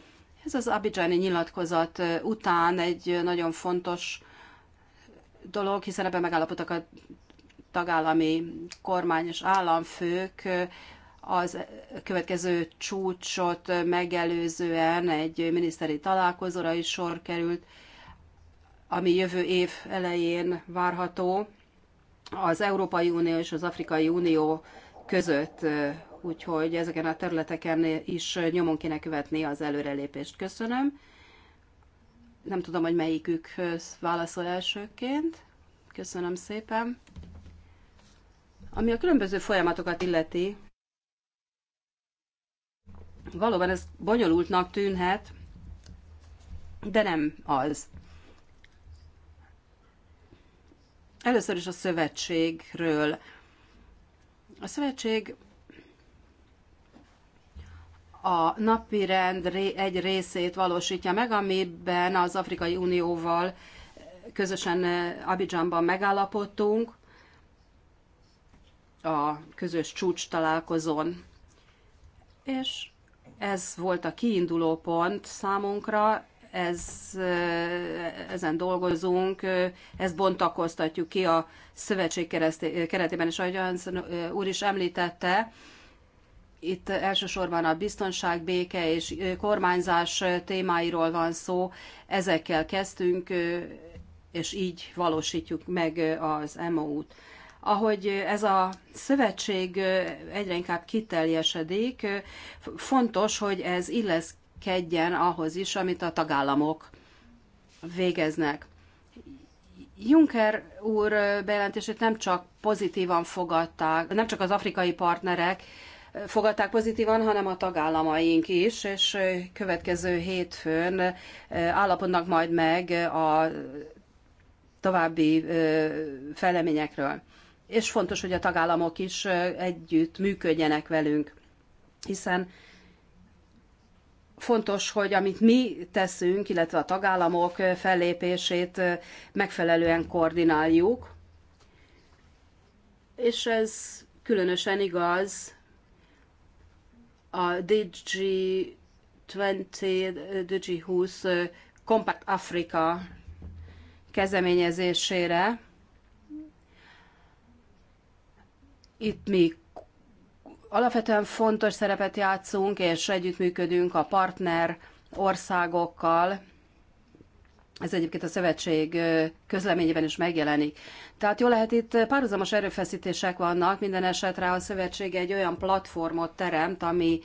B: Ez az Abidjani nyilatkozat után egy nagyon fontos dolog, hiszen ebben megállapodtak a tagállami kormány és államfők az következő csúcsot megelőzően egy miniszteri találkozóra is sor került, ami jövő év elején várható az Európai Unió és az Afrikai Unió között, úgyhogy ezeken a területeken is nyomon kéne követni az előrelépést. Köszönöm. Nem tudom, hogy melyikük válaszol elsőként. Köszönöm szépen. Ami a különböző folyamatokat illeti, valóban ez bonyolultnak tűnhet, de nem az. Először is a szövetségről. A szövetség a napi rend egy részét valósítja meg, amiben az Afrikai Unióval közösen eh, Abidjanban megállapodtunk a közös csúcs találkozón. És ez volt a kiinduló pont számunkra, ez, ezen dolgozunk, ezt bontakoztatjuk ki a szövetség keretében, és ahogy Janssen úr is említette, itt elsősorban a biztonság, béke és kormányzás témáiról van szó, ezekkel kezdtünk, és így valósítjuk meg az MOU-t. Ahogy ez a szövetség egyre inkább kiteljesedik, fontos, hogy ez illesz kedjen ahhoz is, amit a tagállamok végeznek. Juncker úr bejelentését nem csak pozitívan fogadták, nem csak az afrikai partnerek fogadták pozitívan, hanem a tagállamaink is, és következő hétfőn állapodnak majd meg a további fejleményekről. És fontos, hogy a tagállamok is együtt működjenek velünk, hiszen fontos, hogy amit mi teszünk, illetve a tagállamok fellépését megfelelően koordináljuk, és ez különösen igaz a DG20, DG20 Compact Africa kezdeményezésére. Itt mi Alapvetően fontos szerepet játszunk, és együttműködünk a partner országokkal. Ez egyébként a szövetség közleményében is megjelenik. Tehát jól lehet itt párhuzamos erőfeszítések vannak, minden esetre a szövetség egy olyan platformot teremt, ami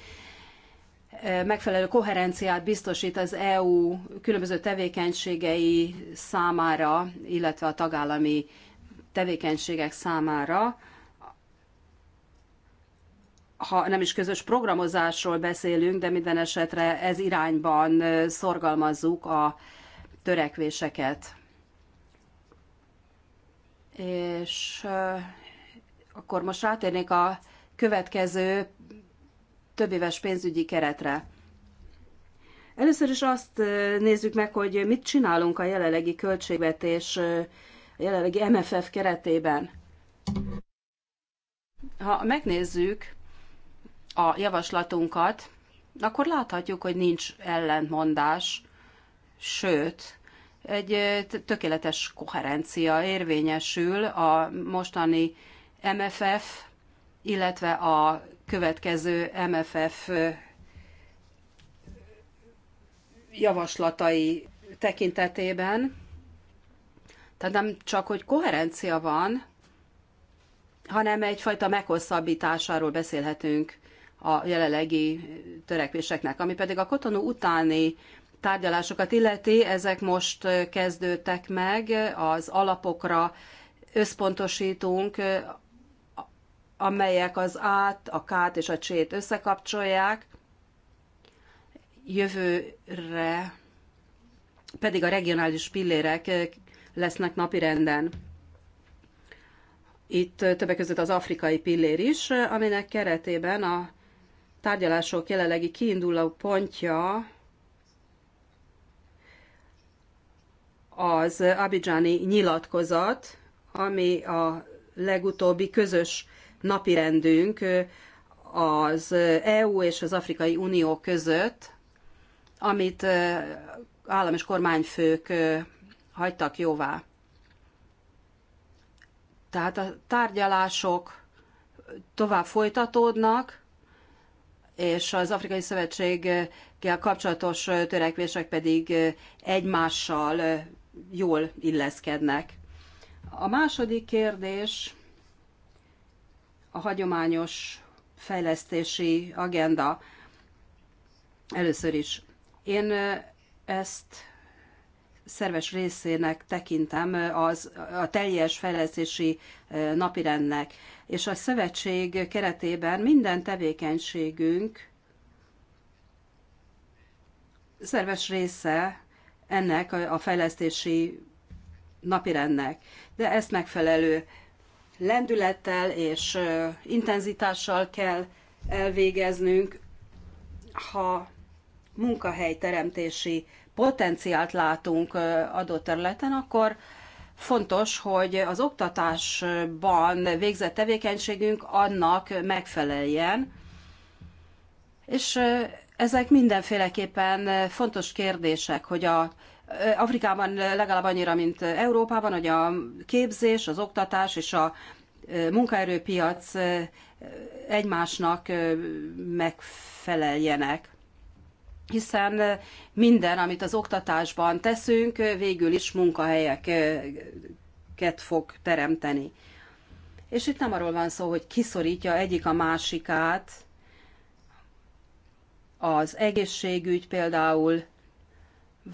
B: megfelelő koherenciát biztosít az EU különböző tevékenységei számára, illetve a tagállami tevékenységek számára ha nem is közös programozásról beszélünk, de minden esetre ez irányban szorgalmazzuk a törekvéseket. És akkor most rátérnék a következő több éves pénzügyi keretre. Először is azt nézzük meg, hogy mit csinálunk a jelenlegi költségvetés, a jelenlegi MFF keretében. Ha megnézzük, a javaslatunkat, akkor láthatjuk, hogy nincs ellentmondás, sőt, egy tökéletes koherencia érvényesül a mostani MFF, illetve a következő MFF javaslatai tekintetében. Tehát nem csak, hogy koherencia van, hanem egyfajta meghosszabbításáról beszélhetünk a jelenlegi törekvéseknek. Ami pedig a kotonú utáni tárgyalásokat illeti, ezek most kezdődtek meg, az alapokra összpontosítunk, amelyek az át, a kát és a csét összekapcsolják. Jövőre pedig a regionális pillérek lesznek napirenden. Itt többek között az afrikai pillér is, aminek keretében a tárgyalások jelenlegi kiinduló pontja az abidzsáni nyilatkozat, ami a legutóbbi közös napirendünk az EU és az Afrikai Unió között, amit állam és kormányfők hagytak jóvá. Tehát a tárgyalások tovább folytatódnak, és az Afrikai Szövetséggel kapcsolatos törekvések pedig egymással jól illeszkednek. A második kérdés a hagyományos fejlesztési agenda. Először is. Én ezt szerves részének tekintem az, a teljes fejlesztési napirendnek és a szövetség keretében minden tevékenységünk szerves része ennek a fejlesztési napirendnek. De ezt megfelelő lendülettel és intenzitással kell elvégeznünk, ha munkahelyteremtési potenciált látunk adott területen, akkor fontos, hogy az oktatásban végzett tevékenységünk annak megfeleljen, és ezek mindenféleképpen fontos kérdések, hogy a Afrikában legalább annyira, mint Európában, hogy a képzés, az oktatás és a munkaerőpiac egymásnak megfeleljenek hiszen eh, minden, amit az oktatásban teszünk, eh, végül is munkahelyeket eh, fog teremteni. És itt nem arról van szó, hogy kiszorítja egyik a másikát, az egészségügy például,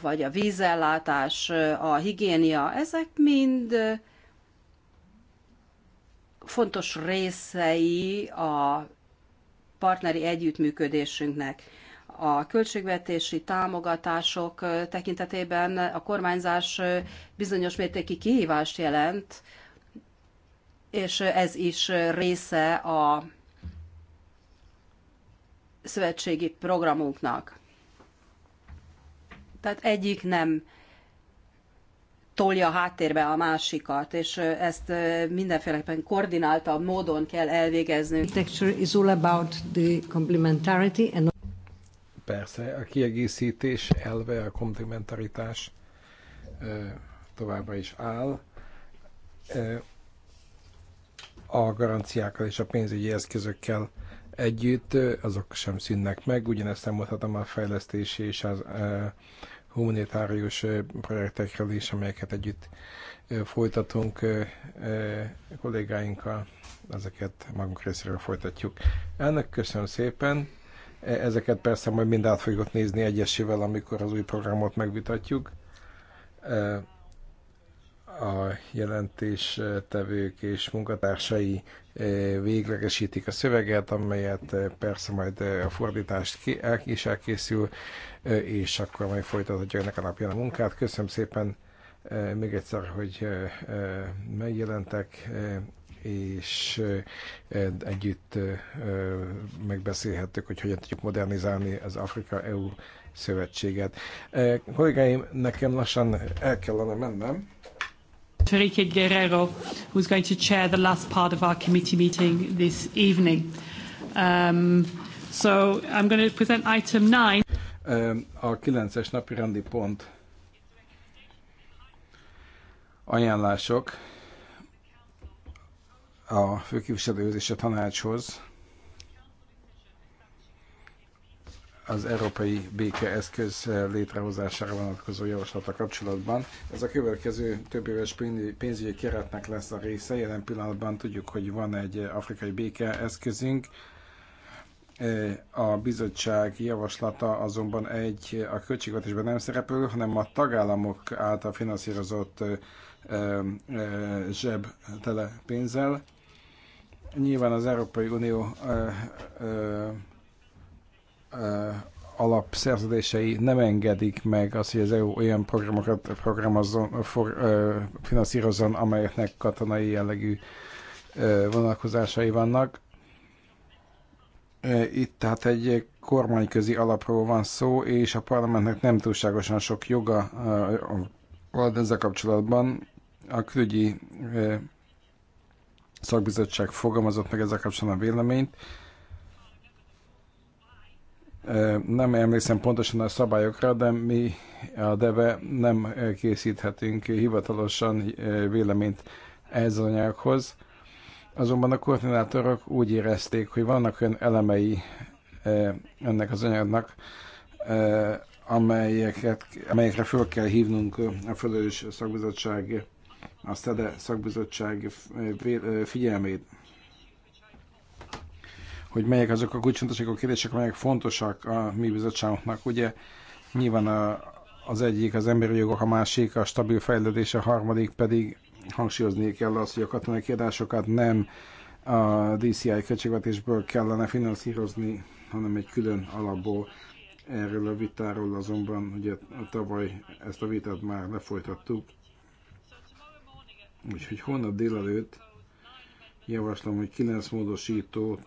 B: vagy a vízellátás, a higiénia, ezek mind fontos részei a partneri együttműködésünknek a költségvetési támogatások tekintetében a kormányzás bizonyos mértékű kihívást jelent, és ez is része a szövetségi programunknak. Tehát egyik nem tolja háttérbe a másikat, és ezt mindenféleképpen koordináltabb módon kell elvégezni. is all about the complementarity and
C: Persze, a kiegészítés elve, a komplementaritás továbbra is áll. A garanciákkal és a pénzügyi eszközökkel együtt azok sem szűnnek meg, ugyanezt nem mondhatom a fejlesztési és az humanitárius projektekről is, amelyeket együtt folytatunk kollégáinkkal, ezeket magunk részéről folytatjuk. Ennek köszönöm szépen, E, ezeket persze majd mind át fogjuk nézni egyesével, amikor az új programot megvitatjuk. E, a jelentéstevők és munkatársai e, véglegesítik a szöveget, amelyet persze majd a fordítást is elkészül, és akkor majd folytathatja ennek a napján a munkát. Köszönöm szépen! még egyszer, hogy megjelentek, és eh, együtt eh, eh, megbeszélhettük, hogy hogyan tudjuk modernizálni az Afrika-EU szövetséget. Kollégáim, nekem lassan el kellene mennem.
A: Enrique Guerrero, who's going to chair the last part of our committee meeting this evening. Um, so I'm going to present item nine.
C: A kilences napi rendi pont ajánlások a főképviselőhöz és a tanácshoz az európai békeeszköz létrehozására vonatkozó javaslata kapcsolatban. Ez a következő több éves pénzügyi keretnek lesz a része. Jelen pillanatban tudjuk, hogy van egy afrikai békeeszközünk, a bizottság javaslata azonban egy a költségvetésben nem szerepel, hanem a tagállamok által finanszírozott zseb tele pénzzel. Nyilván az Európai Unió ö, ö, ö, alapszerződései nem engedik meg azt, hogy az EU olyan programokat programozzon, for, ö, finanszírozzon, amelyeknek katonai jellegű ö, vonalkozásai vannak. Itt tehát egy kormányközi alapról van szó, és a parlamentnek nem túlságosan sok joga van ezzel kapcsolatban. A külügyi szakbizottság fogalmazott meg ezzel kapcsolatban a véleményt. Nem emlékszem pontosan a szabályokra, de mi a DEVE nem készíthetünk hivatalosan véleményt ez anyaghoz. Azonban a koordinátorok úgy érezték, hogy vannak olyan elemei ennek az anyagnak, amelyeket, amelyekre föl kell hívnunk a felelős szakbizottság a SZEDE szakbizottság figyelmét, hogy melyek azok a a kérdések, amelyek fontosak a mi bizottságunknak. Ugye nyilván a, az egyik az emberi jogok, a másik a stabil fejlődés, a harmadik pedig hangsúlyozni kell azt, hogy a katonai kiadásokat nem a DCI költségvetésből kellene finanszírozni, hanem egy külön alapból. Erről a vitáról azonban ugye tavaly ezt a vitát már lefolytattuk, Úgyhogy holnap délelőtt javaslom, hogy 9 módosítóról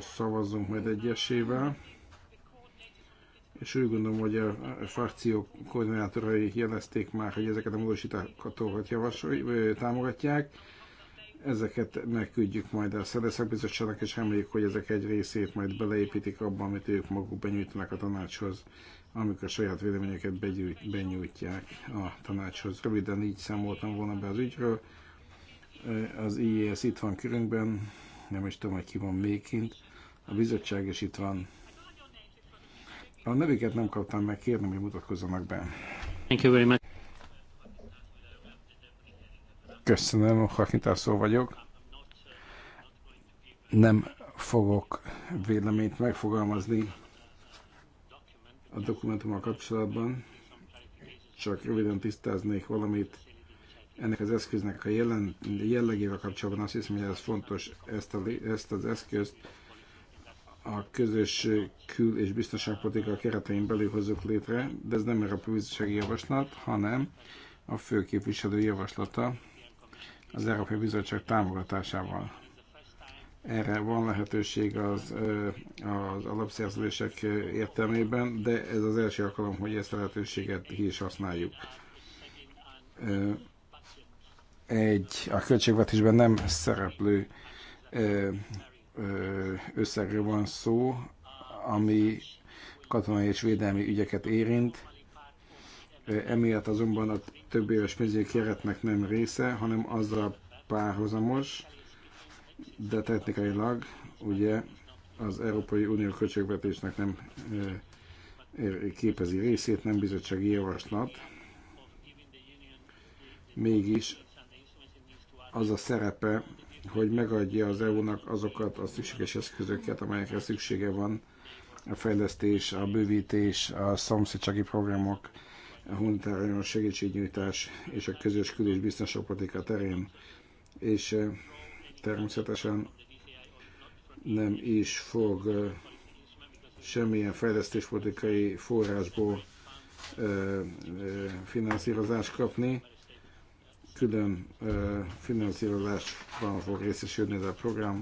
C: szavazzunk majd egyesével, és úgy gondolom, hogy a frakciók koordinátorai jelezték már, hogy ezeket a módosítókat támogatják. Ezeket megküldjük majd a Szedeszak és reméljük, hogy ezek egy részét majd beleépítik abban, amit ők maguk benyújtanak a tanácshoz amikor saját véleményeket begyűjt, benyújtják a tanácshoz. Röviden így számoltam volna be az ügyről. Az IES itt van körünkben, nem is tudom, hogy ki van még kint. A bizottság is itt van. A nevüket nem kaptam meg, kérném, hogy mutatkozzanak be. Thank you very much. Köszönöm, Hakintászó vagyok. Nem fogok véleményt megfogalmazni a dokumentummal kapcsolatban, csak röviden tisztáznék valamit ennek az eszköznek a jelen, jellegével kapcsolatban. Azt hiszem, hogy ez fontos, ezt, a, ezt az eszközt a közös kül- és biztonságpolitika keretein belül hozzuk létre, de ez nem a bizottsági javaslat, hanem a főképviselő javaslata az Európai Bizottság támogatásával. Erre van lehetőség az, az alapszerződések értelmében, de ez az első alkalom, hogy ezt a lehetőséget ki is használjuk. Egy a költségvetésben nem szereplő összegről van szó, ami katonai és védelmi ügyeket érint. Emiatt azonban a többéves pénzügyi keretnek nem része, hanem azzal párhuzamos, de technikailag ugye az Európai Unió költségvetésnek nem képezi részét, nem bizottsági javaslat. Mégis az a szerepe, hogy megadja az EU-nak azokat a szükséges eszközöket, amelyekre szüksége van a fejlesztés, a bővítés, a szomszédsági programok, a humanitárius segítségnyújtás és a közös küldés biztonságpolitika terén. És természetesen nem is fog semmilyen fejlesztéspolitikai forrásból finanszírozást kapni, külön finanszírozásban fog részesülni ez a program.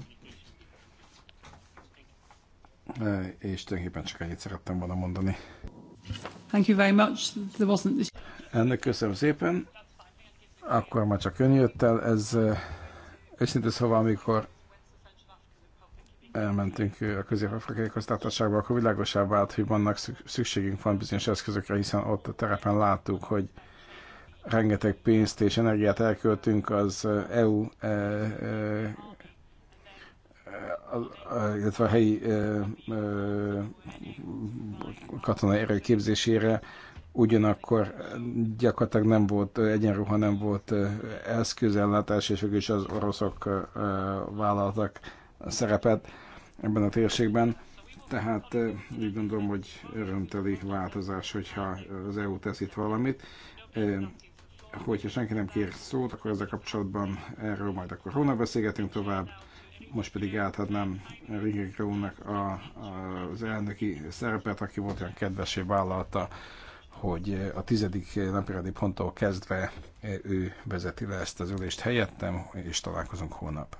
C: És tulajdonképpen csak ennyit szerettem volna mondani.
D: Thank you very much.
C: There wasn't this... Ennek köszönöm szépen. Akkor már csak ön jött el, ez Őszintén szóval, amikor elmentünk a közép-afrikai köztársaságba, akkor világosá vált, hogy vannak szükségünk van bizonyos eszközökre, hiszen ott a terepen láttuk, hogy rengeteg pénzt és energiát elköltünk az EU, eh, eh, eh, illetve a helyi katonai erő képzésére, ugyanakkor eh, gyakorlatilag nem volt eh, egyenruha, nem volt eh, eszközellátás, és ők is az oroszok vállaltak szerepet ebben a térségben. Tehát úgy gondolom, hogy örömteli változás, hogyha az EU tesz itt valamit. Hogyha senki nem kér szót, akkor ezzel kapcsolatban erről majd akkor hónap beszélgetünk tovább. Most pedig átadnám Rigi a, a, az elnöki szerepet, aki volt olyan kedvesé vállalta hogy a tizedik napirendi ponttól kezdve ő vezeti le ezt az ülést helyettem, és találkozunk holnap.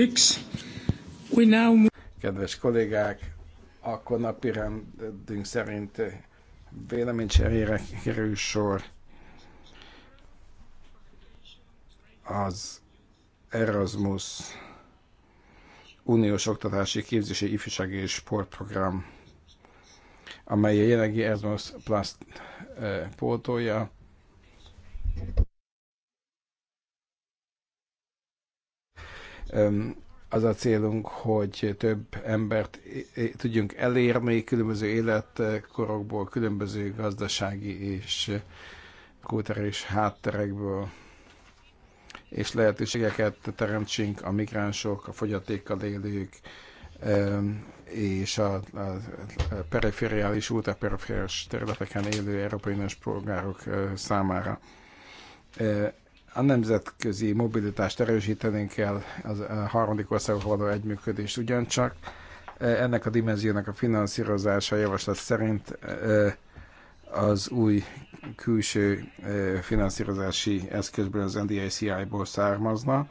D: colleagues, we now...
C: Kedves kollégák, akkor rendünk szerint véleménycserére kerül sor az Erasmus uniós oktatási képzési ifjúsági és sportprogram, amely a jelenlegi Erasmus Plus eh, pótolja. Az a célunk, hogy több embert tudjunk elérni különböző életkorokból, különböző gazdasági és kulturális hátterekből, és lehetőségeket teremtsünk a migránsok, a fogyatékkal élők, és a, a perifériális, ultraperifériás területeken élő Európai polgárok számára a nemzetközi mobilitást erősíteni kell, az a harmadik országok való együttműködést ugyancsak. E, ennek a dimenziónak a finanszírozása javaslat szerint e, az új külső e, finanszírozási eszközből, az NDICI-ból származna,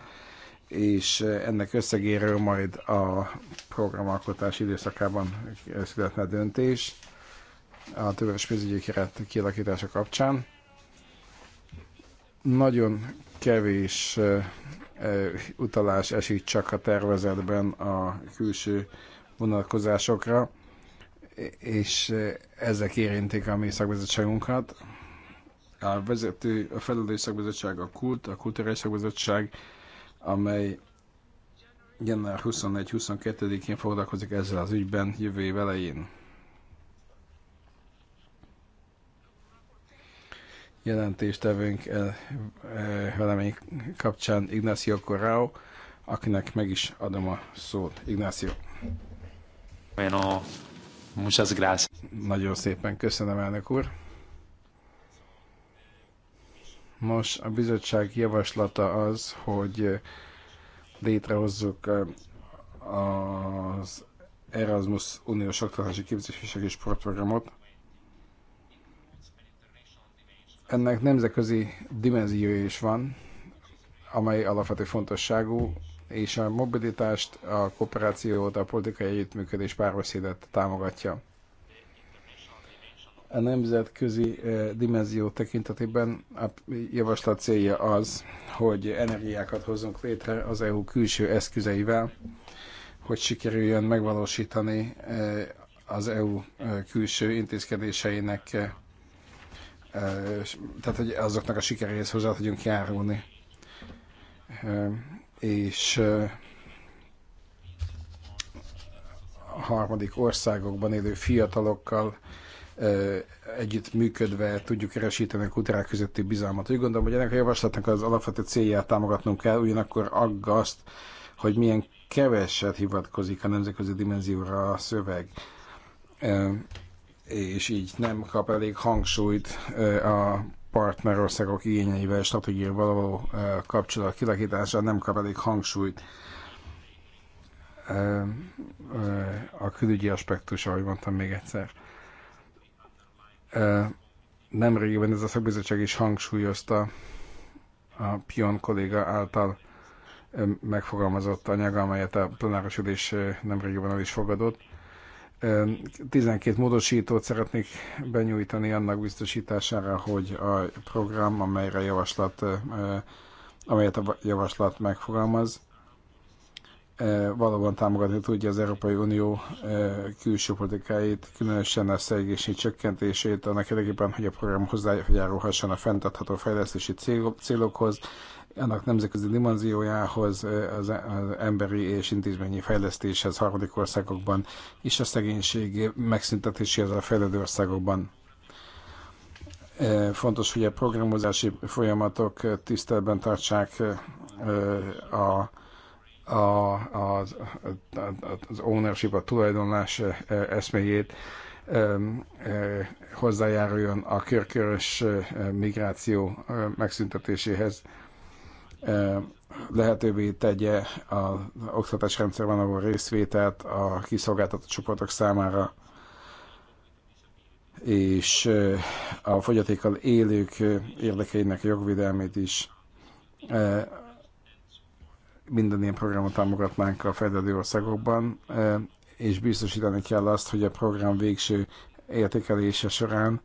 C: és ennek összegéről majd a programalkotás időszakában születne döntés a többes pénzügyi keret kialakítása kapcsán nagyon kevés utalás esik csak a tervezetben a külső vonatkozásokra, és ezek érintik a mi szakbizottságunkat. A vezető, a felelős szakbizottság a kult, a kulturális szakbizottság, amely január 21-22-én foglalkozik ezzel az ügyben jövő év elején. jelentéstevőnk eh, eh, velemény kapcsán Ignacio Corrao, akinek meg is adom a szót. Ignacio. Bueno, muchas gracias. Nagyon szépen köszönöm, elnök úr. Most a bizottság javaslata az, hogy eh, létrehozzuk az Erasmus Uniós Oktatási és Sportprogramot, Ennek nemzetközi dimenziója is van, amely alapvető fontosságú, és a mobilitást, a kooperációt, a politikai együttműködés párbeszédet támogatja. A nemzetközi eh, dimenzió tekintetében a javaslat célja az, hogy energiákat hozzunk létre az EU külső eszközeivel, hogy sikerüljön megvalósítani eh, az EU eh, külső intézkedéseinek tehát hogy azoknak a sikeréhez hozzá tudjunk járulni. És a harmadik országokban élő fiatalokkal együtt működve tudjuk erősíteni a kultúrák közötti bizalmat. Úgy gondolom, hogy ennek a javaslatnak az alapvető célját támogatnunk kell, ugyanakkor aggaszt, hogy milyen keveset hivatkozik a nemzetközi dimenzióra a szöveg és így nem kap elég hangsúlyt a partnerországok igényeivel, stratégiával való kapcsolat kilakítása nem kap elég hangsúlyt a külügyi aspektus, ahogy mondtam még egyszer. Nemrégiben ez a szakbizottság is hangsúlyozta a Pion kolléga által megfogalmazott anyag, amelyet a plenáros ülés nemrégiben el is fogadott, 12 módosítót szeretnék benyújtani annak biztosítására, hogy a program, amelyre javaslat, amelyet a javaslat megfogalmaz, valóban támogatni tudja az Európai Unió külső politikáit, különösen a szegénység csökkentését, annak érdekében, hogy a program hozzájárulhasson a fenntartható fejlesztési célokhoz, annak nemzetközi dimenziójához, az, emberi és intézményi fejlesztéshez harmadik országokban, és a szegénység megszüntetéséhez a fejlődő országokban. Fontos, hogy a programozási folyamatok tiszteletben tartsák a a, a, az ownership, a tulajdonlás eszméjét hozzájáruljon a körkörös migráció megszüntetéséhez lehetővé tegye az oktatás rendszerben való részvételt a kiszolgáltatott csoportok számára, és a fogyatékkal élők érdekeinek jogvédelmét is minden ilyen programot támogatnánk a fejlődő országokban, és biztosítani kell azt, hogy a program végső értékelése során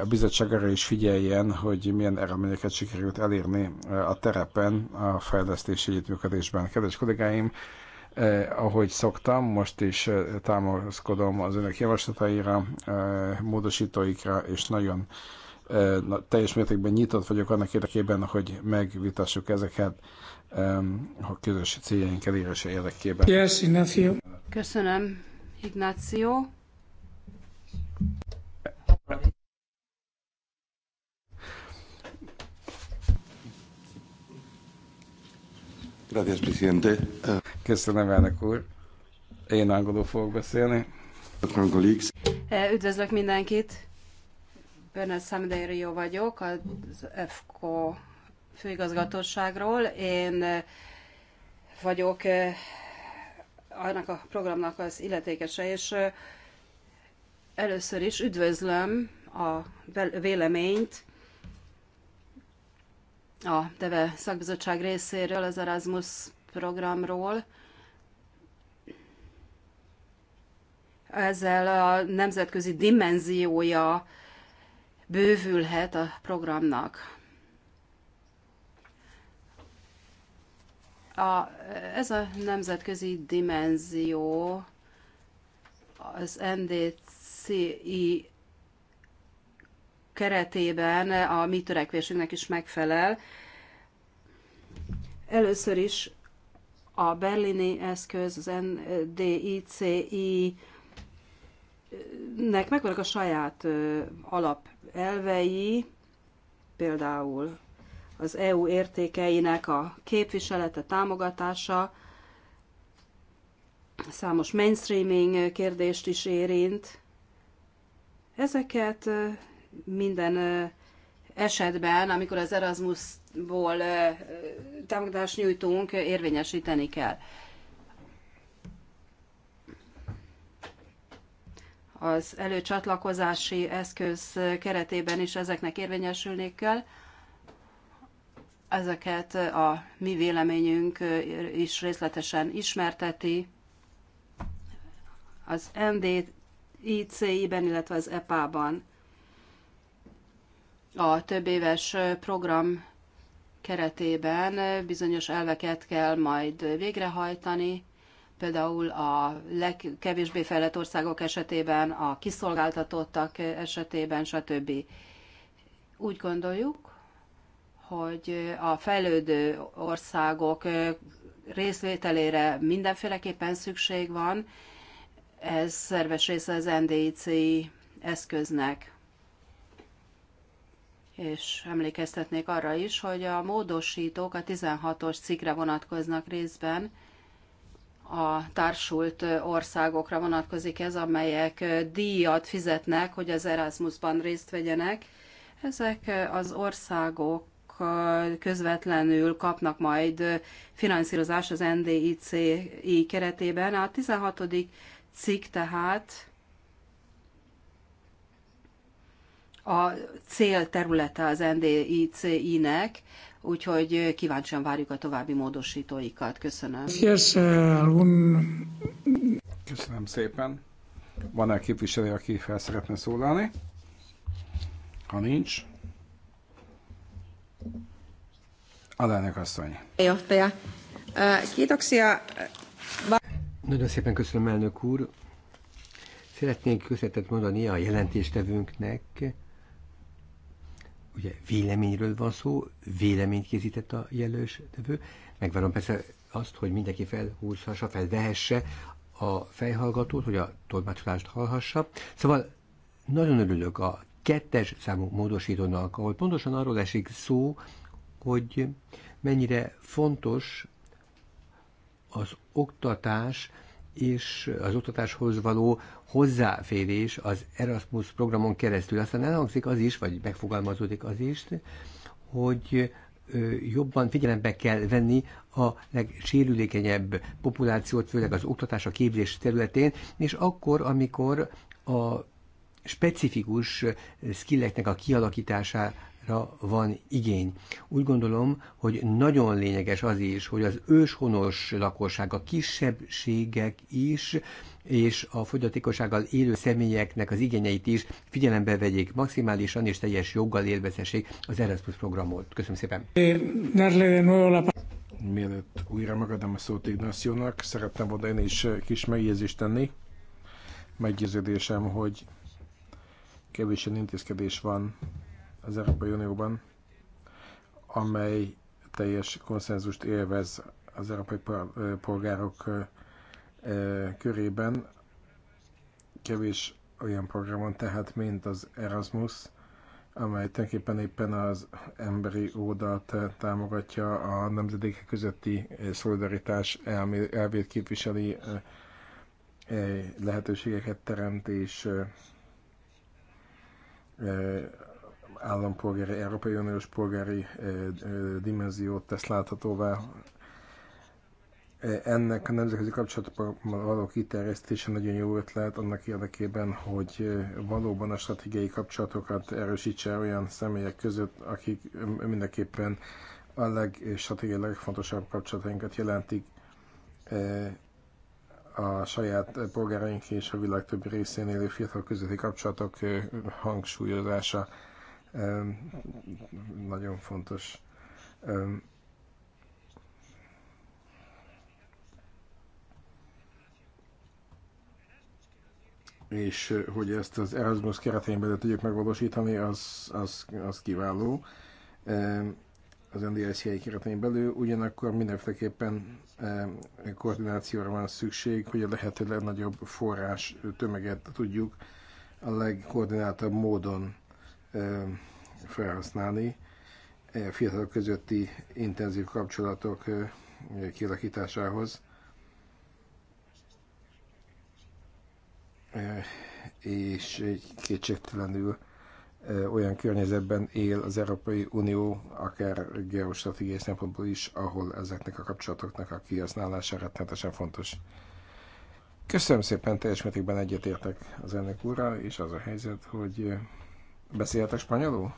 C: a bizottság arra is figyeljen, hogy milyen eredményeket sikerült elérni a terepen, a fejlesztési együttműködésben. Kedves kollégáim, eh, ahogy szoktam, most is eh, támaszkodom az önök javaslataira, eh, módosítóikra, és nagyon eh, teljes mértékben nyitott vagyok annak érdekében, hogy megvitassuk ezeket eh, a közös céljaink elérése érdekében. Yes, Ignacio.
B: Köszönöm, Ignáció. Gracias, presidente. Köszönöm,
C: elnök úr. Én angolul fogok beszélni.
B: E, üdvözlök mindenkit. Bernard Samderio vagyok, az EFKO főigazgatóságról. Én e, vagyok e, annak a programnak az illetékese, és először is üdvözlöm a véleményt, a TEVE szakbizottság részéről az Erasmus programról. Ezzel a nemzetközi dimenziója bővülhet a programnak. A, ez a nemzetközi dimenzió az NDCI keretében a mi törekvésünknek is megfelel. Először is a berlini eszköz, az NDICI nek megvannak a saját alapelvei, például az EU értékeinek a képviselete, támogatása, számos mainstreaming kérdést is érint. Ezeket minden esetben, amikor az Erasmusból támogatást nyújtunk, érvényesíteni kell. Az előcsatlakozási eszköz keretében is ezeknek érvényesülni kell. Ezeket a mi véleményünk is részletesen ismerteti. Az MDIC-ben, illetve az EPA-ban a több éves program keretében bizonyos elveket kell majd végrehajtani, például a legkevésbé fejlett országok esetében, a kiszolgáltatottak esetében, stb. Úgy gondoljuk, hogy a fejlődő országok részvételére mindenféleképpen szükség van, ez szerves része az NDIC eszköznek és emlékeztetnék arra is, hogy a módosítók a 16-os cikre vonatkoznak részben, a társult országokra vonatkozik ez, amelyek díjat fizetnek, hogy az Erasmusban részt vegyenek. Ezek az országok közvetlenül kapnak majd finanszírozást az NDICI keretében. A 16. cikk tehát a cél területe az NDICI-nek, úgyhogy kíváncsian várjuk a további módosítóikat. Köszönöm.
C: Uh, köszönöm szépen. Van-e képviselő, aki fel szeretne szólalni? Ha nincs,
A: Alelnök asszony.
B: Johtaja. Kiitoksia.
A: Nagyon szépen köszönöm, elnök úr. Szeretnénk köszönetet mondani a jelentéstevőnknek, ugye véleményről van szó, véleményt készített a jelős tevő, megvárom persze azt, hogy mindenki felhúzhassa, felvehesse a fejhallgatót, hogy a tolmácsolást hallhassa. Szóval nagyon örülök a kettes számú módosítónak, ahol pontosan arról esik szó, hogy mennyire fontos az oktatás, és az oktatáshoz való hozzáférés az Erasmus programon keresztül. Aztán elhangzik az is, vagy megfogalmazódik az is, hogy jobban figyelembe kell venni a legsérülékenyebb populációt, főleg az oktatás, a képzés területén, és akkor, amikor a specifikus skilleknek a kialakítására ra van igény. Úgy gondolom, hogy nagyon lényeges az is, hogy az őshonos lakosság, a kisebbségek is, és a fogyatékossággal élő személyeknek az igényeit is figyelembe vegyék maximálisan és teljes joggal élvezhessék az Erasmus programot. Köszönöm szépen!
C: Mielőtt újra megadom a szót Ignaciónak, szerettem volna én is kis megjegyzést tenni. Meggyőződésem, hogy kevésen intézkedés van az Európai Unióban, amely teljes konszenzust élvez az európai polgárok körében. Kevés olyan programon tehát, mint az Erasmus, amely tulajdonképpen éppen az emberi ódat támogatja, a nemzedékek közötti szolidaritás elvét képviseli, lehetőségeket teremt és állampolgári, Európai Uniós polgári eh, eh, dimenziót tesz láthatóvá. Eh, ennek a nemzetközi kapcsolatban való kiterjesztése nagyon jó ötlet annak érdekében, hogy valóban a stratégiai kapcsolatokat erősítse olyan személyek között, akik mindenképpen a legstratégiai legfontosabb kapcsolatainkat jelentik a saját polgáraink és a világ többi részén élő fiatal közötti kapcsolatok hangsúlyozása nagyon fontos. és hogy ezt az Erasmus keretein belül tudjuk megvalósítani, az, az, az kiváló az helyi keretein belül, ugyanakkor mindenféleképpen koordinációra van szükség, hogy a lehető legnagyobb forrás tömeget tudjuk a legkoordináltabb módon felhasználni. Fiatalok közötti intenzív kapcsolatok kialakításához. És kétségtelenül olyan környezetben él az Európai Unió, akár geostratégiai szempontból is, ahol ezeknek a kapcsolatoknak a kihasználása rettenetesen fontos. Köszönöm szépen, teljes mértékben egyetértek az elnök úrral, és az a helyzet, hogy Beszéltek spanyolul?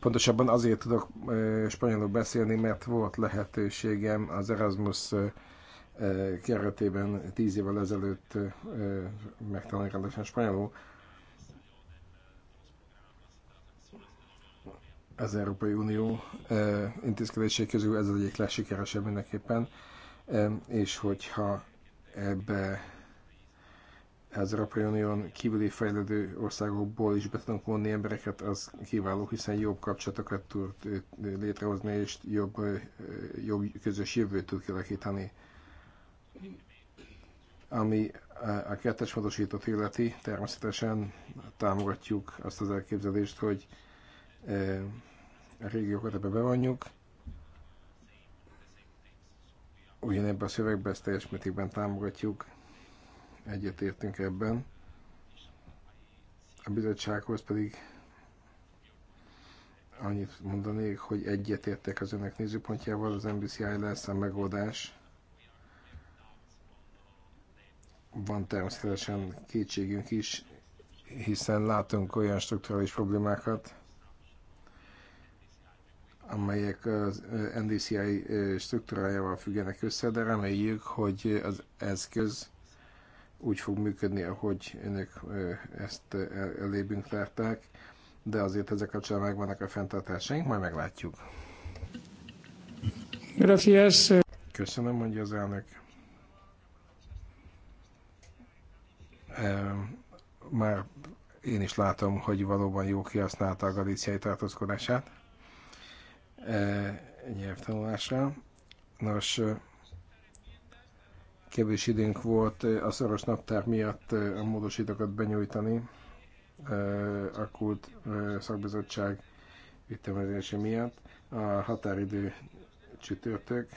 C: Pontosabban azért tudok spanyolul beszélni, mert volt lehetőségem az Erasmus keretében tíz évvel ezelőtt megtanulni rendesen spanyolul. Az Európai Unió intézkedései közül ez az egyik legsikeresebb mindenképpen, és hogyha ebbe az Európai Unión kívüli fejlődő országokból is be tudunk vonni embereket, az kiváló, hiszen jobb kapcsolatokat tud létrehozni, és jobb, jobb közös jövőt tud kialakítani. Ami a kettes módosítót illeti, természetesen támogatjuk azt az elképzelést, hogy a régiókat ebbe bevonjuk, ugyanebben a szövegben ezt teljes mértékben támogatjuk, egyetértünk ebben. A bizottsághoz pedig annyit mondanék, hogy egyetértek az önök nézőpontjával, az MBCI lesz a megoldás. Van természetesen kétségünk is, hiszen látunk olyan strukturális problémákat, amelyek az NDCI struktúrájával függenek össze, de reméljük, hogy az eszköz úgy fog működni, ahogy önök ezt elébünk tárták, de azért ezek a kapcsán megvannak a fenntartásaink, majd meglátjuk. Gracias. Köszönöm, mondja az elnök. Már én is látom, hogy valóban jó kihasználta a galíciai tartózkodását nyelvtanulásra. Nos, kevés időnk volt a szoros naptár miatt a módosítókat benyújtani a kult szakbizottság ütemezése miatt. A határidő csütörtök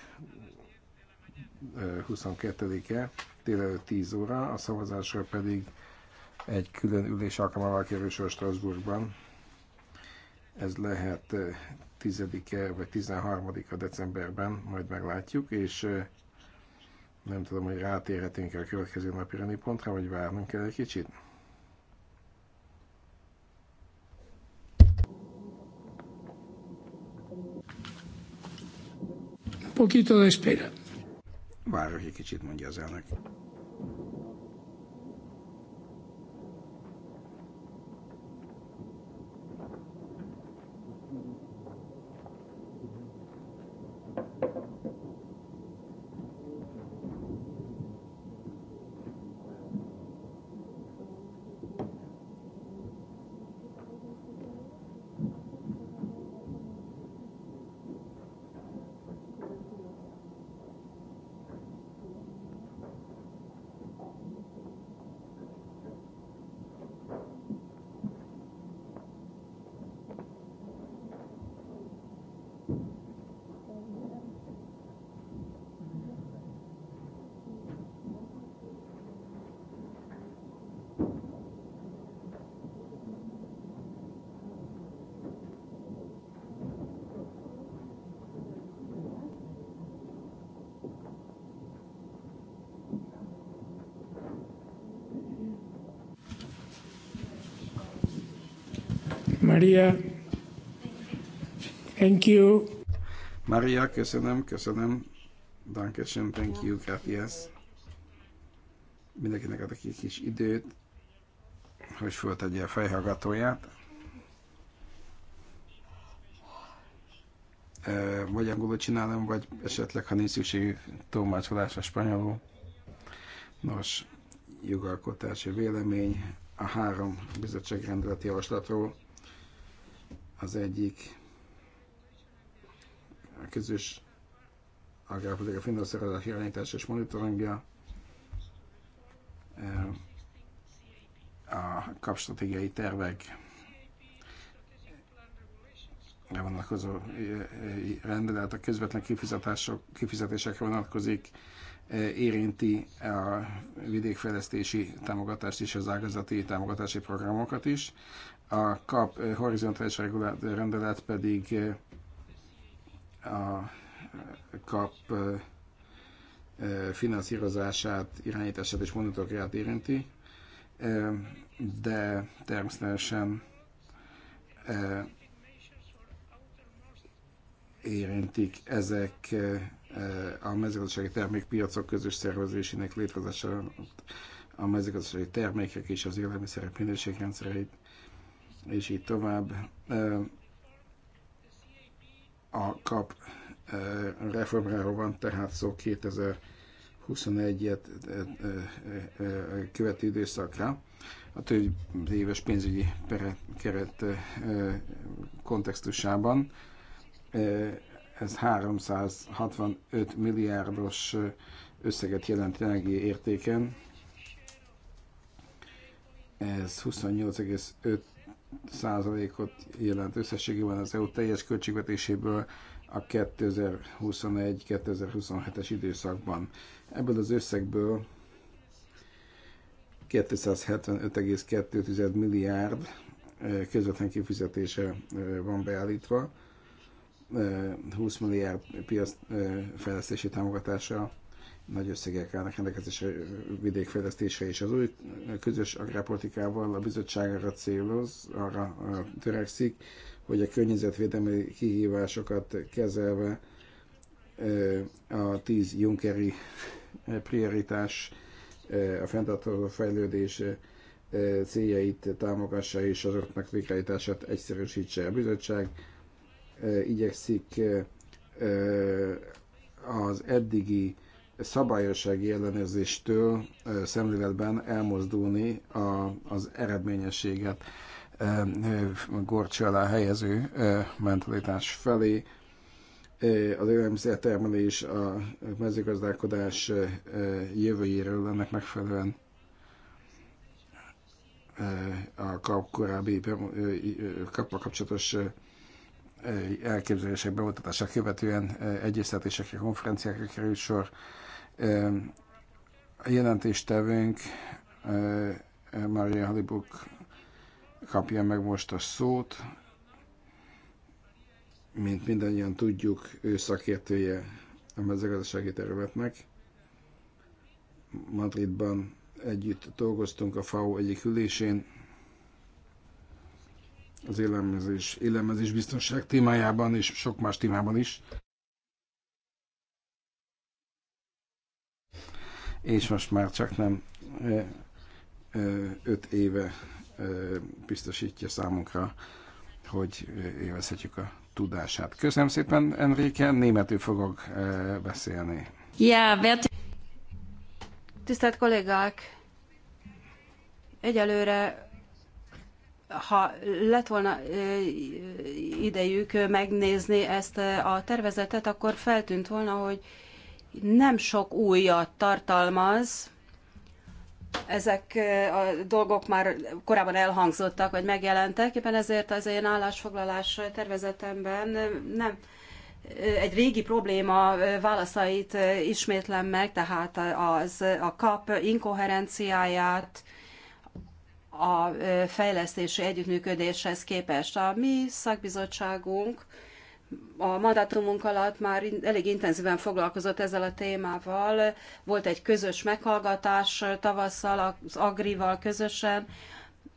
C: 22-e délelőtt 10 óra, a szavazásra pedig egy külön ülés alkalmával kerül sor Strasbourgban. Ez lehet 10-e vagy 13-a decemberben, majd meglátjuk, és nem tudom, hogy rátérhetünk a következő napi pontra, vagy várnunk kell egy kicsit.
D: Poquito de espera.
C: Várok egy kicsit, mondja az elnök.
D: Maria. Thank you.
C: Maria, köszönöm, köszönöm. Danke schön, thank you, gracias. Mindenkinek adok egy kis időt, hogy föltegye a fejhallgatóját. Vagy angolul csinálom, vagy esetleg, ha nincs szükség a spanyolul. Nos, jogalkotási vélemény a három bizottság rendeleti javaslatról az egyik a közös agrárpolitika finanszírozás irányítás és monitoringja, a kapstratégiai tervek re vonatkozó rendelet a közvetlen kifizetások, kifizetésekre vonatkozik, érinti a vidékfejlesztési támogatást is, az ágazati támogatási programokat is. A KAP eh, horizontális eh, rendelet pedig eh, a KAP finanszírozását, irányítását és monitorját érinti, de természetesen érintik ezek a mezőgazdasági termékpiacok közös szervezésének létrehozása, a mezőgazdasági termékek és az élelmiszerek minőségrendszereit, és így tovább. A kap reformáról van tehát szó 2021-et követő időszakra. A több éves pénzügyi keret kontextusában ez 365 milliárdos összeget jelent jelenlegi értéken. Ez 28,5 százalékot jelent összességében az EU teljes költségvetéséből a 2021-2027-es időszakban. Ebből az összegből 275,2 milliárd közvetlen kifizetése van beállítva, 20 milliárd fejlesztési támogatása nagy összegek állnak rendelkezésre vidékfejlesztése és az új közös agrárpolitikával a bizottság arra céloz, arra törekszik, hogy a környezetvédelmi kihívásokat kezelve a 10 Junkeri prioritás, a fenntartható fejlődés céljait támogassa és azoknak végrehajtását egyszerűsítse a bizottság igyekszik az eddigi szabályossági ellenőrzéstől szemléletben elmozdulni a, az eredményességet gorcsa helyező mentalitás felé. Az élelmiszertermelés, a mezőgazdálkodás jövőjéről ennek megfelelően a korábbi kapcsolatos elképzelések bemutatását követően egyeztetésekre, konferenciákra került sor. A jelentéstevőnk Maria Halibuk kapja meg most a szót. Mint mindannyian tudjuk, ő szakértője a mezőgazdasági területnek. Madridban együtt dolgoztunk a FAO egyik ülésén, az élelmezés, élelmezés biztonság témájában és sok más témában is. És most már csak nem öt éve biztosítja számunkra, hogy élvezhetjük a tudását. Köszönöm szépen, Enrique, németül fogok beszélni.
B: Ja, yeah, Tisztelt kollégák! Egyelőre ha lett volna idejük megnézni ezt a tervezetet, akkor feltűnt volna, hogy nem sok újat tartalmaz, ezek a dolgok már korábban elhangzottak, vagy megjelentek, éppen ezért az én állásfoglalás tervezetemben nem egy régi probléma válaszait ismétlem meg, tehát az, a kap inkoherenciáját, a fejlesztési együttműködéshez képest. A mi szakbizottságunk a mandátumunk alatt már elég intenzíven foglalkozott ezzel a témával. Volt egy közös meghallgatás tavasszal az Agrival közösen,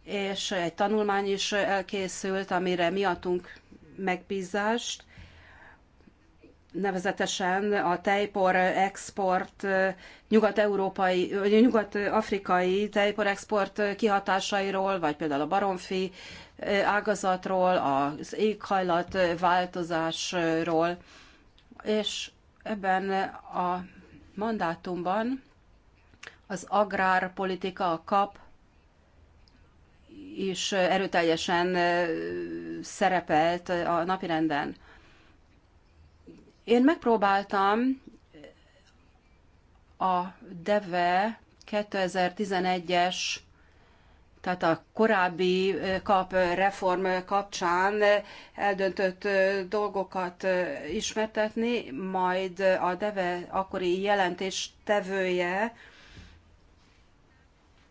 B: és egy tanulmány is elkészült, amire miattunk megbízást nevezetesen a tejpor export, nyugat-európai, vagy nyugat-afrikai tejpor export kihatásairól, vagy például a baromfi ágazatról, az éghajlat változásról, és ebben a mandátumban az agrárpolitika, a kap is erőteljesen szerepelt a napirenden. Én megpróbáltam a DEVE 2011-es, tehát a korábbi kap reform kapcsán eldöntött dolgokat ismertetni, majd a DEVE akkori jelentés tevője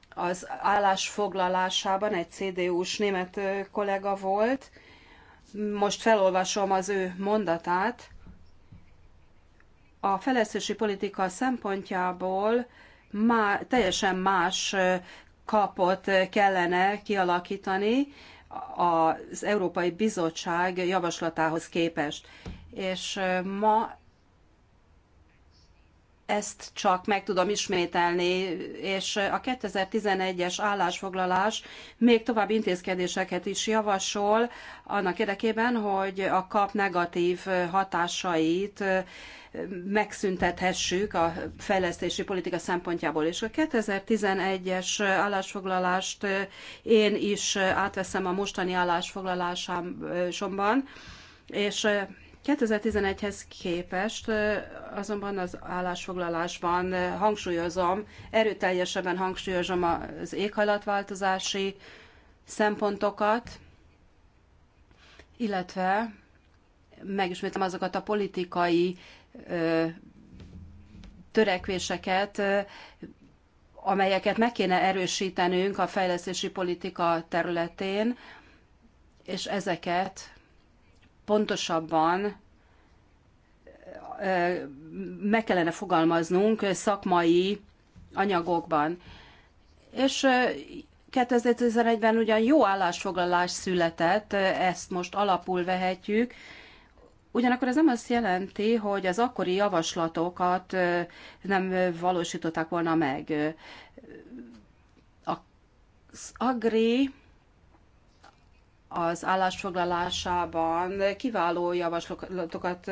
B: az állásfoglalásában egy CDU-s német kollega volt. Most felolvasom az ő mondatát a fejlesztési politika szempontjából má, teljesen más kapot kellene kialakítani az Európai Bizottság javaslatához képest. És ma ezt csak meg tudom ismételni, és a 2011-es állásfoglalás még további intézkedéseket is javasol annak érdekében, hogy a kap negatív hatásait megszüntethessük a fejlesztési politika szempontjából. És a 2011-es állásfoglalást én is átveszem a mostani állásfoglalásomban, és 2011-hez képest azonban az állásfoglalásban hangsúlyozom, erőteljesebben hangsúlyozom az éghajlatváltozási szempontokat, illetve megismétlem azokat a politikai törekvéseket, amelyeket meg kéne erősítenünk a fejlesztési politika területén, és ezeket pontosabban meg kellene fogalmaznunk szakmai anyagokban. És 2011-ben ugyan jó állásfoglalás született, ezt most alapul vehetjük, Ugyanakkor ez nem azt jelenti, hogy az akkori javaslatokat nem valósították volna meg. Az Agri az állásfoglalásában kiváló javaslatokat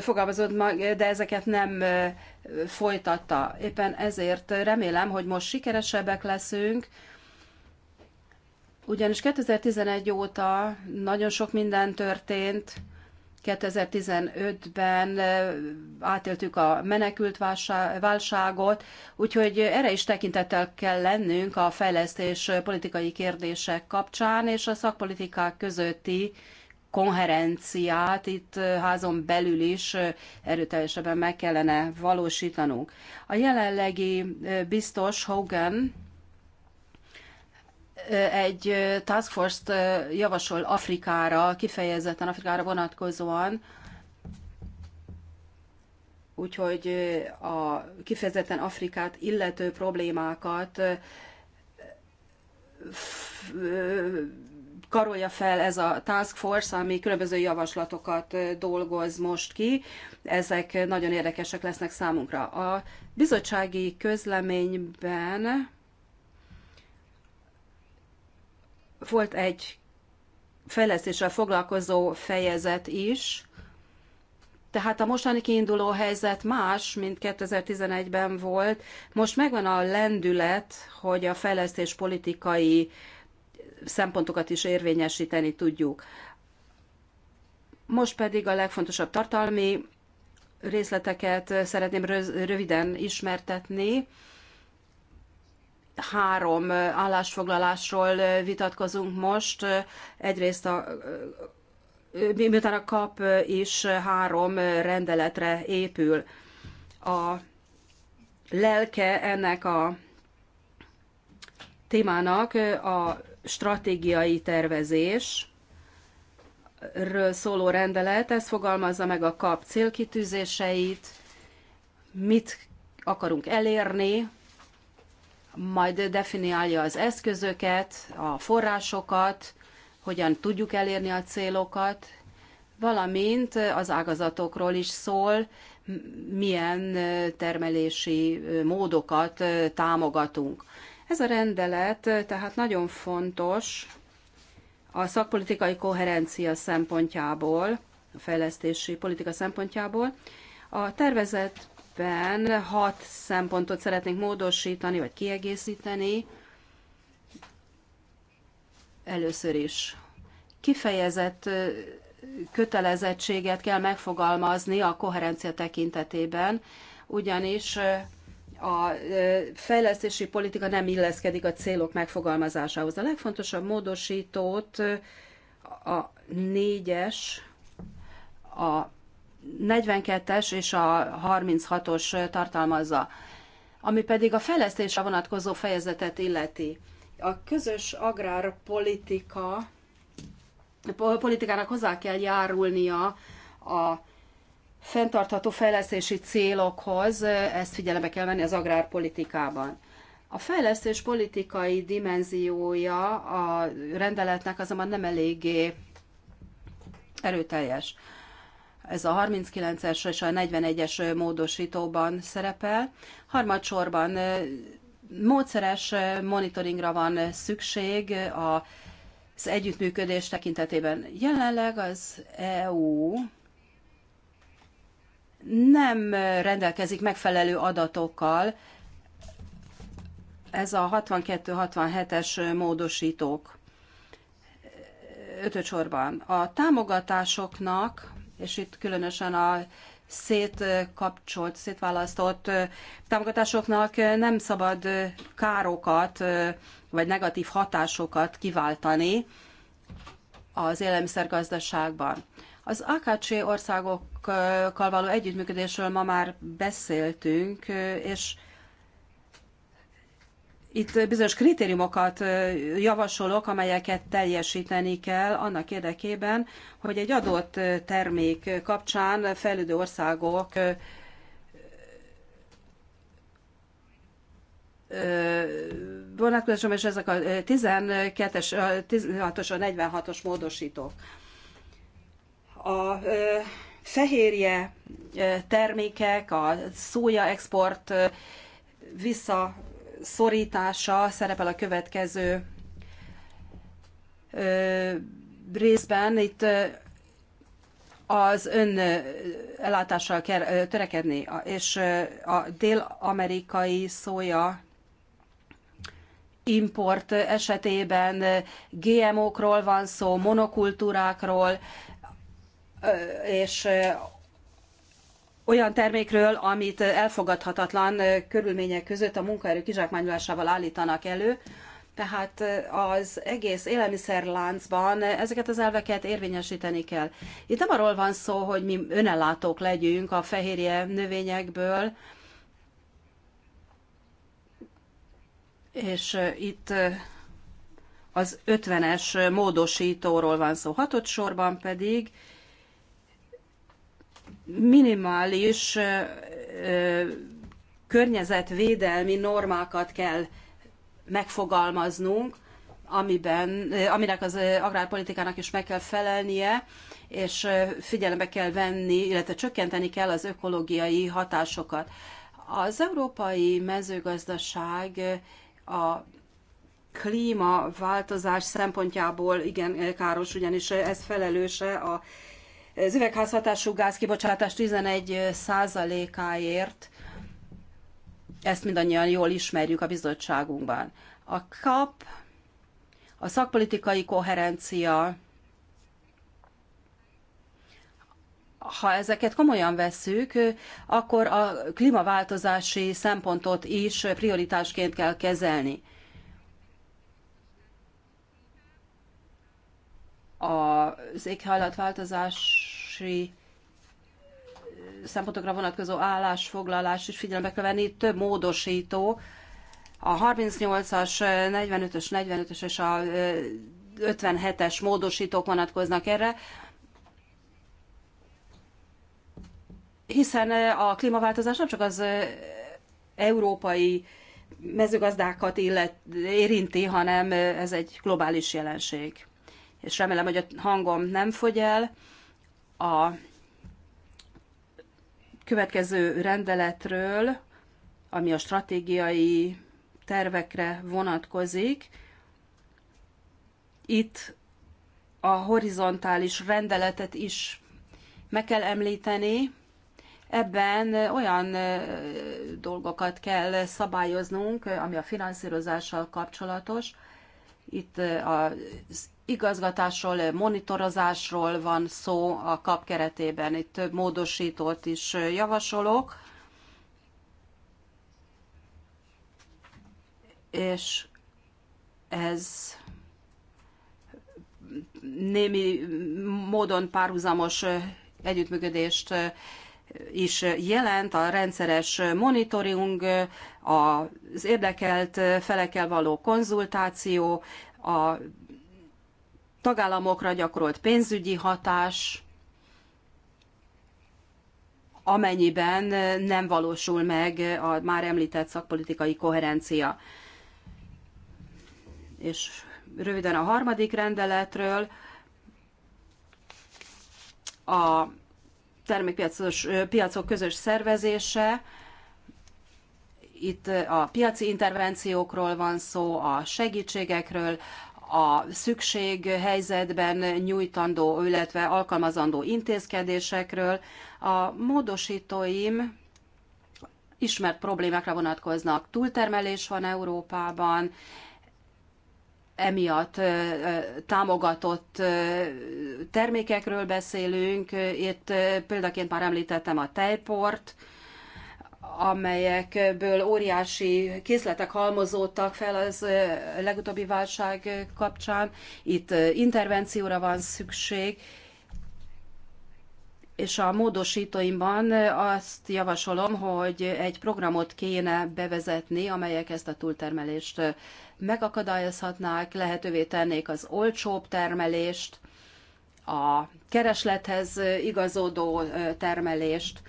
B: fogalmazott meg, de ezeket nem folytatta. Éppen ezért remélem, hogy most sikeresebbek leszünk, ugyanis 2011 óta nagyon sok minden történt, 2015-ben átéltük a menekült válságot, úgyhogy erre is tekintettel kell lennünk a fejlesztés politikai kérdések kapcsán, és a szakpolitikák közötti konherenciát itt házon belül is erőteljesebben meg kellene valósítanunk. A jelenlegi biztos Hogan egy task force-t javasol Afrikára, kifejezetten Afrikára vonatkozóan, úgyhogy a kifejezetten Afrikát illető problémákat karolja fel ez a task force, ami különböző javaslatokat dolgoz most ki. Ezek nagyon érdekesek lesznek számunkra. A bizottsági közleményben volt egy fejlesztéssel foglalkozó fejezet is, tehát a mostani kiinduló helyzet más, mint 2011-ben volt. Most megvan a lendület, hogy a fejlesztés politikai szempontokat is érvényesíteni tudjuk. Most pedig a legfontosabb tartalmi részleteket szeretném röviden ismertetni három állásfoglalásról vitatkozunk most. Egyrészt a miután a kap is három rendeletre épül. A lelke ennek a témának a stratégiai tervezés, szóló rendelet, ez fogalmazza meg a kap célkitűzéseit, mit akarunk elérni, majd definiálja az eszközöket, a forrásokat, hogyan tudjuk elérni a célokat, valamint az ágazatokról is szól, milyen termelési módokat támogatunk. Ez a rendelet tehát nagyon fontos a szakpolitikai koherencia szempontjából, a fejlesztési politika szempontjából. A tervezett évben hat szempontot szeretnénk módosítani vagy kiegészíteni. Először is kifejezett kötelezettséget kell megfogalmazni a koherencia tekintetében, ugyanis a fejlesztési politika nem illeszkedik a célok megfogalmazásához. A legfontosabb módosítót a négyes, a 42-es és a 36-os tartalmazza, ami pedig a fejlesztésre vonatkozó fejezetet illeti. A közös agrárpolitika politikának hozzá kell járulnia a fenntartható fejlesztési célokhoz, ezt figyelembe kell venni az agrárpolitikában. A fejlesztés politikai dimenziója a rendeletnek azonban nem eléggé erőteljes ez a 39-es és a 41-es módosítóban szerepel. Harmadsorban módszeres monitoringra van szükség az együttműködés tekintetében. Jelenleg az EU nem rendelkezik megfelelő adatokkal, ez a 62-67-es módosítók ötöcsorban. A támogatásoknak és itt különösen a szétkapcsolt, szétválasztott támogatásoknak nem szabad károkat vagy negatív hatásokat kiváltani az élelmiszergazdaságban. Az AKC országokkal való együttműködésről ma már beszéltünk, és itt bizonyos kritériumokat javasolok, amelyeket teljesíteni kell annak érdekében, hogy egy adott termék kapcsán fejlődő országok vonatkozásban, és ezek a 12-es, 16-os, a 46-os módosítók. A fehérje termékek, a szója export vissza szorítása szerepel a következő részben. Itt az ön ellátással kell törekedni, és a dél-amerikai szója import esetében GMO-król van szó, monokultúrákról, és olyan termékről, amit elfogadhatatlan körülmények között a munkaerő kizsákmányolásával állítanak elő. Tehát az egész élelmiszerláncban ezeket az elveket érvényesíteni kell. Itt nem arról van szó, hogy mi önellátók legyünk a fehérje növényekből, és itt az 50-es módosítóról van szó. Hatott sorban pedig minimális környezetvédelmi normákat kell megfogalmaznunk, amiben, aminek az agrárpolitikának is meg kell felelnie, és figyelembe kell venni, illetve csökkenteni kell az ökológiai hatásokat. Az európai mezőgazdaság a klímaváltozás szempontjából igen káros, ugyanis ez felelőse a az üvegházhatású gázkibocsátás 11%-áért, ezt mindannyian jól ismerjük a bizottságunkban. A KAP, a szakpolitikai koherencia, ha ezeket komolyan vesszük, akkor a klímaváltozási szempontot is prioritásként kell kezelni. az éghajlatváltozási eh, szempontokra vonatkozó állásfoglalás is figyelembe kell venni, több módosító, a 38-as, 45-ös, 45-ös és a 57-es eh, módosítók vonatkoznak erre, hiszen eh, a klímaváltozás nem csak az európai mezőgazdákat illet, érinti, hanem ez egy globális jelenség és remélem, hogy a hangom nem fogy el, a következő rendeletről, ami a stratégiai tervekre vonatkozik, itt a horizontális rendeletet is meg kell említeni, ebben olyan dolgokat kell szabályoznunk, ami a finanszírozással kapcsolatos. Itt az igazgatásról, monitorozásról van szó a kap keretében. Itt több módosítót is javasolok. És ez némi módon párhuzamos együttműködést is jelent a rendszeres monitoring, az érdekelt felekkel való konzultáció, a tagállamokra gyakorolt pénzügyi hatás, amennyiben nem valósul meg a már említett szakpolitikai koherencia. És röviden a harmadik rendeletről a termékpiacok piacok közös szervezése, itt a piaci intervenciókról van szó, a segítségekről, a szükséghelyzetben nyújtandó, illetve alkalmazandó intézkedésekről. A módosítóim ismert problémákra vonatkoznak. Túltermelés van Európában, emiatt támogatott termékekről beszélünk. Itt példaként már említettem a tejport, amelyekből óriási készletek halmozódtak fel az legutóbbi válság kapcsán. Itt intervencióra van szükség, és a módosítóimban azt javasolom, hogy egy programot kéne bevezetni, amelyek ezt a túltermelést megakadályozhatnák, lehetővé tennék az olcsóbb termelést, a kereslethez igazodó termelést,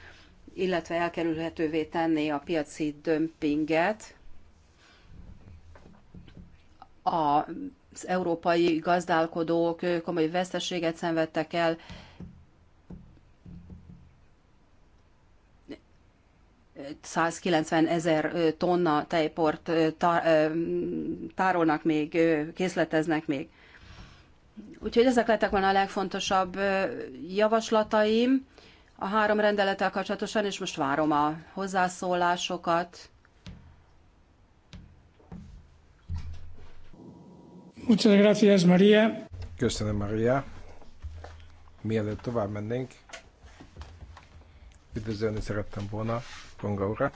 B: illetve elkerülhetővé tenni a piaci dömpinget az európai gazdálkodók komoly veszteséget szenvedtek el, ...190 ezer tonna tejport tárolnak még, készleteznek még. Úgyhogy ezek lettek volna a legfontosabb javaslataim a három rendelettel kapcsolatosan, és most várom a hozzászólásokat.
C: Muchas gracias, Maria. Köszönöm, Maria. Mielőtt tovább mennénk, üdvözölni szerettem volna Konga urat,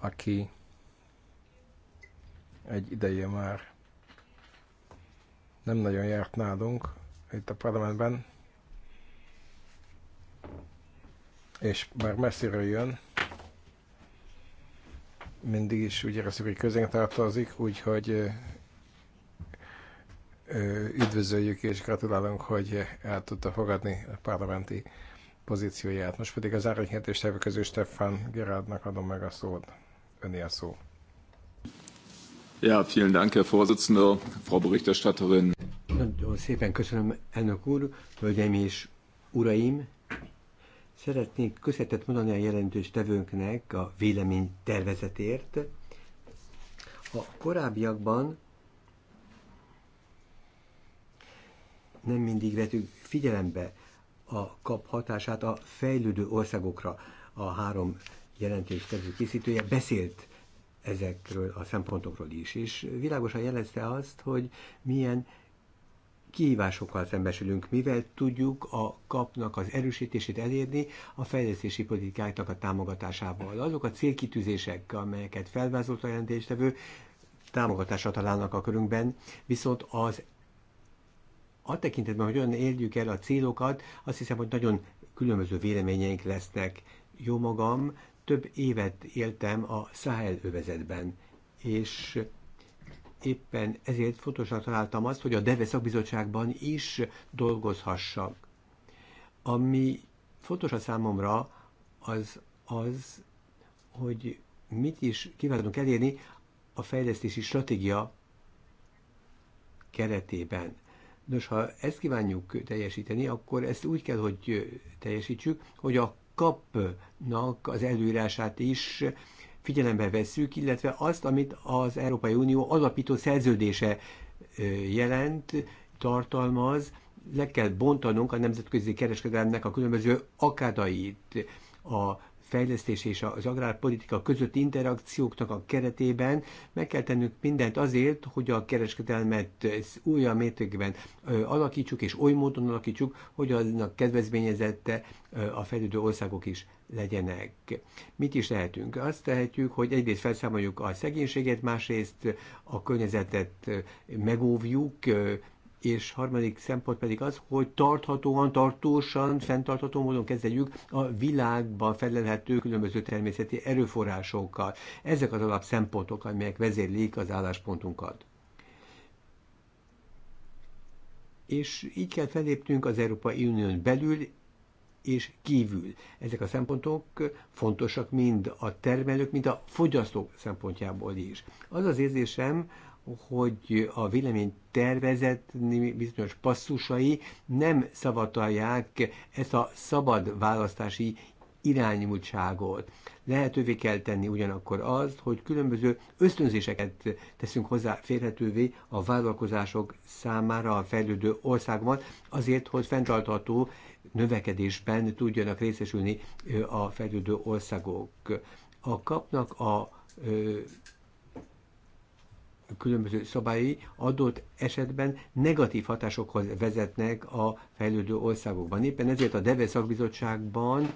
C: aki egy ideje már nem nagyon járt nálunk itt a parlamentben, és már messziről jön, mindig is úgy érezzük, hogy közénk tartozik, úgyhogy üdvözöljük és gratulálunk, hogy el tudta fogadni a parlamenti pozícióját. Most pedig az árnyékhetés terve közül Stefan Gerardnak adom meg a szót. Öné a szó.
A: Ja, vielen Dank, Herr Vorsitzender, Frau Berichterstatterin. Nagyon szépen köszönöm, elnök úr, hölgyeim és uraim, Szeretnék köszönetet mondani a jelentős tevőnknek a vélemény tervezetért. A korábbiakban nem mindig vettük figyelembe a kap hatását a fejlődő országokra. A három jelentős tevő készítője beszélt ezekről a szempontokról is, és világosan jelezte azt, hogy milyen kihívásokkal szembesülünk, mivel tudjuk a kapnak az erősítését elérni a fejlesztési politikáknak a támogatásával. Azok a célkitűzések, amelyeket felvázolt a jelentéstevő, támogatásra találnak a körünkben, viszont az a tekintetben, hogy olyan érjük el a célokat, azt hiszem, hogy nagyon különböző véleményeink lesznek. Jó magam, több évet éltem a Sahel övezetben, és éppen ezért fontosnak találtam azt, hogy a DEVE szakbizottságban is dolgozhassak. Ami fontos a számomra, az az, hogy mit is kívánunk elérni a fejlesztési stratégia keretében. Nos, ha ezt kívánjuk teljesíteni, akkor ezt úgy kell, hogy teljesítsük, hogy a kapnak az előírását is figyelembe vesszük, illetve azt, amit az Európai Unió alapító szerződése jelent, tartalmaz, le kell bontanunk a nemzetközi kereskedelemnek a különböző akadait. A fejlesztés és az agrárpolitika közötti interakcióknak a keretében meg kell tennünk mindent azért, hogy a kereskedelmet újra mértékben alakítsuk, és oly módon alakítsuk, hogy annak kedvezményezette a fejlődő országok is legyenek. Mit is tehetünk? Azt tehetjük, hogy egyrészt felszámoljuk a szegénységet, másrészt a környezetet megóvjuk, és harmadik szempont pedig az, hogy tarthatóan, tartósan, fenntartható módon kezeljük a világban felelhető különböző természeti erőforrásokkal. Ezek az alap szempontok, amelyek vezérlik az álláspontunkat. És így kell felépnünk az Európai Unión belül és kívül. Ezek a szempontok fontosak mind a termelők, mind a fogyasztók szempontjából is. Az az érzésem, hogy a vélemény tervezett bizonyos passzusai nem szavatolják ezt a szabad választási irányultságot. Lehetővé kell tenni ugyanakkor azt, hogy különböző ösztönzéseket teszünk hozzá férhetővé a vállalkozások számára a fejlődő országban, azért, hogy fenntartható növekedésben tudjanak részesülni a fejlődő országok. A kapnak a különböző szabályi adott esetben negatív hatásokhoz vezetnek a fejlődő országokban. Éppen ezért a DEVE szakbizottságban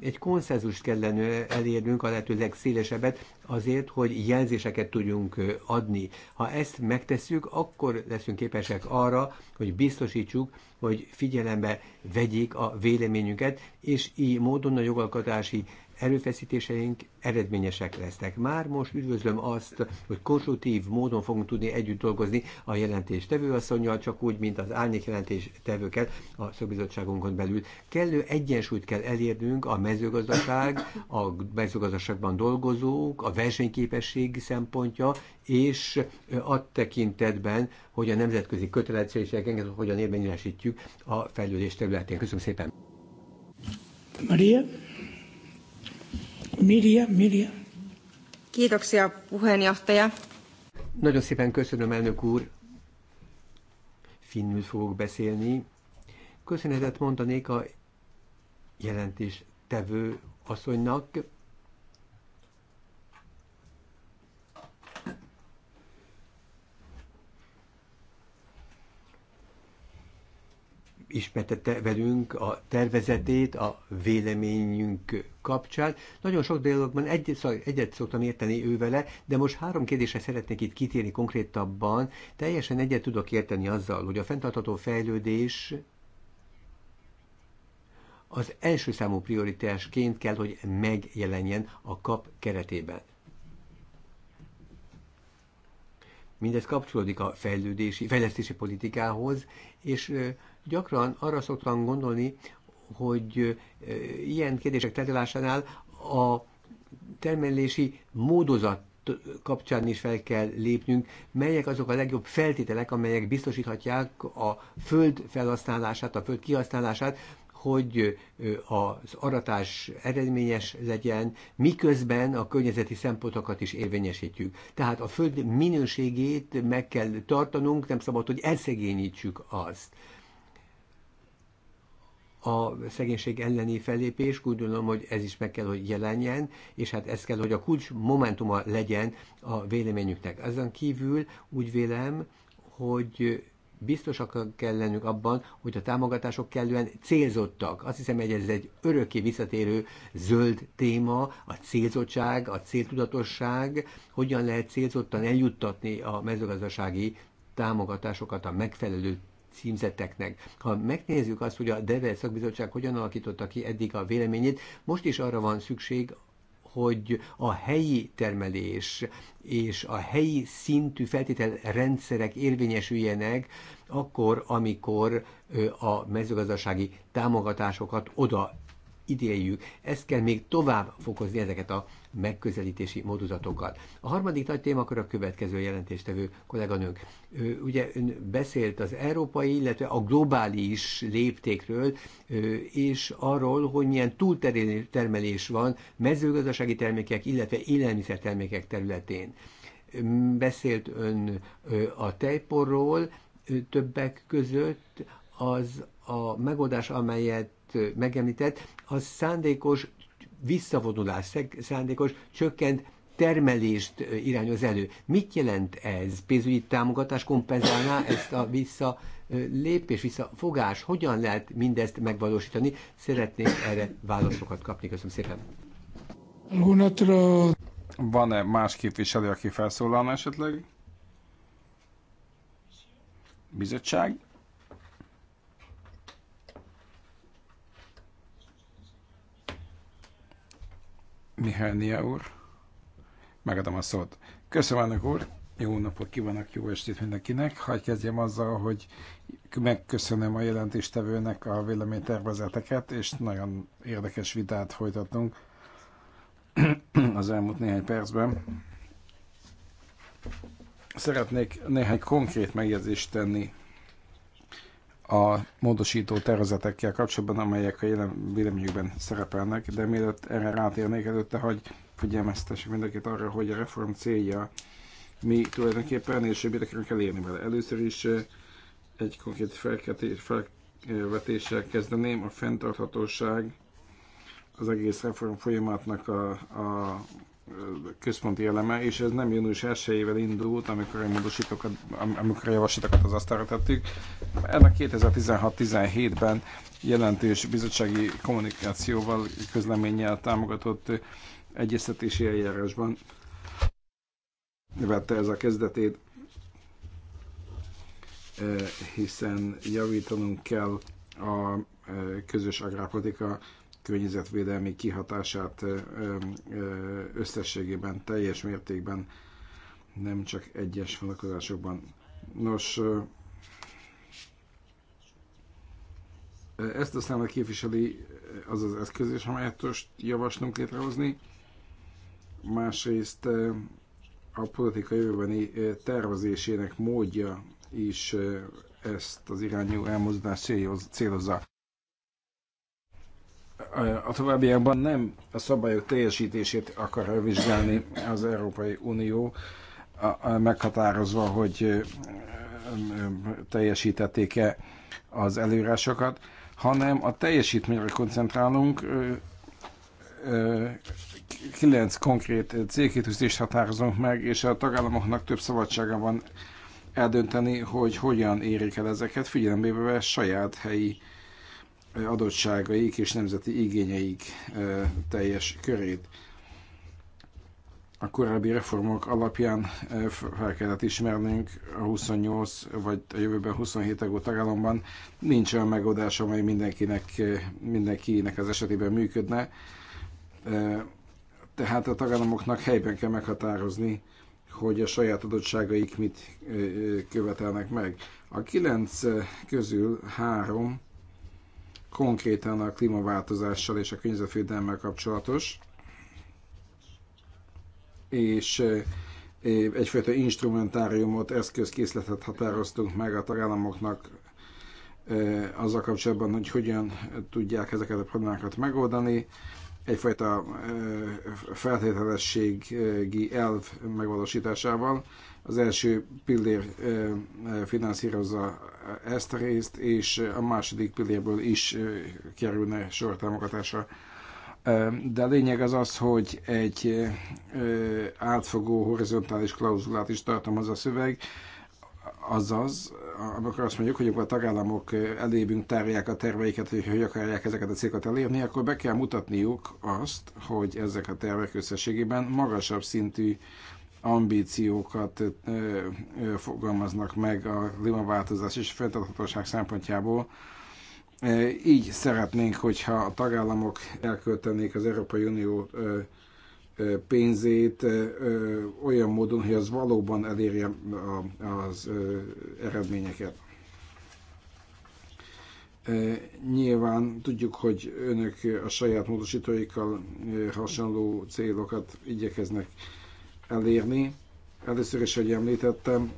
A: egy konszenzust kellene elérnünk, a lehető legszélesebbet, azért, hogy jelzéseket tudjunk adni. Ha ezt megtesszük, akkor leszünk képesek arra, hogy biztosítsuk, hogy figyelembe vegyék a véleményünket, és így módon a jogalkotási erőfeszítéseink eredményesek lesznek. Már most üdvözlöm azt, hogy konstruktív módon fogunk tudni együtt dolgozni a jelentés tevőasszonynal, csak úgy, mint az árnyék jelentés tevőkkel a szakbizottságunkon belül. Kellő egyensúlyt kell elérnünk a mezőgazdaság, a mezőgazdaságban dolgozók, a versenyképesség szempontja, és a tekintetben, hogy a nemzetközi kötelezettségeket hogyan érvényesítjük a fejlődés területén. Köszönöm szépen! Maria?
B: Miria, Miria. Kiitoksia, puheenjohtaja.
A: Nagyon szépen köszönöm, elnök úr. Finnül fogok beszélni. Köszönetet mondanék a jelentés tevő asszonynak, ismertette velünk a tervezetét a véleményünk kapcsán. Nagyon sok dialogban egyet, egyet szoktam érteni vele, de most három kérdésre szeretnék itt kitérni konkrétabban. Teljesen egyet tudok érteni azzal, hogy a fenntartható fejlődés az első számú prioritásként kell, hogy megjelenjen a kap keretében. Mindez kapcsolódik a fejlődési, fejlesztési politikához, és Gyakran arra szoktam gondolni, hogy ilyen kérdések tárgyalásánál a termelési módozat kapcsán is fel kell lépnünk, melyek azok a legjobb feltételek, amelyek biztosíthatják a föld felhasználását, a föld kihasználását, hogy az aratás eredményes legyen, miközben a környezeti szempontokat is érvényesítjük. Tehát a föld minőségét meg kell tartanunk, nem szabad, hogy elszegényítsük azt a szegénység elleni fellépés, gondolom, hogy ez is meg kell, hogy jelenjen, és hát ez kell, hogy a kulcs momentuma legyen a véleményüknek. Ezen kívül úgy vélem, hogy biztosak kell lennünk abban, hogy a támogatások kellően célzottak. Azt hiszem, hogy ez egy örökké visszatérő zöld téma, a célzottság, a céltudatosság, hogyan lehet célzottan eljuttatni a mezőgazdasági támogatásokat a megfelelő címzeteknek. Ha megnézzük azt, hogy a DEVE szakbizottság hogyan alakította ki eddig a véleményét, most is arra van szükség, hogy a helyi termelés és a helyi szintű feltételrendszerek érvényesüljenek, akkor, amikor a mezőgazdasági támogatásokat oda idéljük. Ezt kell még tovább fokozni ezeket a megközelítési módozatokat. A harmadik nagy témakör a következő jelentéstevő kolléganőnk. Ő, ugye ön beszélt az európai, illetve a globális léptékről, és arról, hogy milyen túltermelés van mezőgazdasági termékek, illetve élelmiszertermékek területén. Beszélt ön a tejporról, többek között az a megoldás, amelyet megemlített, az szándékos visszavonulás, szándékos csökkent termelést irányoz elő. Mit jelent ez? Pénzügyi támogatás kompenzálná ezt a vissza lépés, visszafogás? Hogyan lehet mindezt megvalósítani? Szeretnék erre válaszokat kapni. Köszönöm szépen.
C: Lunatra.
A: Van-e más képviselő, aki felszólalna esetleg?
C: Bizottság? Mihálynia úr. Megadom a szót. Köszönöm, elnök úr. Jó napot kívánok, jó estét mindenkinek. Hagy kezdjem azzal, hogy megköszönöm a jelentéstevőnek a véleménytervezeteket, és nagyon érdekes vitát folytattunk az elmúlt néhány percben. Szeretnék néhány konkrét megjegyzést tenni a módosító tervezetekkel kapcsolatban, amelyek a jelen véleményükben szerepelnek, de mielőtt erre rátérnék előtte, hogy figyelmeztessük mindenkit arra, hogy a reform célja mi tulajdonképpen, és mire kell érni vele. Először is egy konkrét felvetéssel kezdeném, a fenntarthatóság az egész reform folyamatnak a, a központi eleme, és ez nem június 1 indult, amikor a módosítókat, amikor a javaslatokat az asztalra tettük. Ennek 2016-17-ben jelentős bizottsági kommunikációval, közleménnyel támogatott egyeztetési eljárásban vette ez a kezdetét, e, hiszen javítanunk kell a e, közös agrárpolitika környezetvédelmi kihatását összességében, teljes mértékben, nem csak egyes vonatkozásokban. Nos, ezt a számot képviseli az az eszköz amelyet most javaslunk létrehozni. Másrészt a politika jövőbeni tervezésének módja is ezt az irányú elmozdulást célozza a továbbiakban nem a szabályok teljesítését akarja vizsgálni az Európai Unió, meghatározva, hogy teljesítették-e az előírásokat, hanem a teljesítményre koncentrálunk, kilenc konkrét célkitűzést határozunk meg, és a tagállamoknak több szabadsága van eldönteni, hogy hogyan érik el ezeket, figyelembe saját helyi adottságaik és nemzeti igényeik teljes körét. A korábbi reformok alapján fel kellett ismernünk a 28 vagy a jövőben 27 tagú tagállamban nincs olyan megoldás, amely mindenkinek, mindenkinek az esetében működne. Tehát a tagállamoknak helyben kell meghatározni, hogy a saját adottságaik mit követelnek meg. A kilenc közül három konkrétan a klímaváltozással és a környezetvédelemmel kapcsolatos, és eh, egyfajta instrumentáriumot, eszközkészletet határoztunk meg a tagállamoknak eh, azzal kapcsolatban, hogy hogyan tudják ezeket a problémákat megoldani. Egyfajta eh, feltételességi elv megvalósításával az első pillér finanszírozza ezt a részt, és a második pillérből is kerülne sor támogatásra. De a lényeg az az, hogy egy átfogó horizontális klauzulát is tartalmaz a szöveg, azaz, amikor azt mondjuk, hogy a tagállamok elébünk tárják a terveiket, hogy hogy akarják ezeket a célokat elérni, akkor be kell mutatniuk azt, hogy ezek a tervek összességében magasabb szintű ambíciókat fogalmaznak meg a klímaváltozás és fenntarthatóság szempontjából. Így szeretnénk, hogyha a tagállamok elköltenék az Európai Unió pénzét olyan módon, hogy az valóban elérje az eredményeket. Nyilván tudjuk, hogy önök a saját módosítóikkal hasonló célokat igyekeznek elérni. Először is, hogy említettem,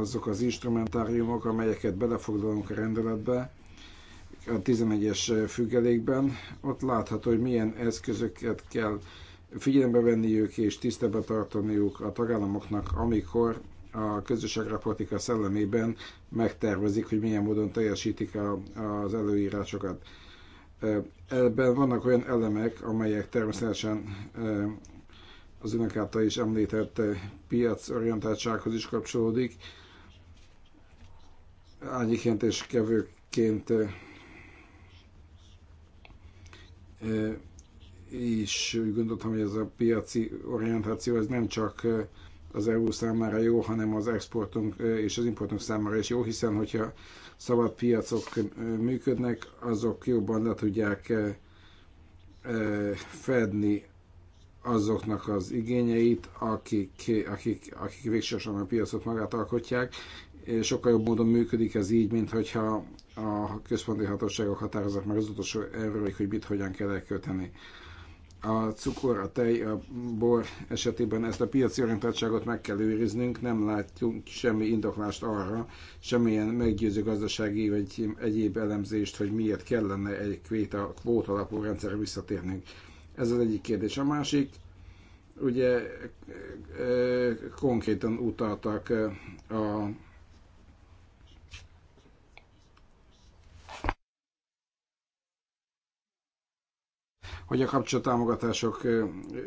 C: azok az instrumentáriumok, amelyeket belefoglalunk a rendeletbe, a 11-es függelékben, ott látható, hogy milyen eszközöket kell figyelembe venniük és tisztebe tartaniuk a tagállamoknak, amikor a közösségrapotika szellemében megtervezik, hogy milyen módon teljesítik a, az előírásokat. Ebben vannak olyan elemek, amelyek természetesen az önök által is említett orientáltsághoz is kapcsolódik. és kevőként és úgy gondoltam, hogy ez a piaci orientáció ez nem csak az EU számára jó, hanem az exportunk és az importunk számára is jó, hiszen hogyha szabad piacok működnek, azok jobban le tudják fedni azoknak az igényeit, akik, akik, akik végsősorban a piacot magát alkotják. Sokkal jobb módon működik ez így, mint hogyha a központi hatóságok határozzák meg az utolsó erőik, hogy mit hogyan kell elkölteni. A cukor, a tej, a bor esetében ezt a piaci orientáltságot meg kell őriznünk, nem látjuk semmi indoklást arra, semmilyen meggyőző gazdasági vagy egyéb elemzést, hogy miért kellene egy kvóta, kvóta alapú rendszerre visszatérnünk ez az egyik kérdés. A másik, ugye eh, eh, konkrétan utaltak eh, a hogy a kapcsolatámogatások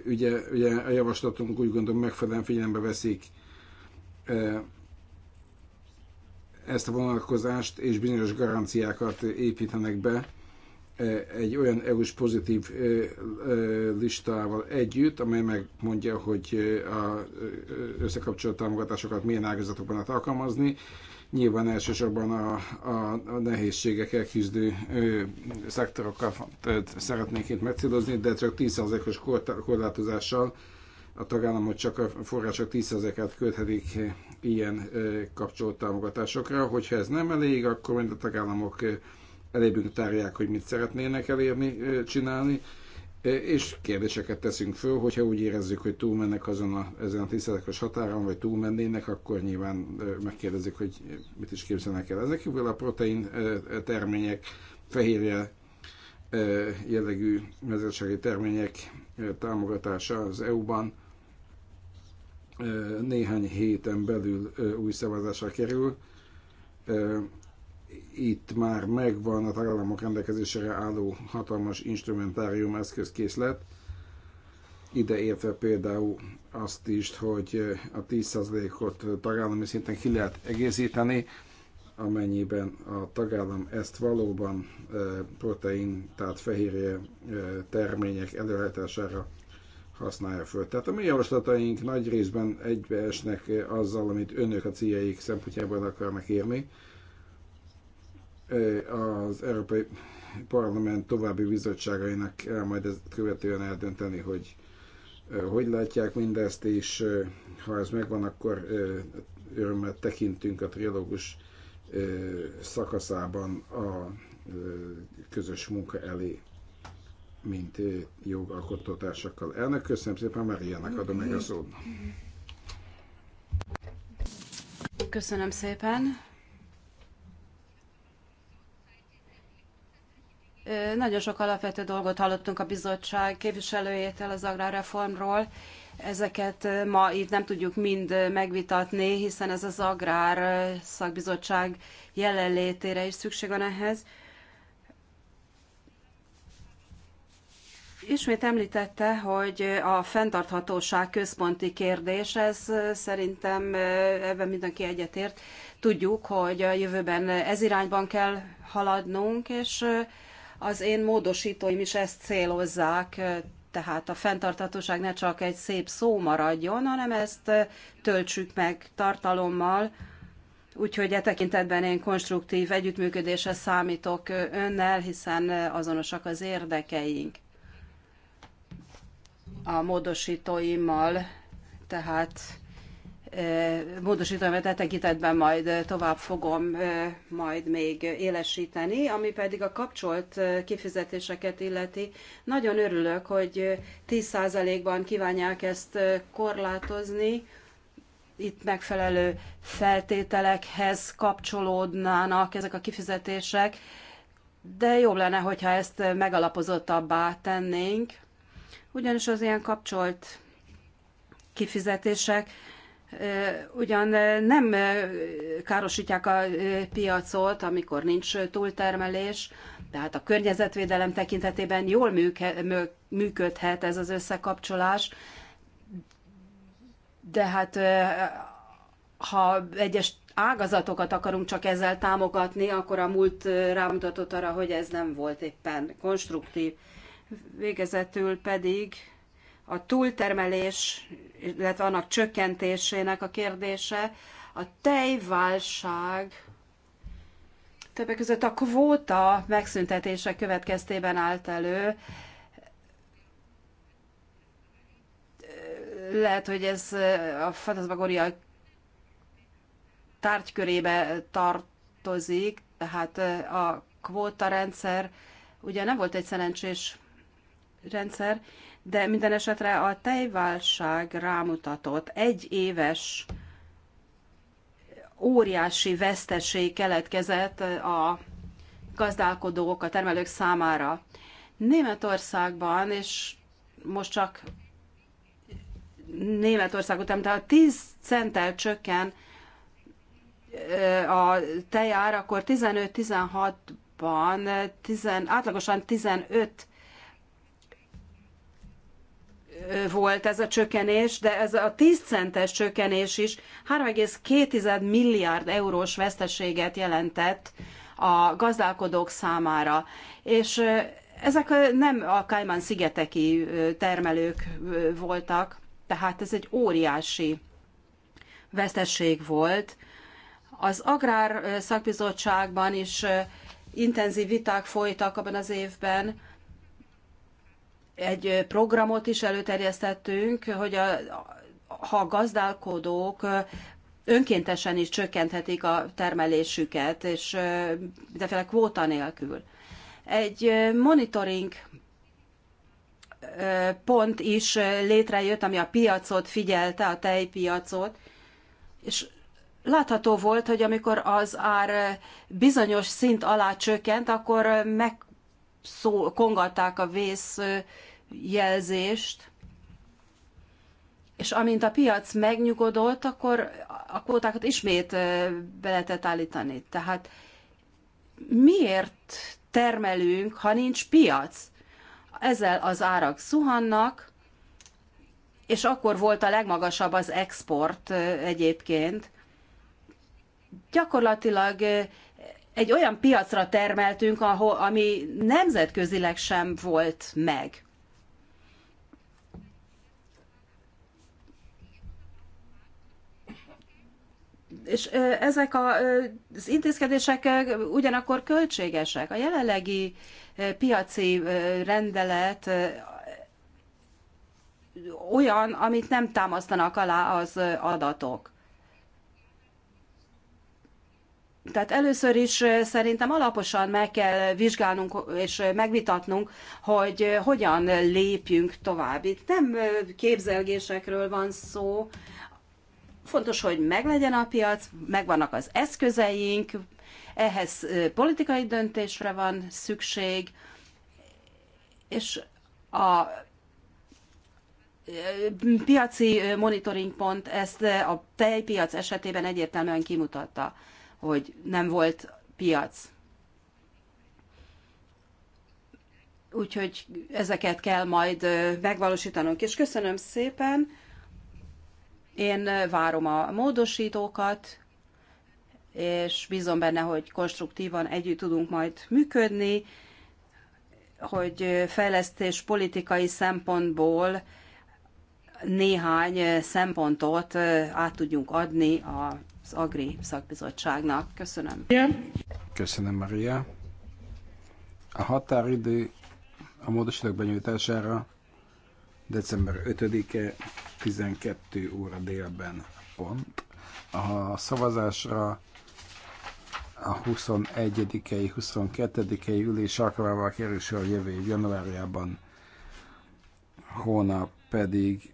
C: ugye, ugye a javaslatunk úgy gondolom megfelelően figyelembe veszik ezt a vonatkozást és bizonyos garanciákat építenek be egy olyan EU-s pozitív listával együtt, amely megmondja, hogy a összekapcsolt támogatásokat milyen ágazatokban lehet alkalmazni. Nyilván elsősorban a, a, a nehézségekkel küzdő ö, szektorokat szeretnék itt megcélozni, de csak 10%-os korlátozással a tagállamok csak a források 10%-át köthetik ilyen ö, kapcsolt támogatásokra. Hogyha ez nem elég, akkor mind a tagállamok ö, elébünk tárják, hogy mit szeretnének elérni, csinálni, és kérdéseket teszünk föl, hogyha úgy érezzük, hogy túlmennek azon a, ezen a tiszteletes határon, vagy túlmennének, akkor nyilván megkérdezik, hogy mit is képzelnek el. Ezek kívül a protein termények, fehérje jellegű mezőgazdasági termények támogatása az EU-ban néhány héten belül új szavazásra kerül itt már megvan a tagállamok rendelkezésére álló hatalmas instrumentárium eszközkészlet, ide értve például azt is, hogy a 10%-ot tagállami szinten ki lehet egészíteni, amennyiben a tagállam ezt valóban protein, tehát fehérje termények előállítására használja föl. Tehát a mi javaslataink nagy részben egybeesnek azzal, amit önök a céljaik szempontjából akarnak érni az Európai Parlament további bizottságainak kell majd ezt követően eldönteni, hogy hogy látják mindezt, és ha ez megvan, akkor örömmel tekintünk a trilógus szakaszában a közös munka elé, mint jogalkotótársakkal. Elnök, köszönöm szépen, Mariannak adom meg a szót.
B: Köszönöm szépen. Nagyon sok alapvető dolgot hallottunk a bizottság képviselőjétől az agrárreformról. Ezeket ma itt nem tudjuk mind megvitatni, hiszen ez az agrár szakbizottság jelenlétére is szükség van ehhez. Ismét említette, hogy a fenntarthatóság központi kérdés, ez szerintem ebben mindenki egyetért. Tudjuk, hogy a jövőben ez irányban kell haladnunk, és az én módosítóim is ezt célozzák, tehát a fenntartatóság ne csak egy szép szó maradjon, hanem ezt töltsük meg tartalommal, Úgyhogy e tekintetben én konstruktív együttműködésre számítok önnel, hiszen azonosak az érdekeink a módosítóimmal, tehát módosítóimat e tekintetben majd tovább fogom majd még élesíteni, ami pedig a kapcsolt kifizetéseket illeti. Nagyon örülök, hogy 10%-ban kívánják ezt korlátozni, itt megfelelő feltételekhez kapcsolódnának ezek a kifizetések, de jobb lenne, hogyha ezt megalapozottabbá tennénk, ugyanis az ilyen kapcsolt kifizetések ugyan nem károsítják a piacot, amikor nincs túltermelés, tehát a környezetvédelem tekintetében jól működhet ez az összekapcsolás, de hát ha egyes ágazatokat akarunk csak ezzel támogatni, akkor a múlt rámutatott arra, hogy ez nem volt éppen konstruktív. Végezetül pedig a túltermelés, illetve annak csökkentésének a kérdése, a tejválság többek között a kvóta megszüntetése következtében állt elő. Lehet, hogy ez a fantasmagoria tárgykörébe tartozik, tehát a kvóta rendszer ugye nem volt egy szerencsés rendszer, de minden esetre a tejválság rámutatott egy éves óriási veszteség keletkezett a gazdálkodók, a termelők számára. Németországban, és most csak Németország után, tehát 10 centtel csökken a tejár, akkor 15-16-ban 10, átlagosan 15 volt ez a csökkenés, de ez a 10 centes csökkenés is 3,2 milliárd eurós veszteséget jelentett a gazdálkodók számára. És ezek nem a Kajmán szigeteki termelők voltak, tehát ez egy óriási vesztesség volt. Az Agrár Szakbizottságban is intenzív viták folytak abban az évben, egy programot is előterjesztettünk, hogy a, ha a gazdálkodók önkéntesen is csökkenthetik a termelésüket, és mindenféle kvóta nélkül. Egy monitoring pont is létrejött, ami a piacot figyelte, a tejpiacot, és látható volt, hogy amikor az ár bizonyos szint alá csökkent, akkor meg szó, kongatták a vészjelzést, és amint a piac megnyugodott, akkor a kvótákat ismét be lehetett állítani. Tehát miért termelünk, ha nincs piac? Ezzel az árak szuhannak, és akkor volt a legmagasabb az export egyébként. Gyakorlatilag egy olyan piacra termeltünk, ahol, ami nemzetközileg sem volt meg. És ezek a, az intézkedések ugyanakkor költségesek. A jelenlegi piaci rendelet olyan, amit nem támasztanak alá az adatok. Tehát először is szerintem alaposan meg kell vizsgálnunk és megvitatnunk, hogy hogyan lépjünk tovább. Itt nem képzelgésekről van szó. Fontos, hogy meglegyen a piac, megvannak az eszközeink, ehhez politikai döntésre van szükség, és a piaci monitoring pont ezt a tejpiac esetében egyértelműen kimutatta hogy nem volt piac. Úgyhogy ezeket kell majd megvalósítanunk. És köszönöm szépen, én várom a módosítókat, és bízom benne, hogy konstruktívan együtt tudunk majd működni, hogy fejlesztés politikai szempontból néhány szempontot át tudjunk adni a az Agri szakbizottságnak. Köszönöm.
C: Köszönöm, Maria. A határidő a módosítók benyújtására december 5-e 12 óra délben pont. A szavazásra a 21-i, 22-i ülés alkalmával kerül sor jövő év januárjában, hónap pedig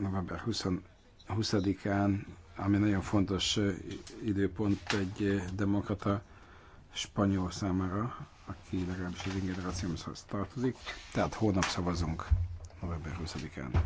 C: november 20-án ami nagyon fontos időpont egy demokrata spanyol számára, aki legalábbis az én tartozik. Tehát holnap szavazunk november 20-án.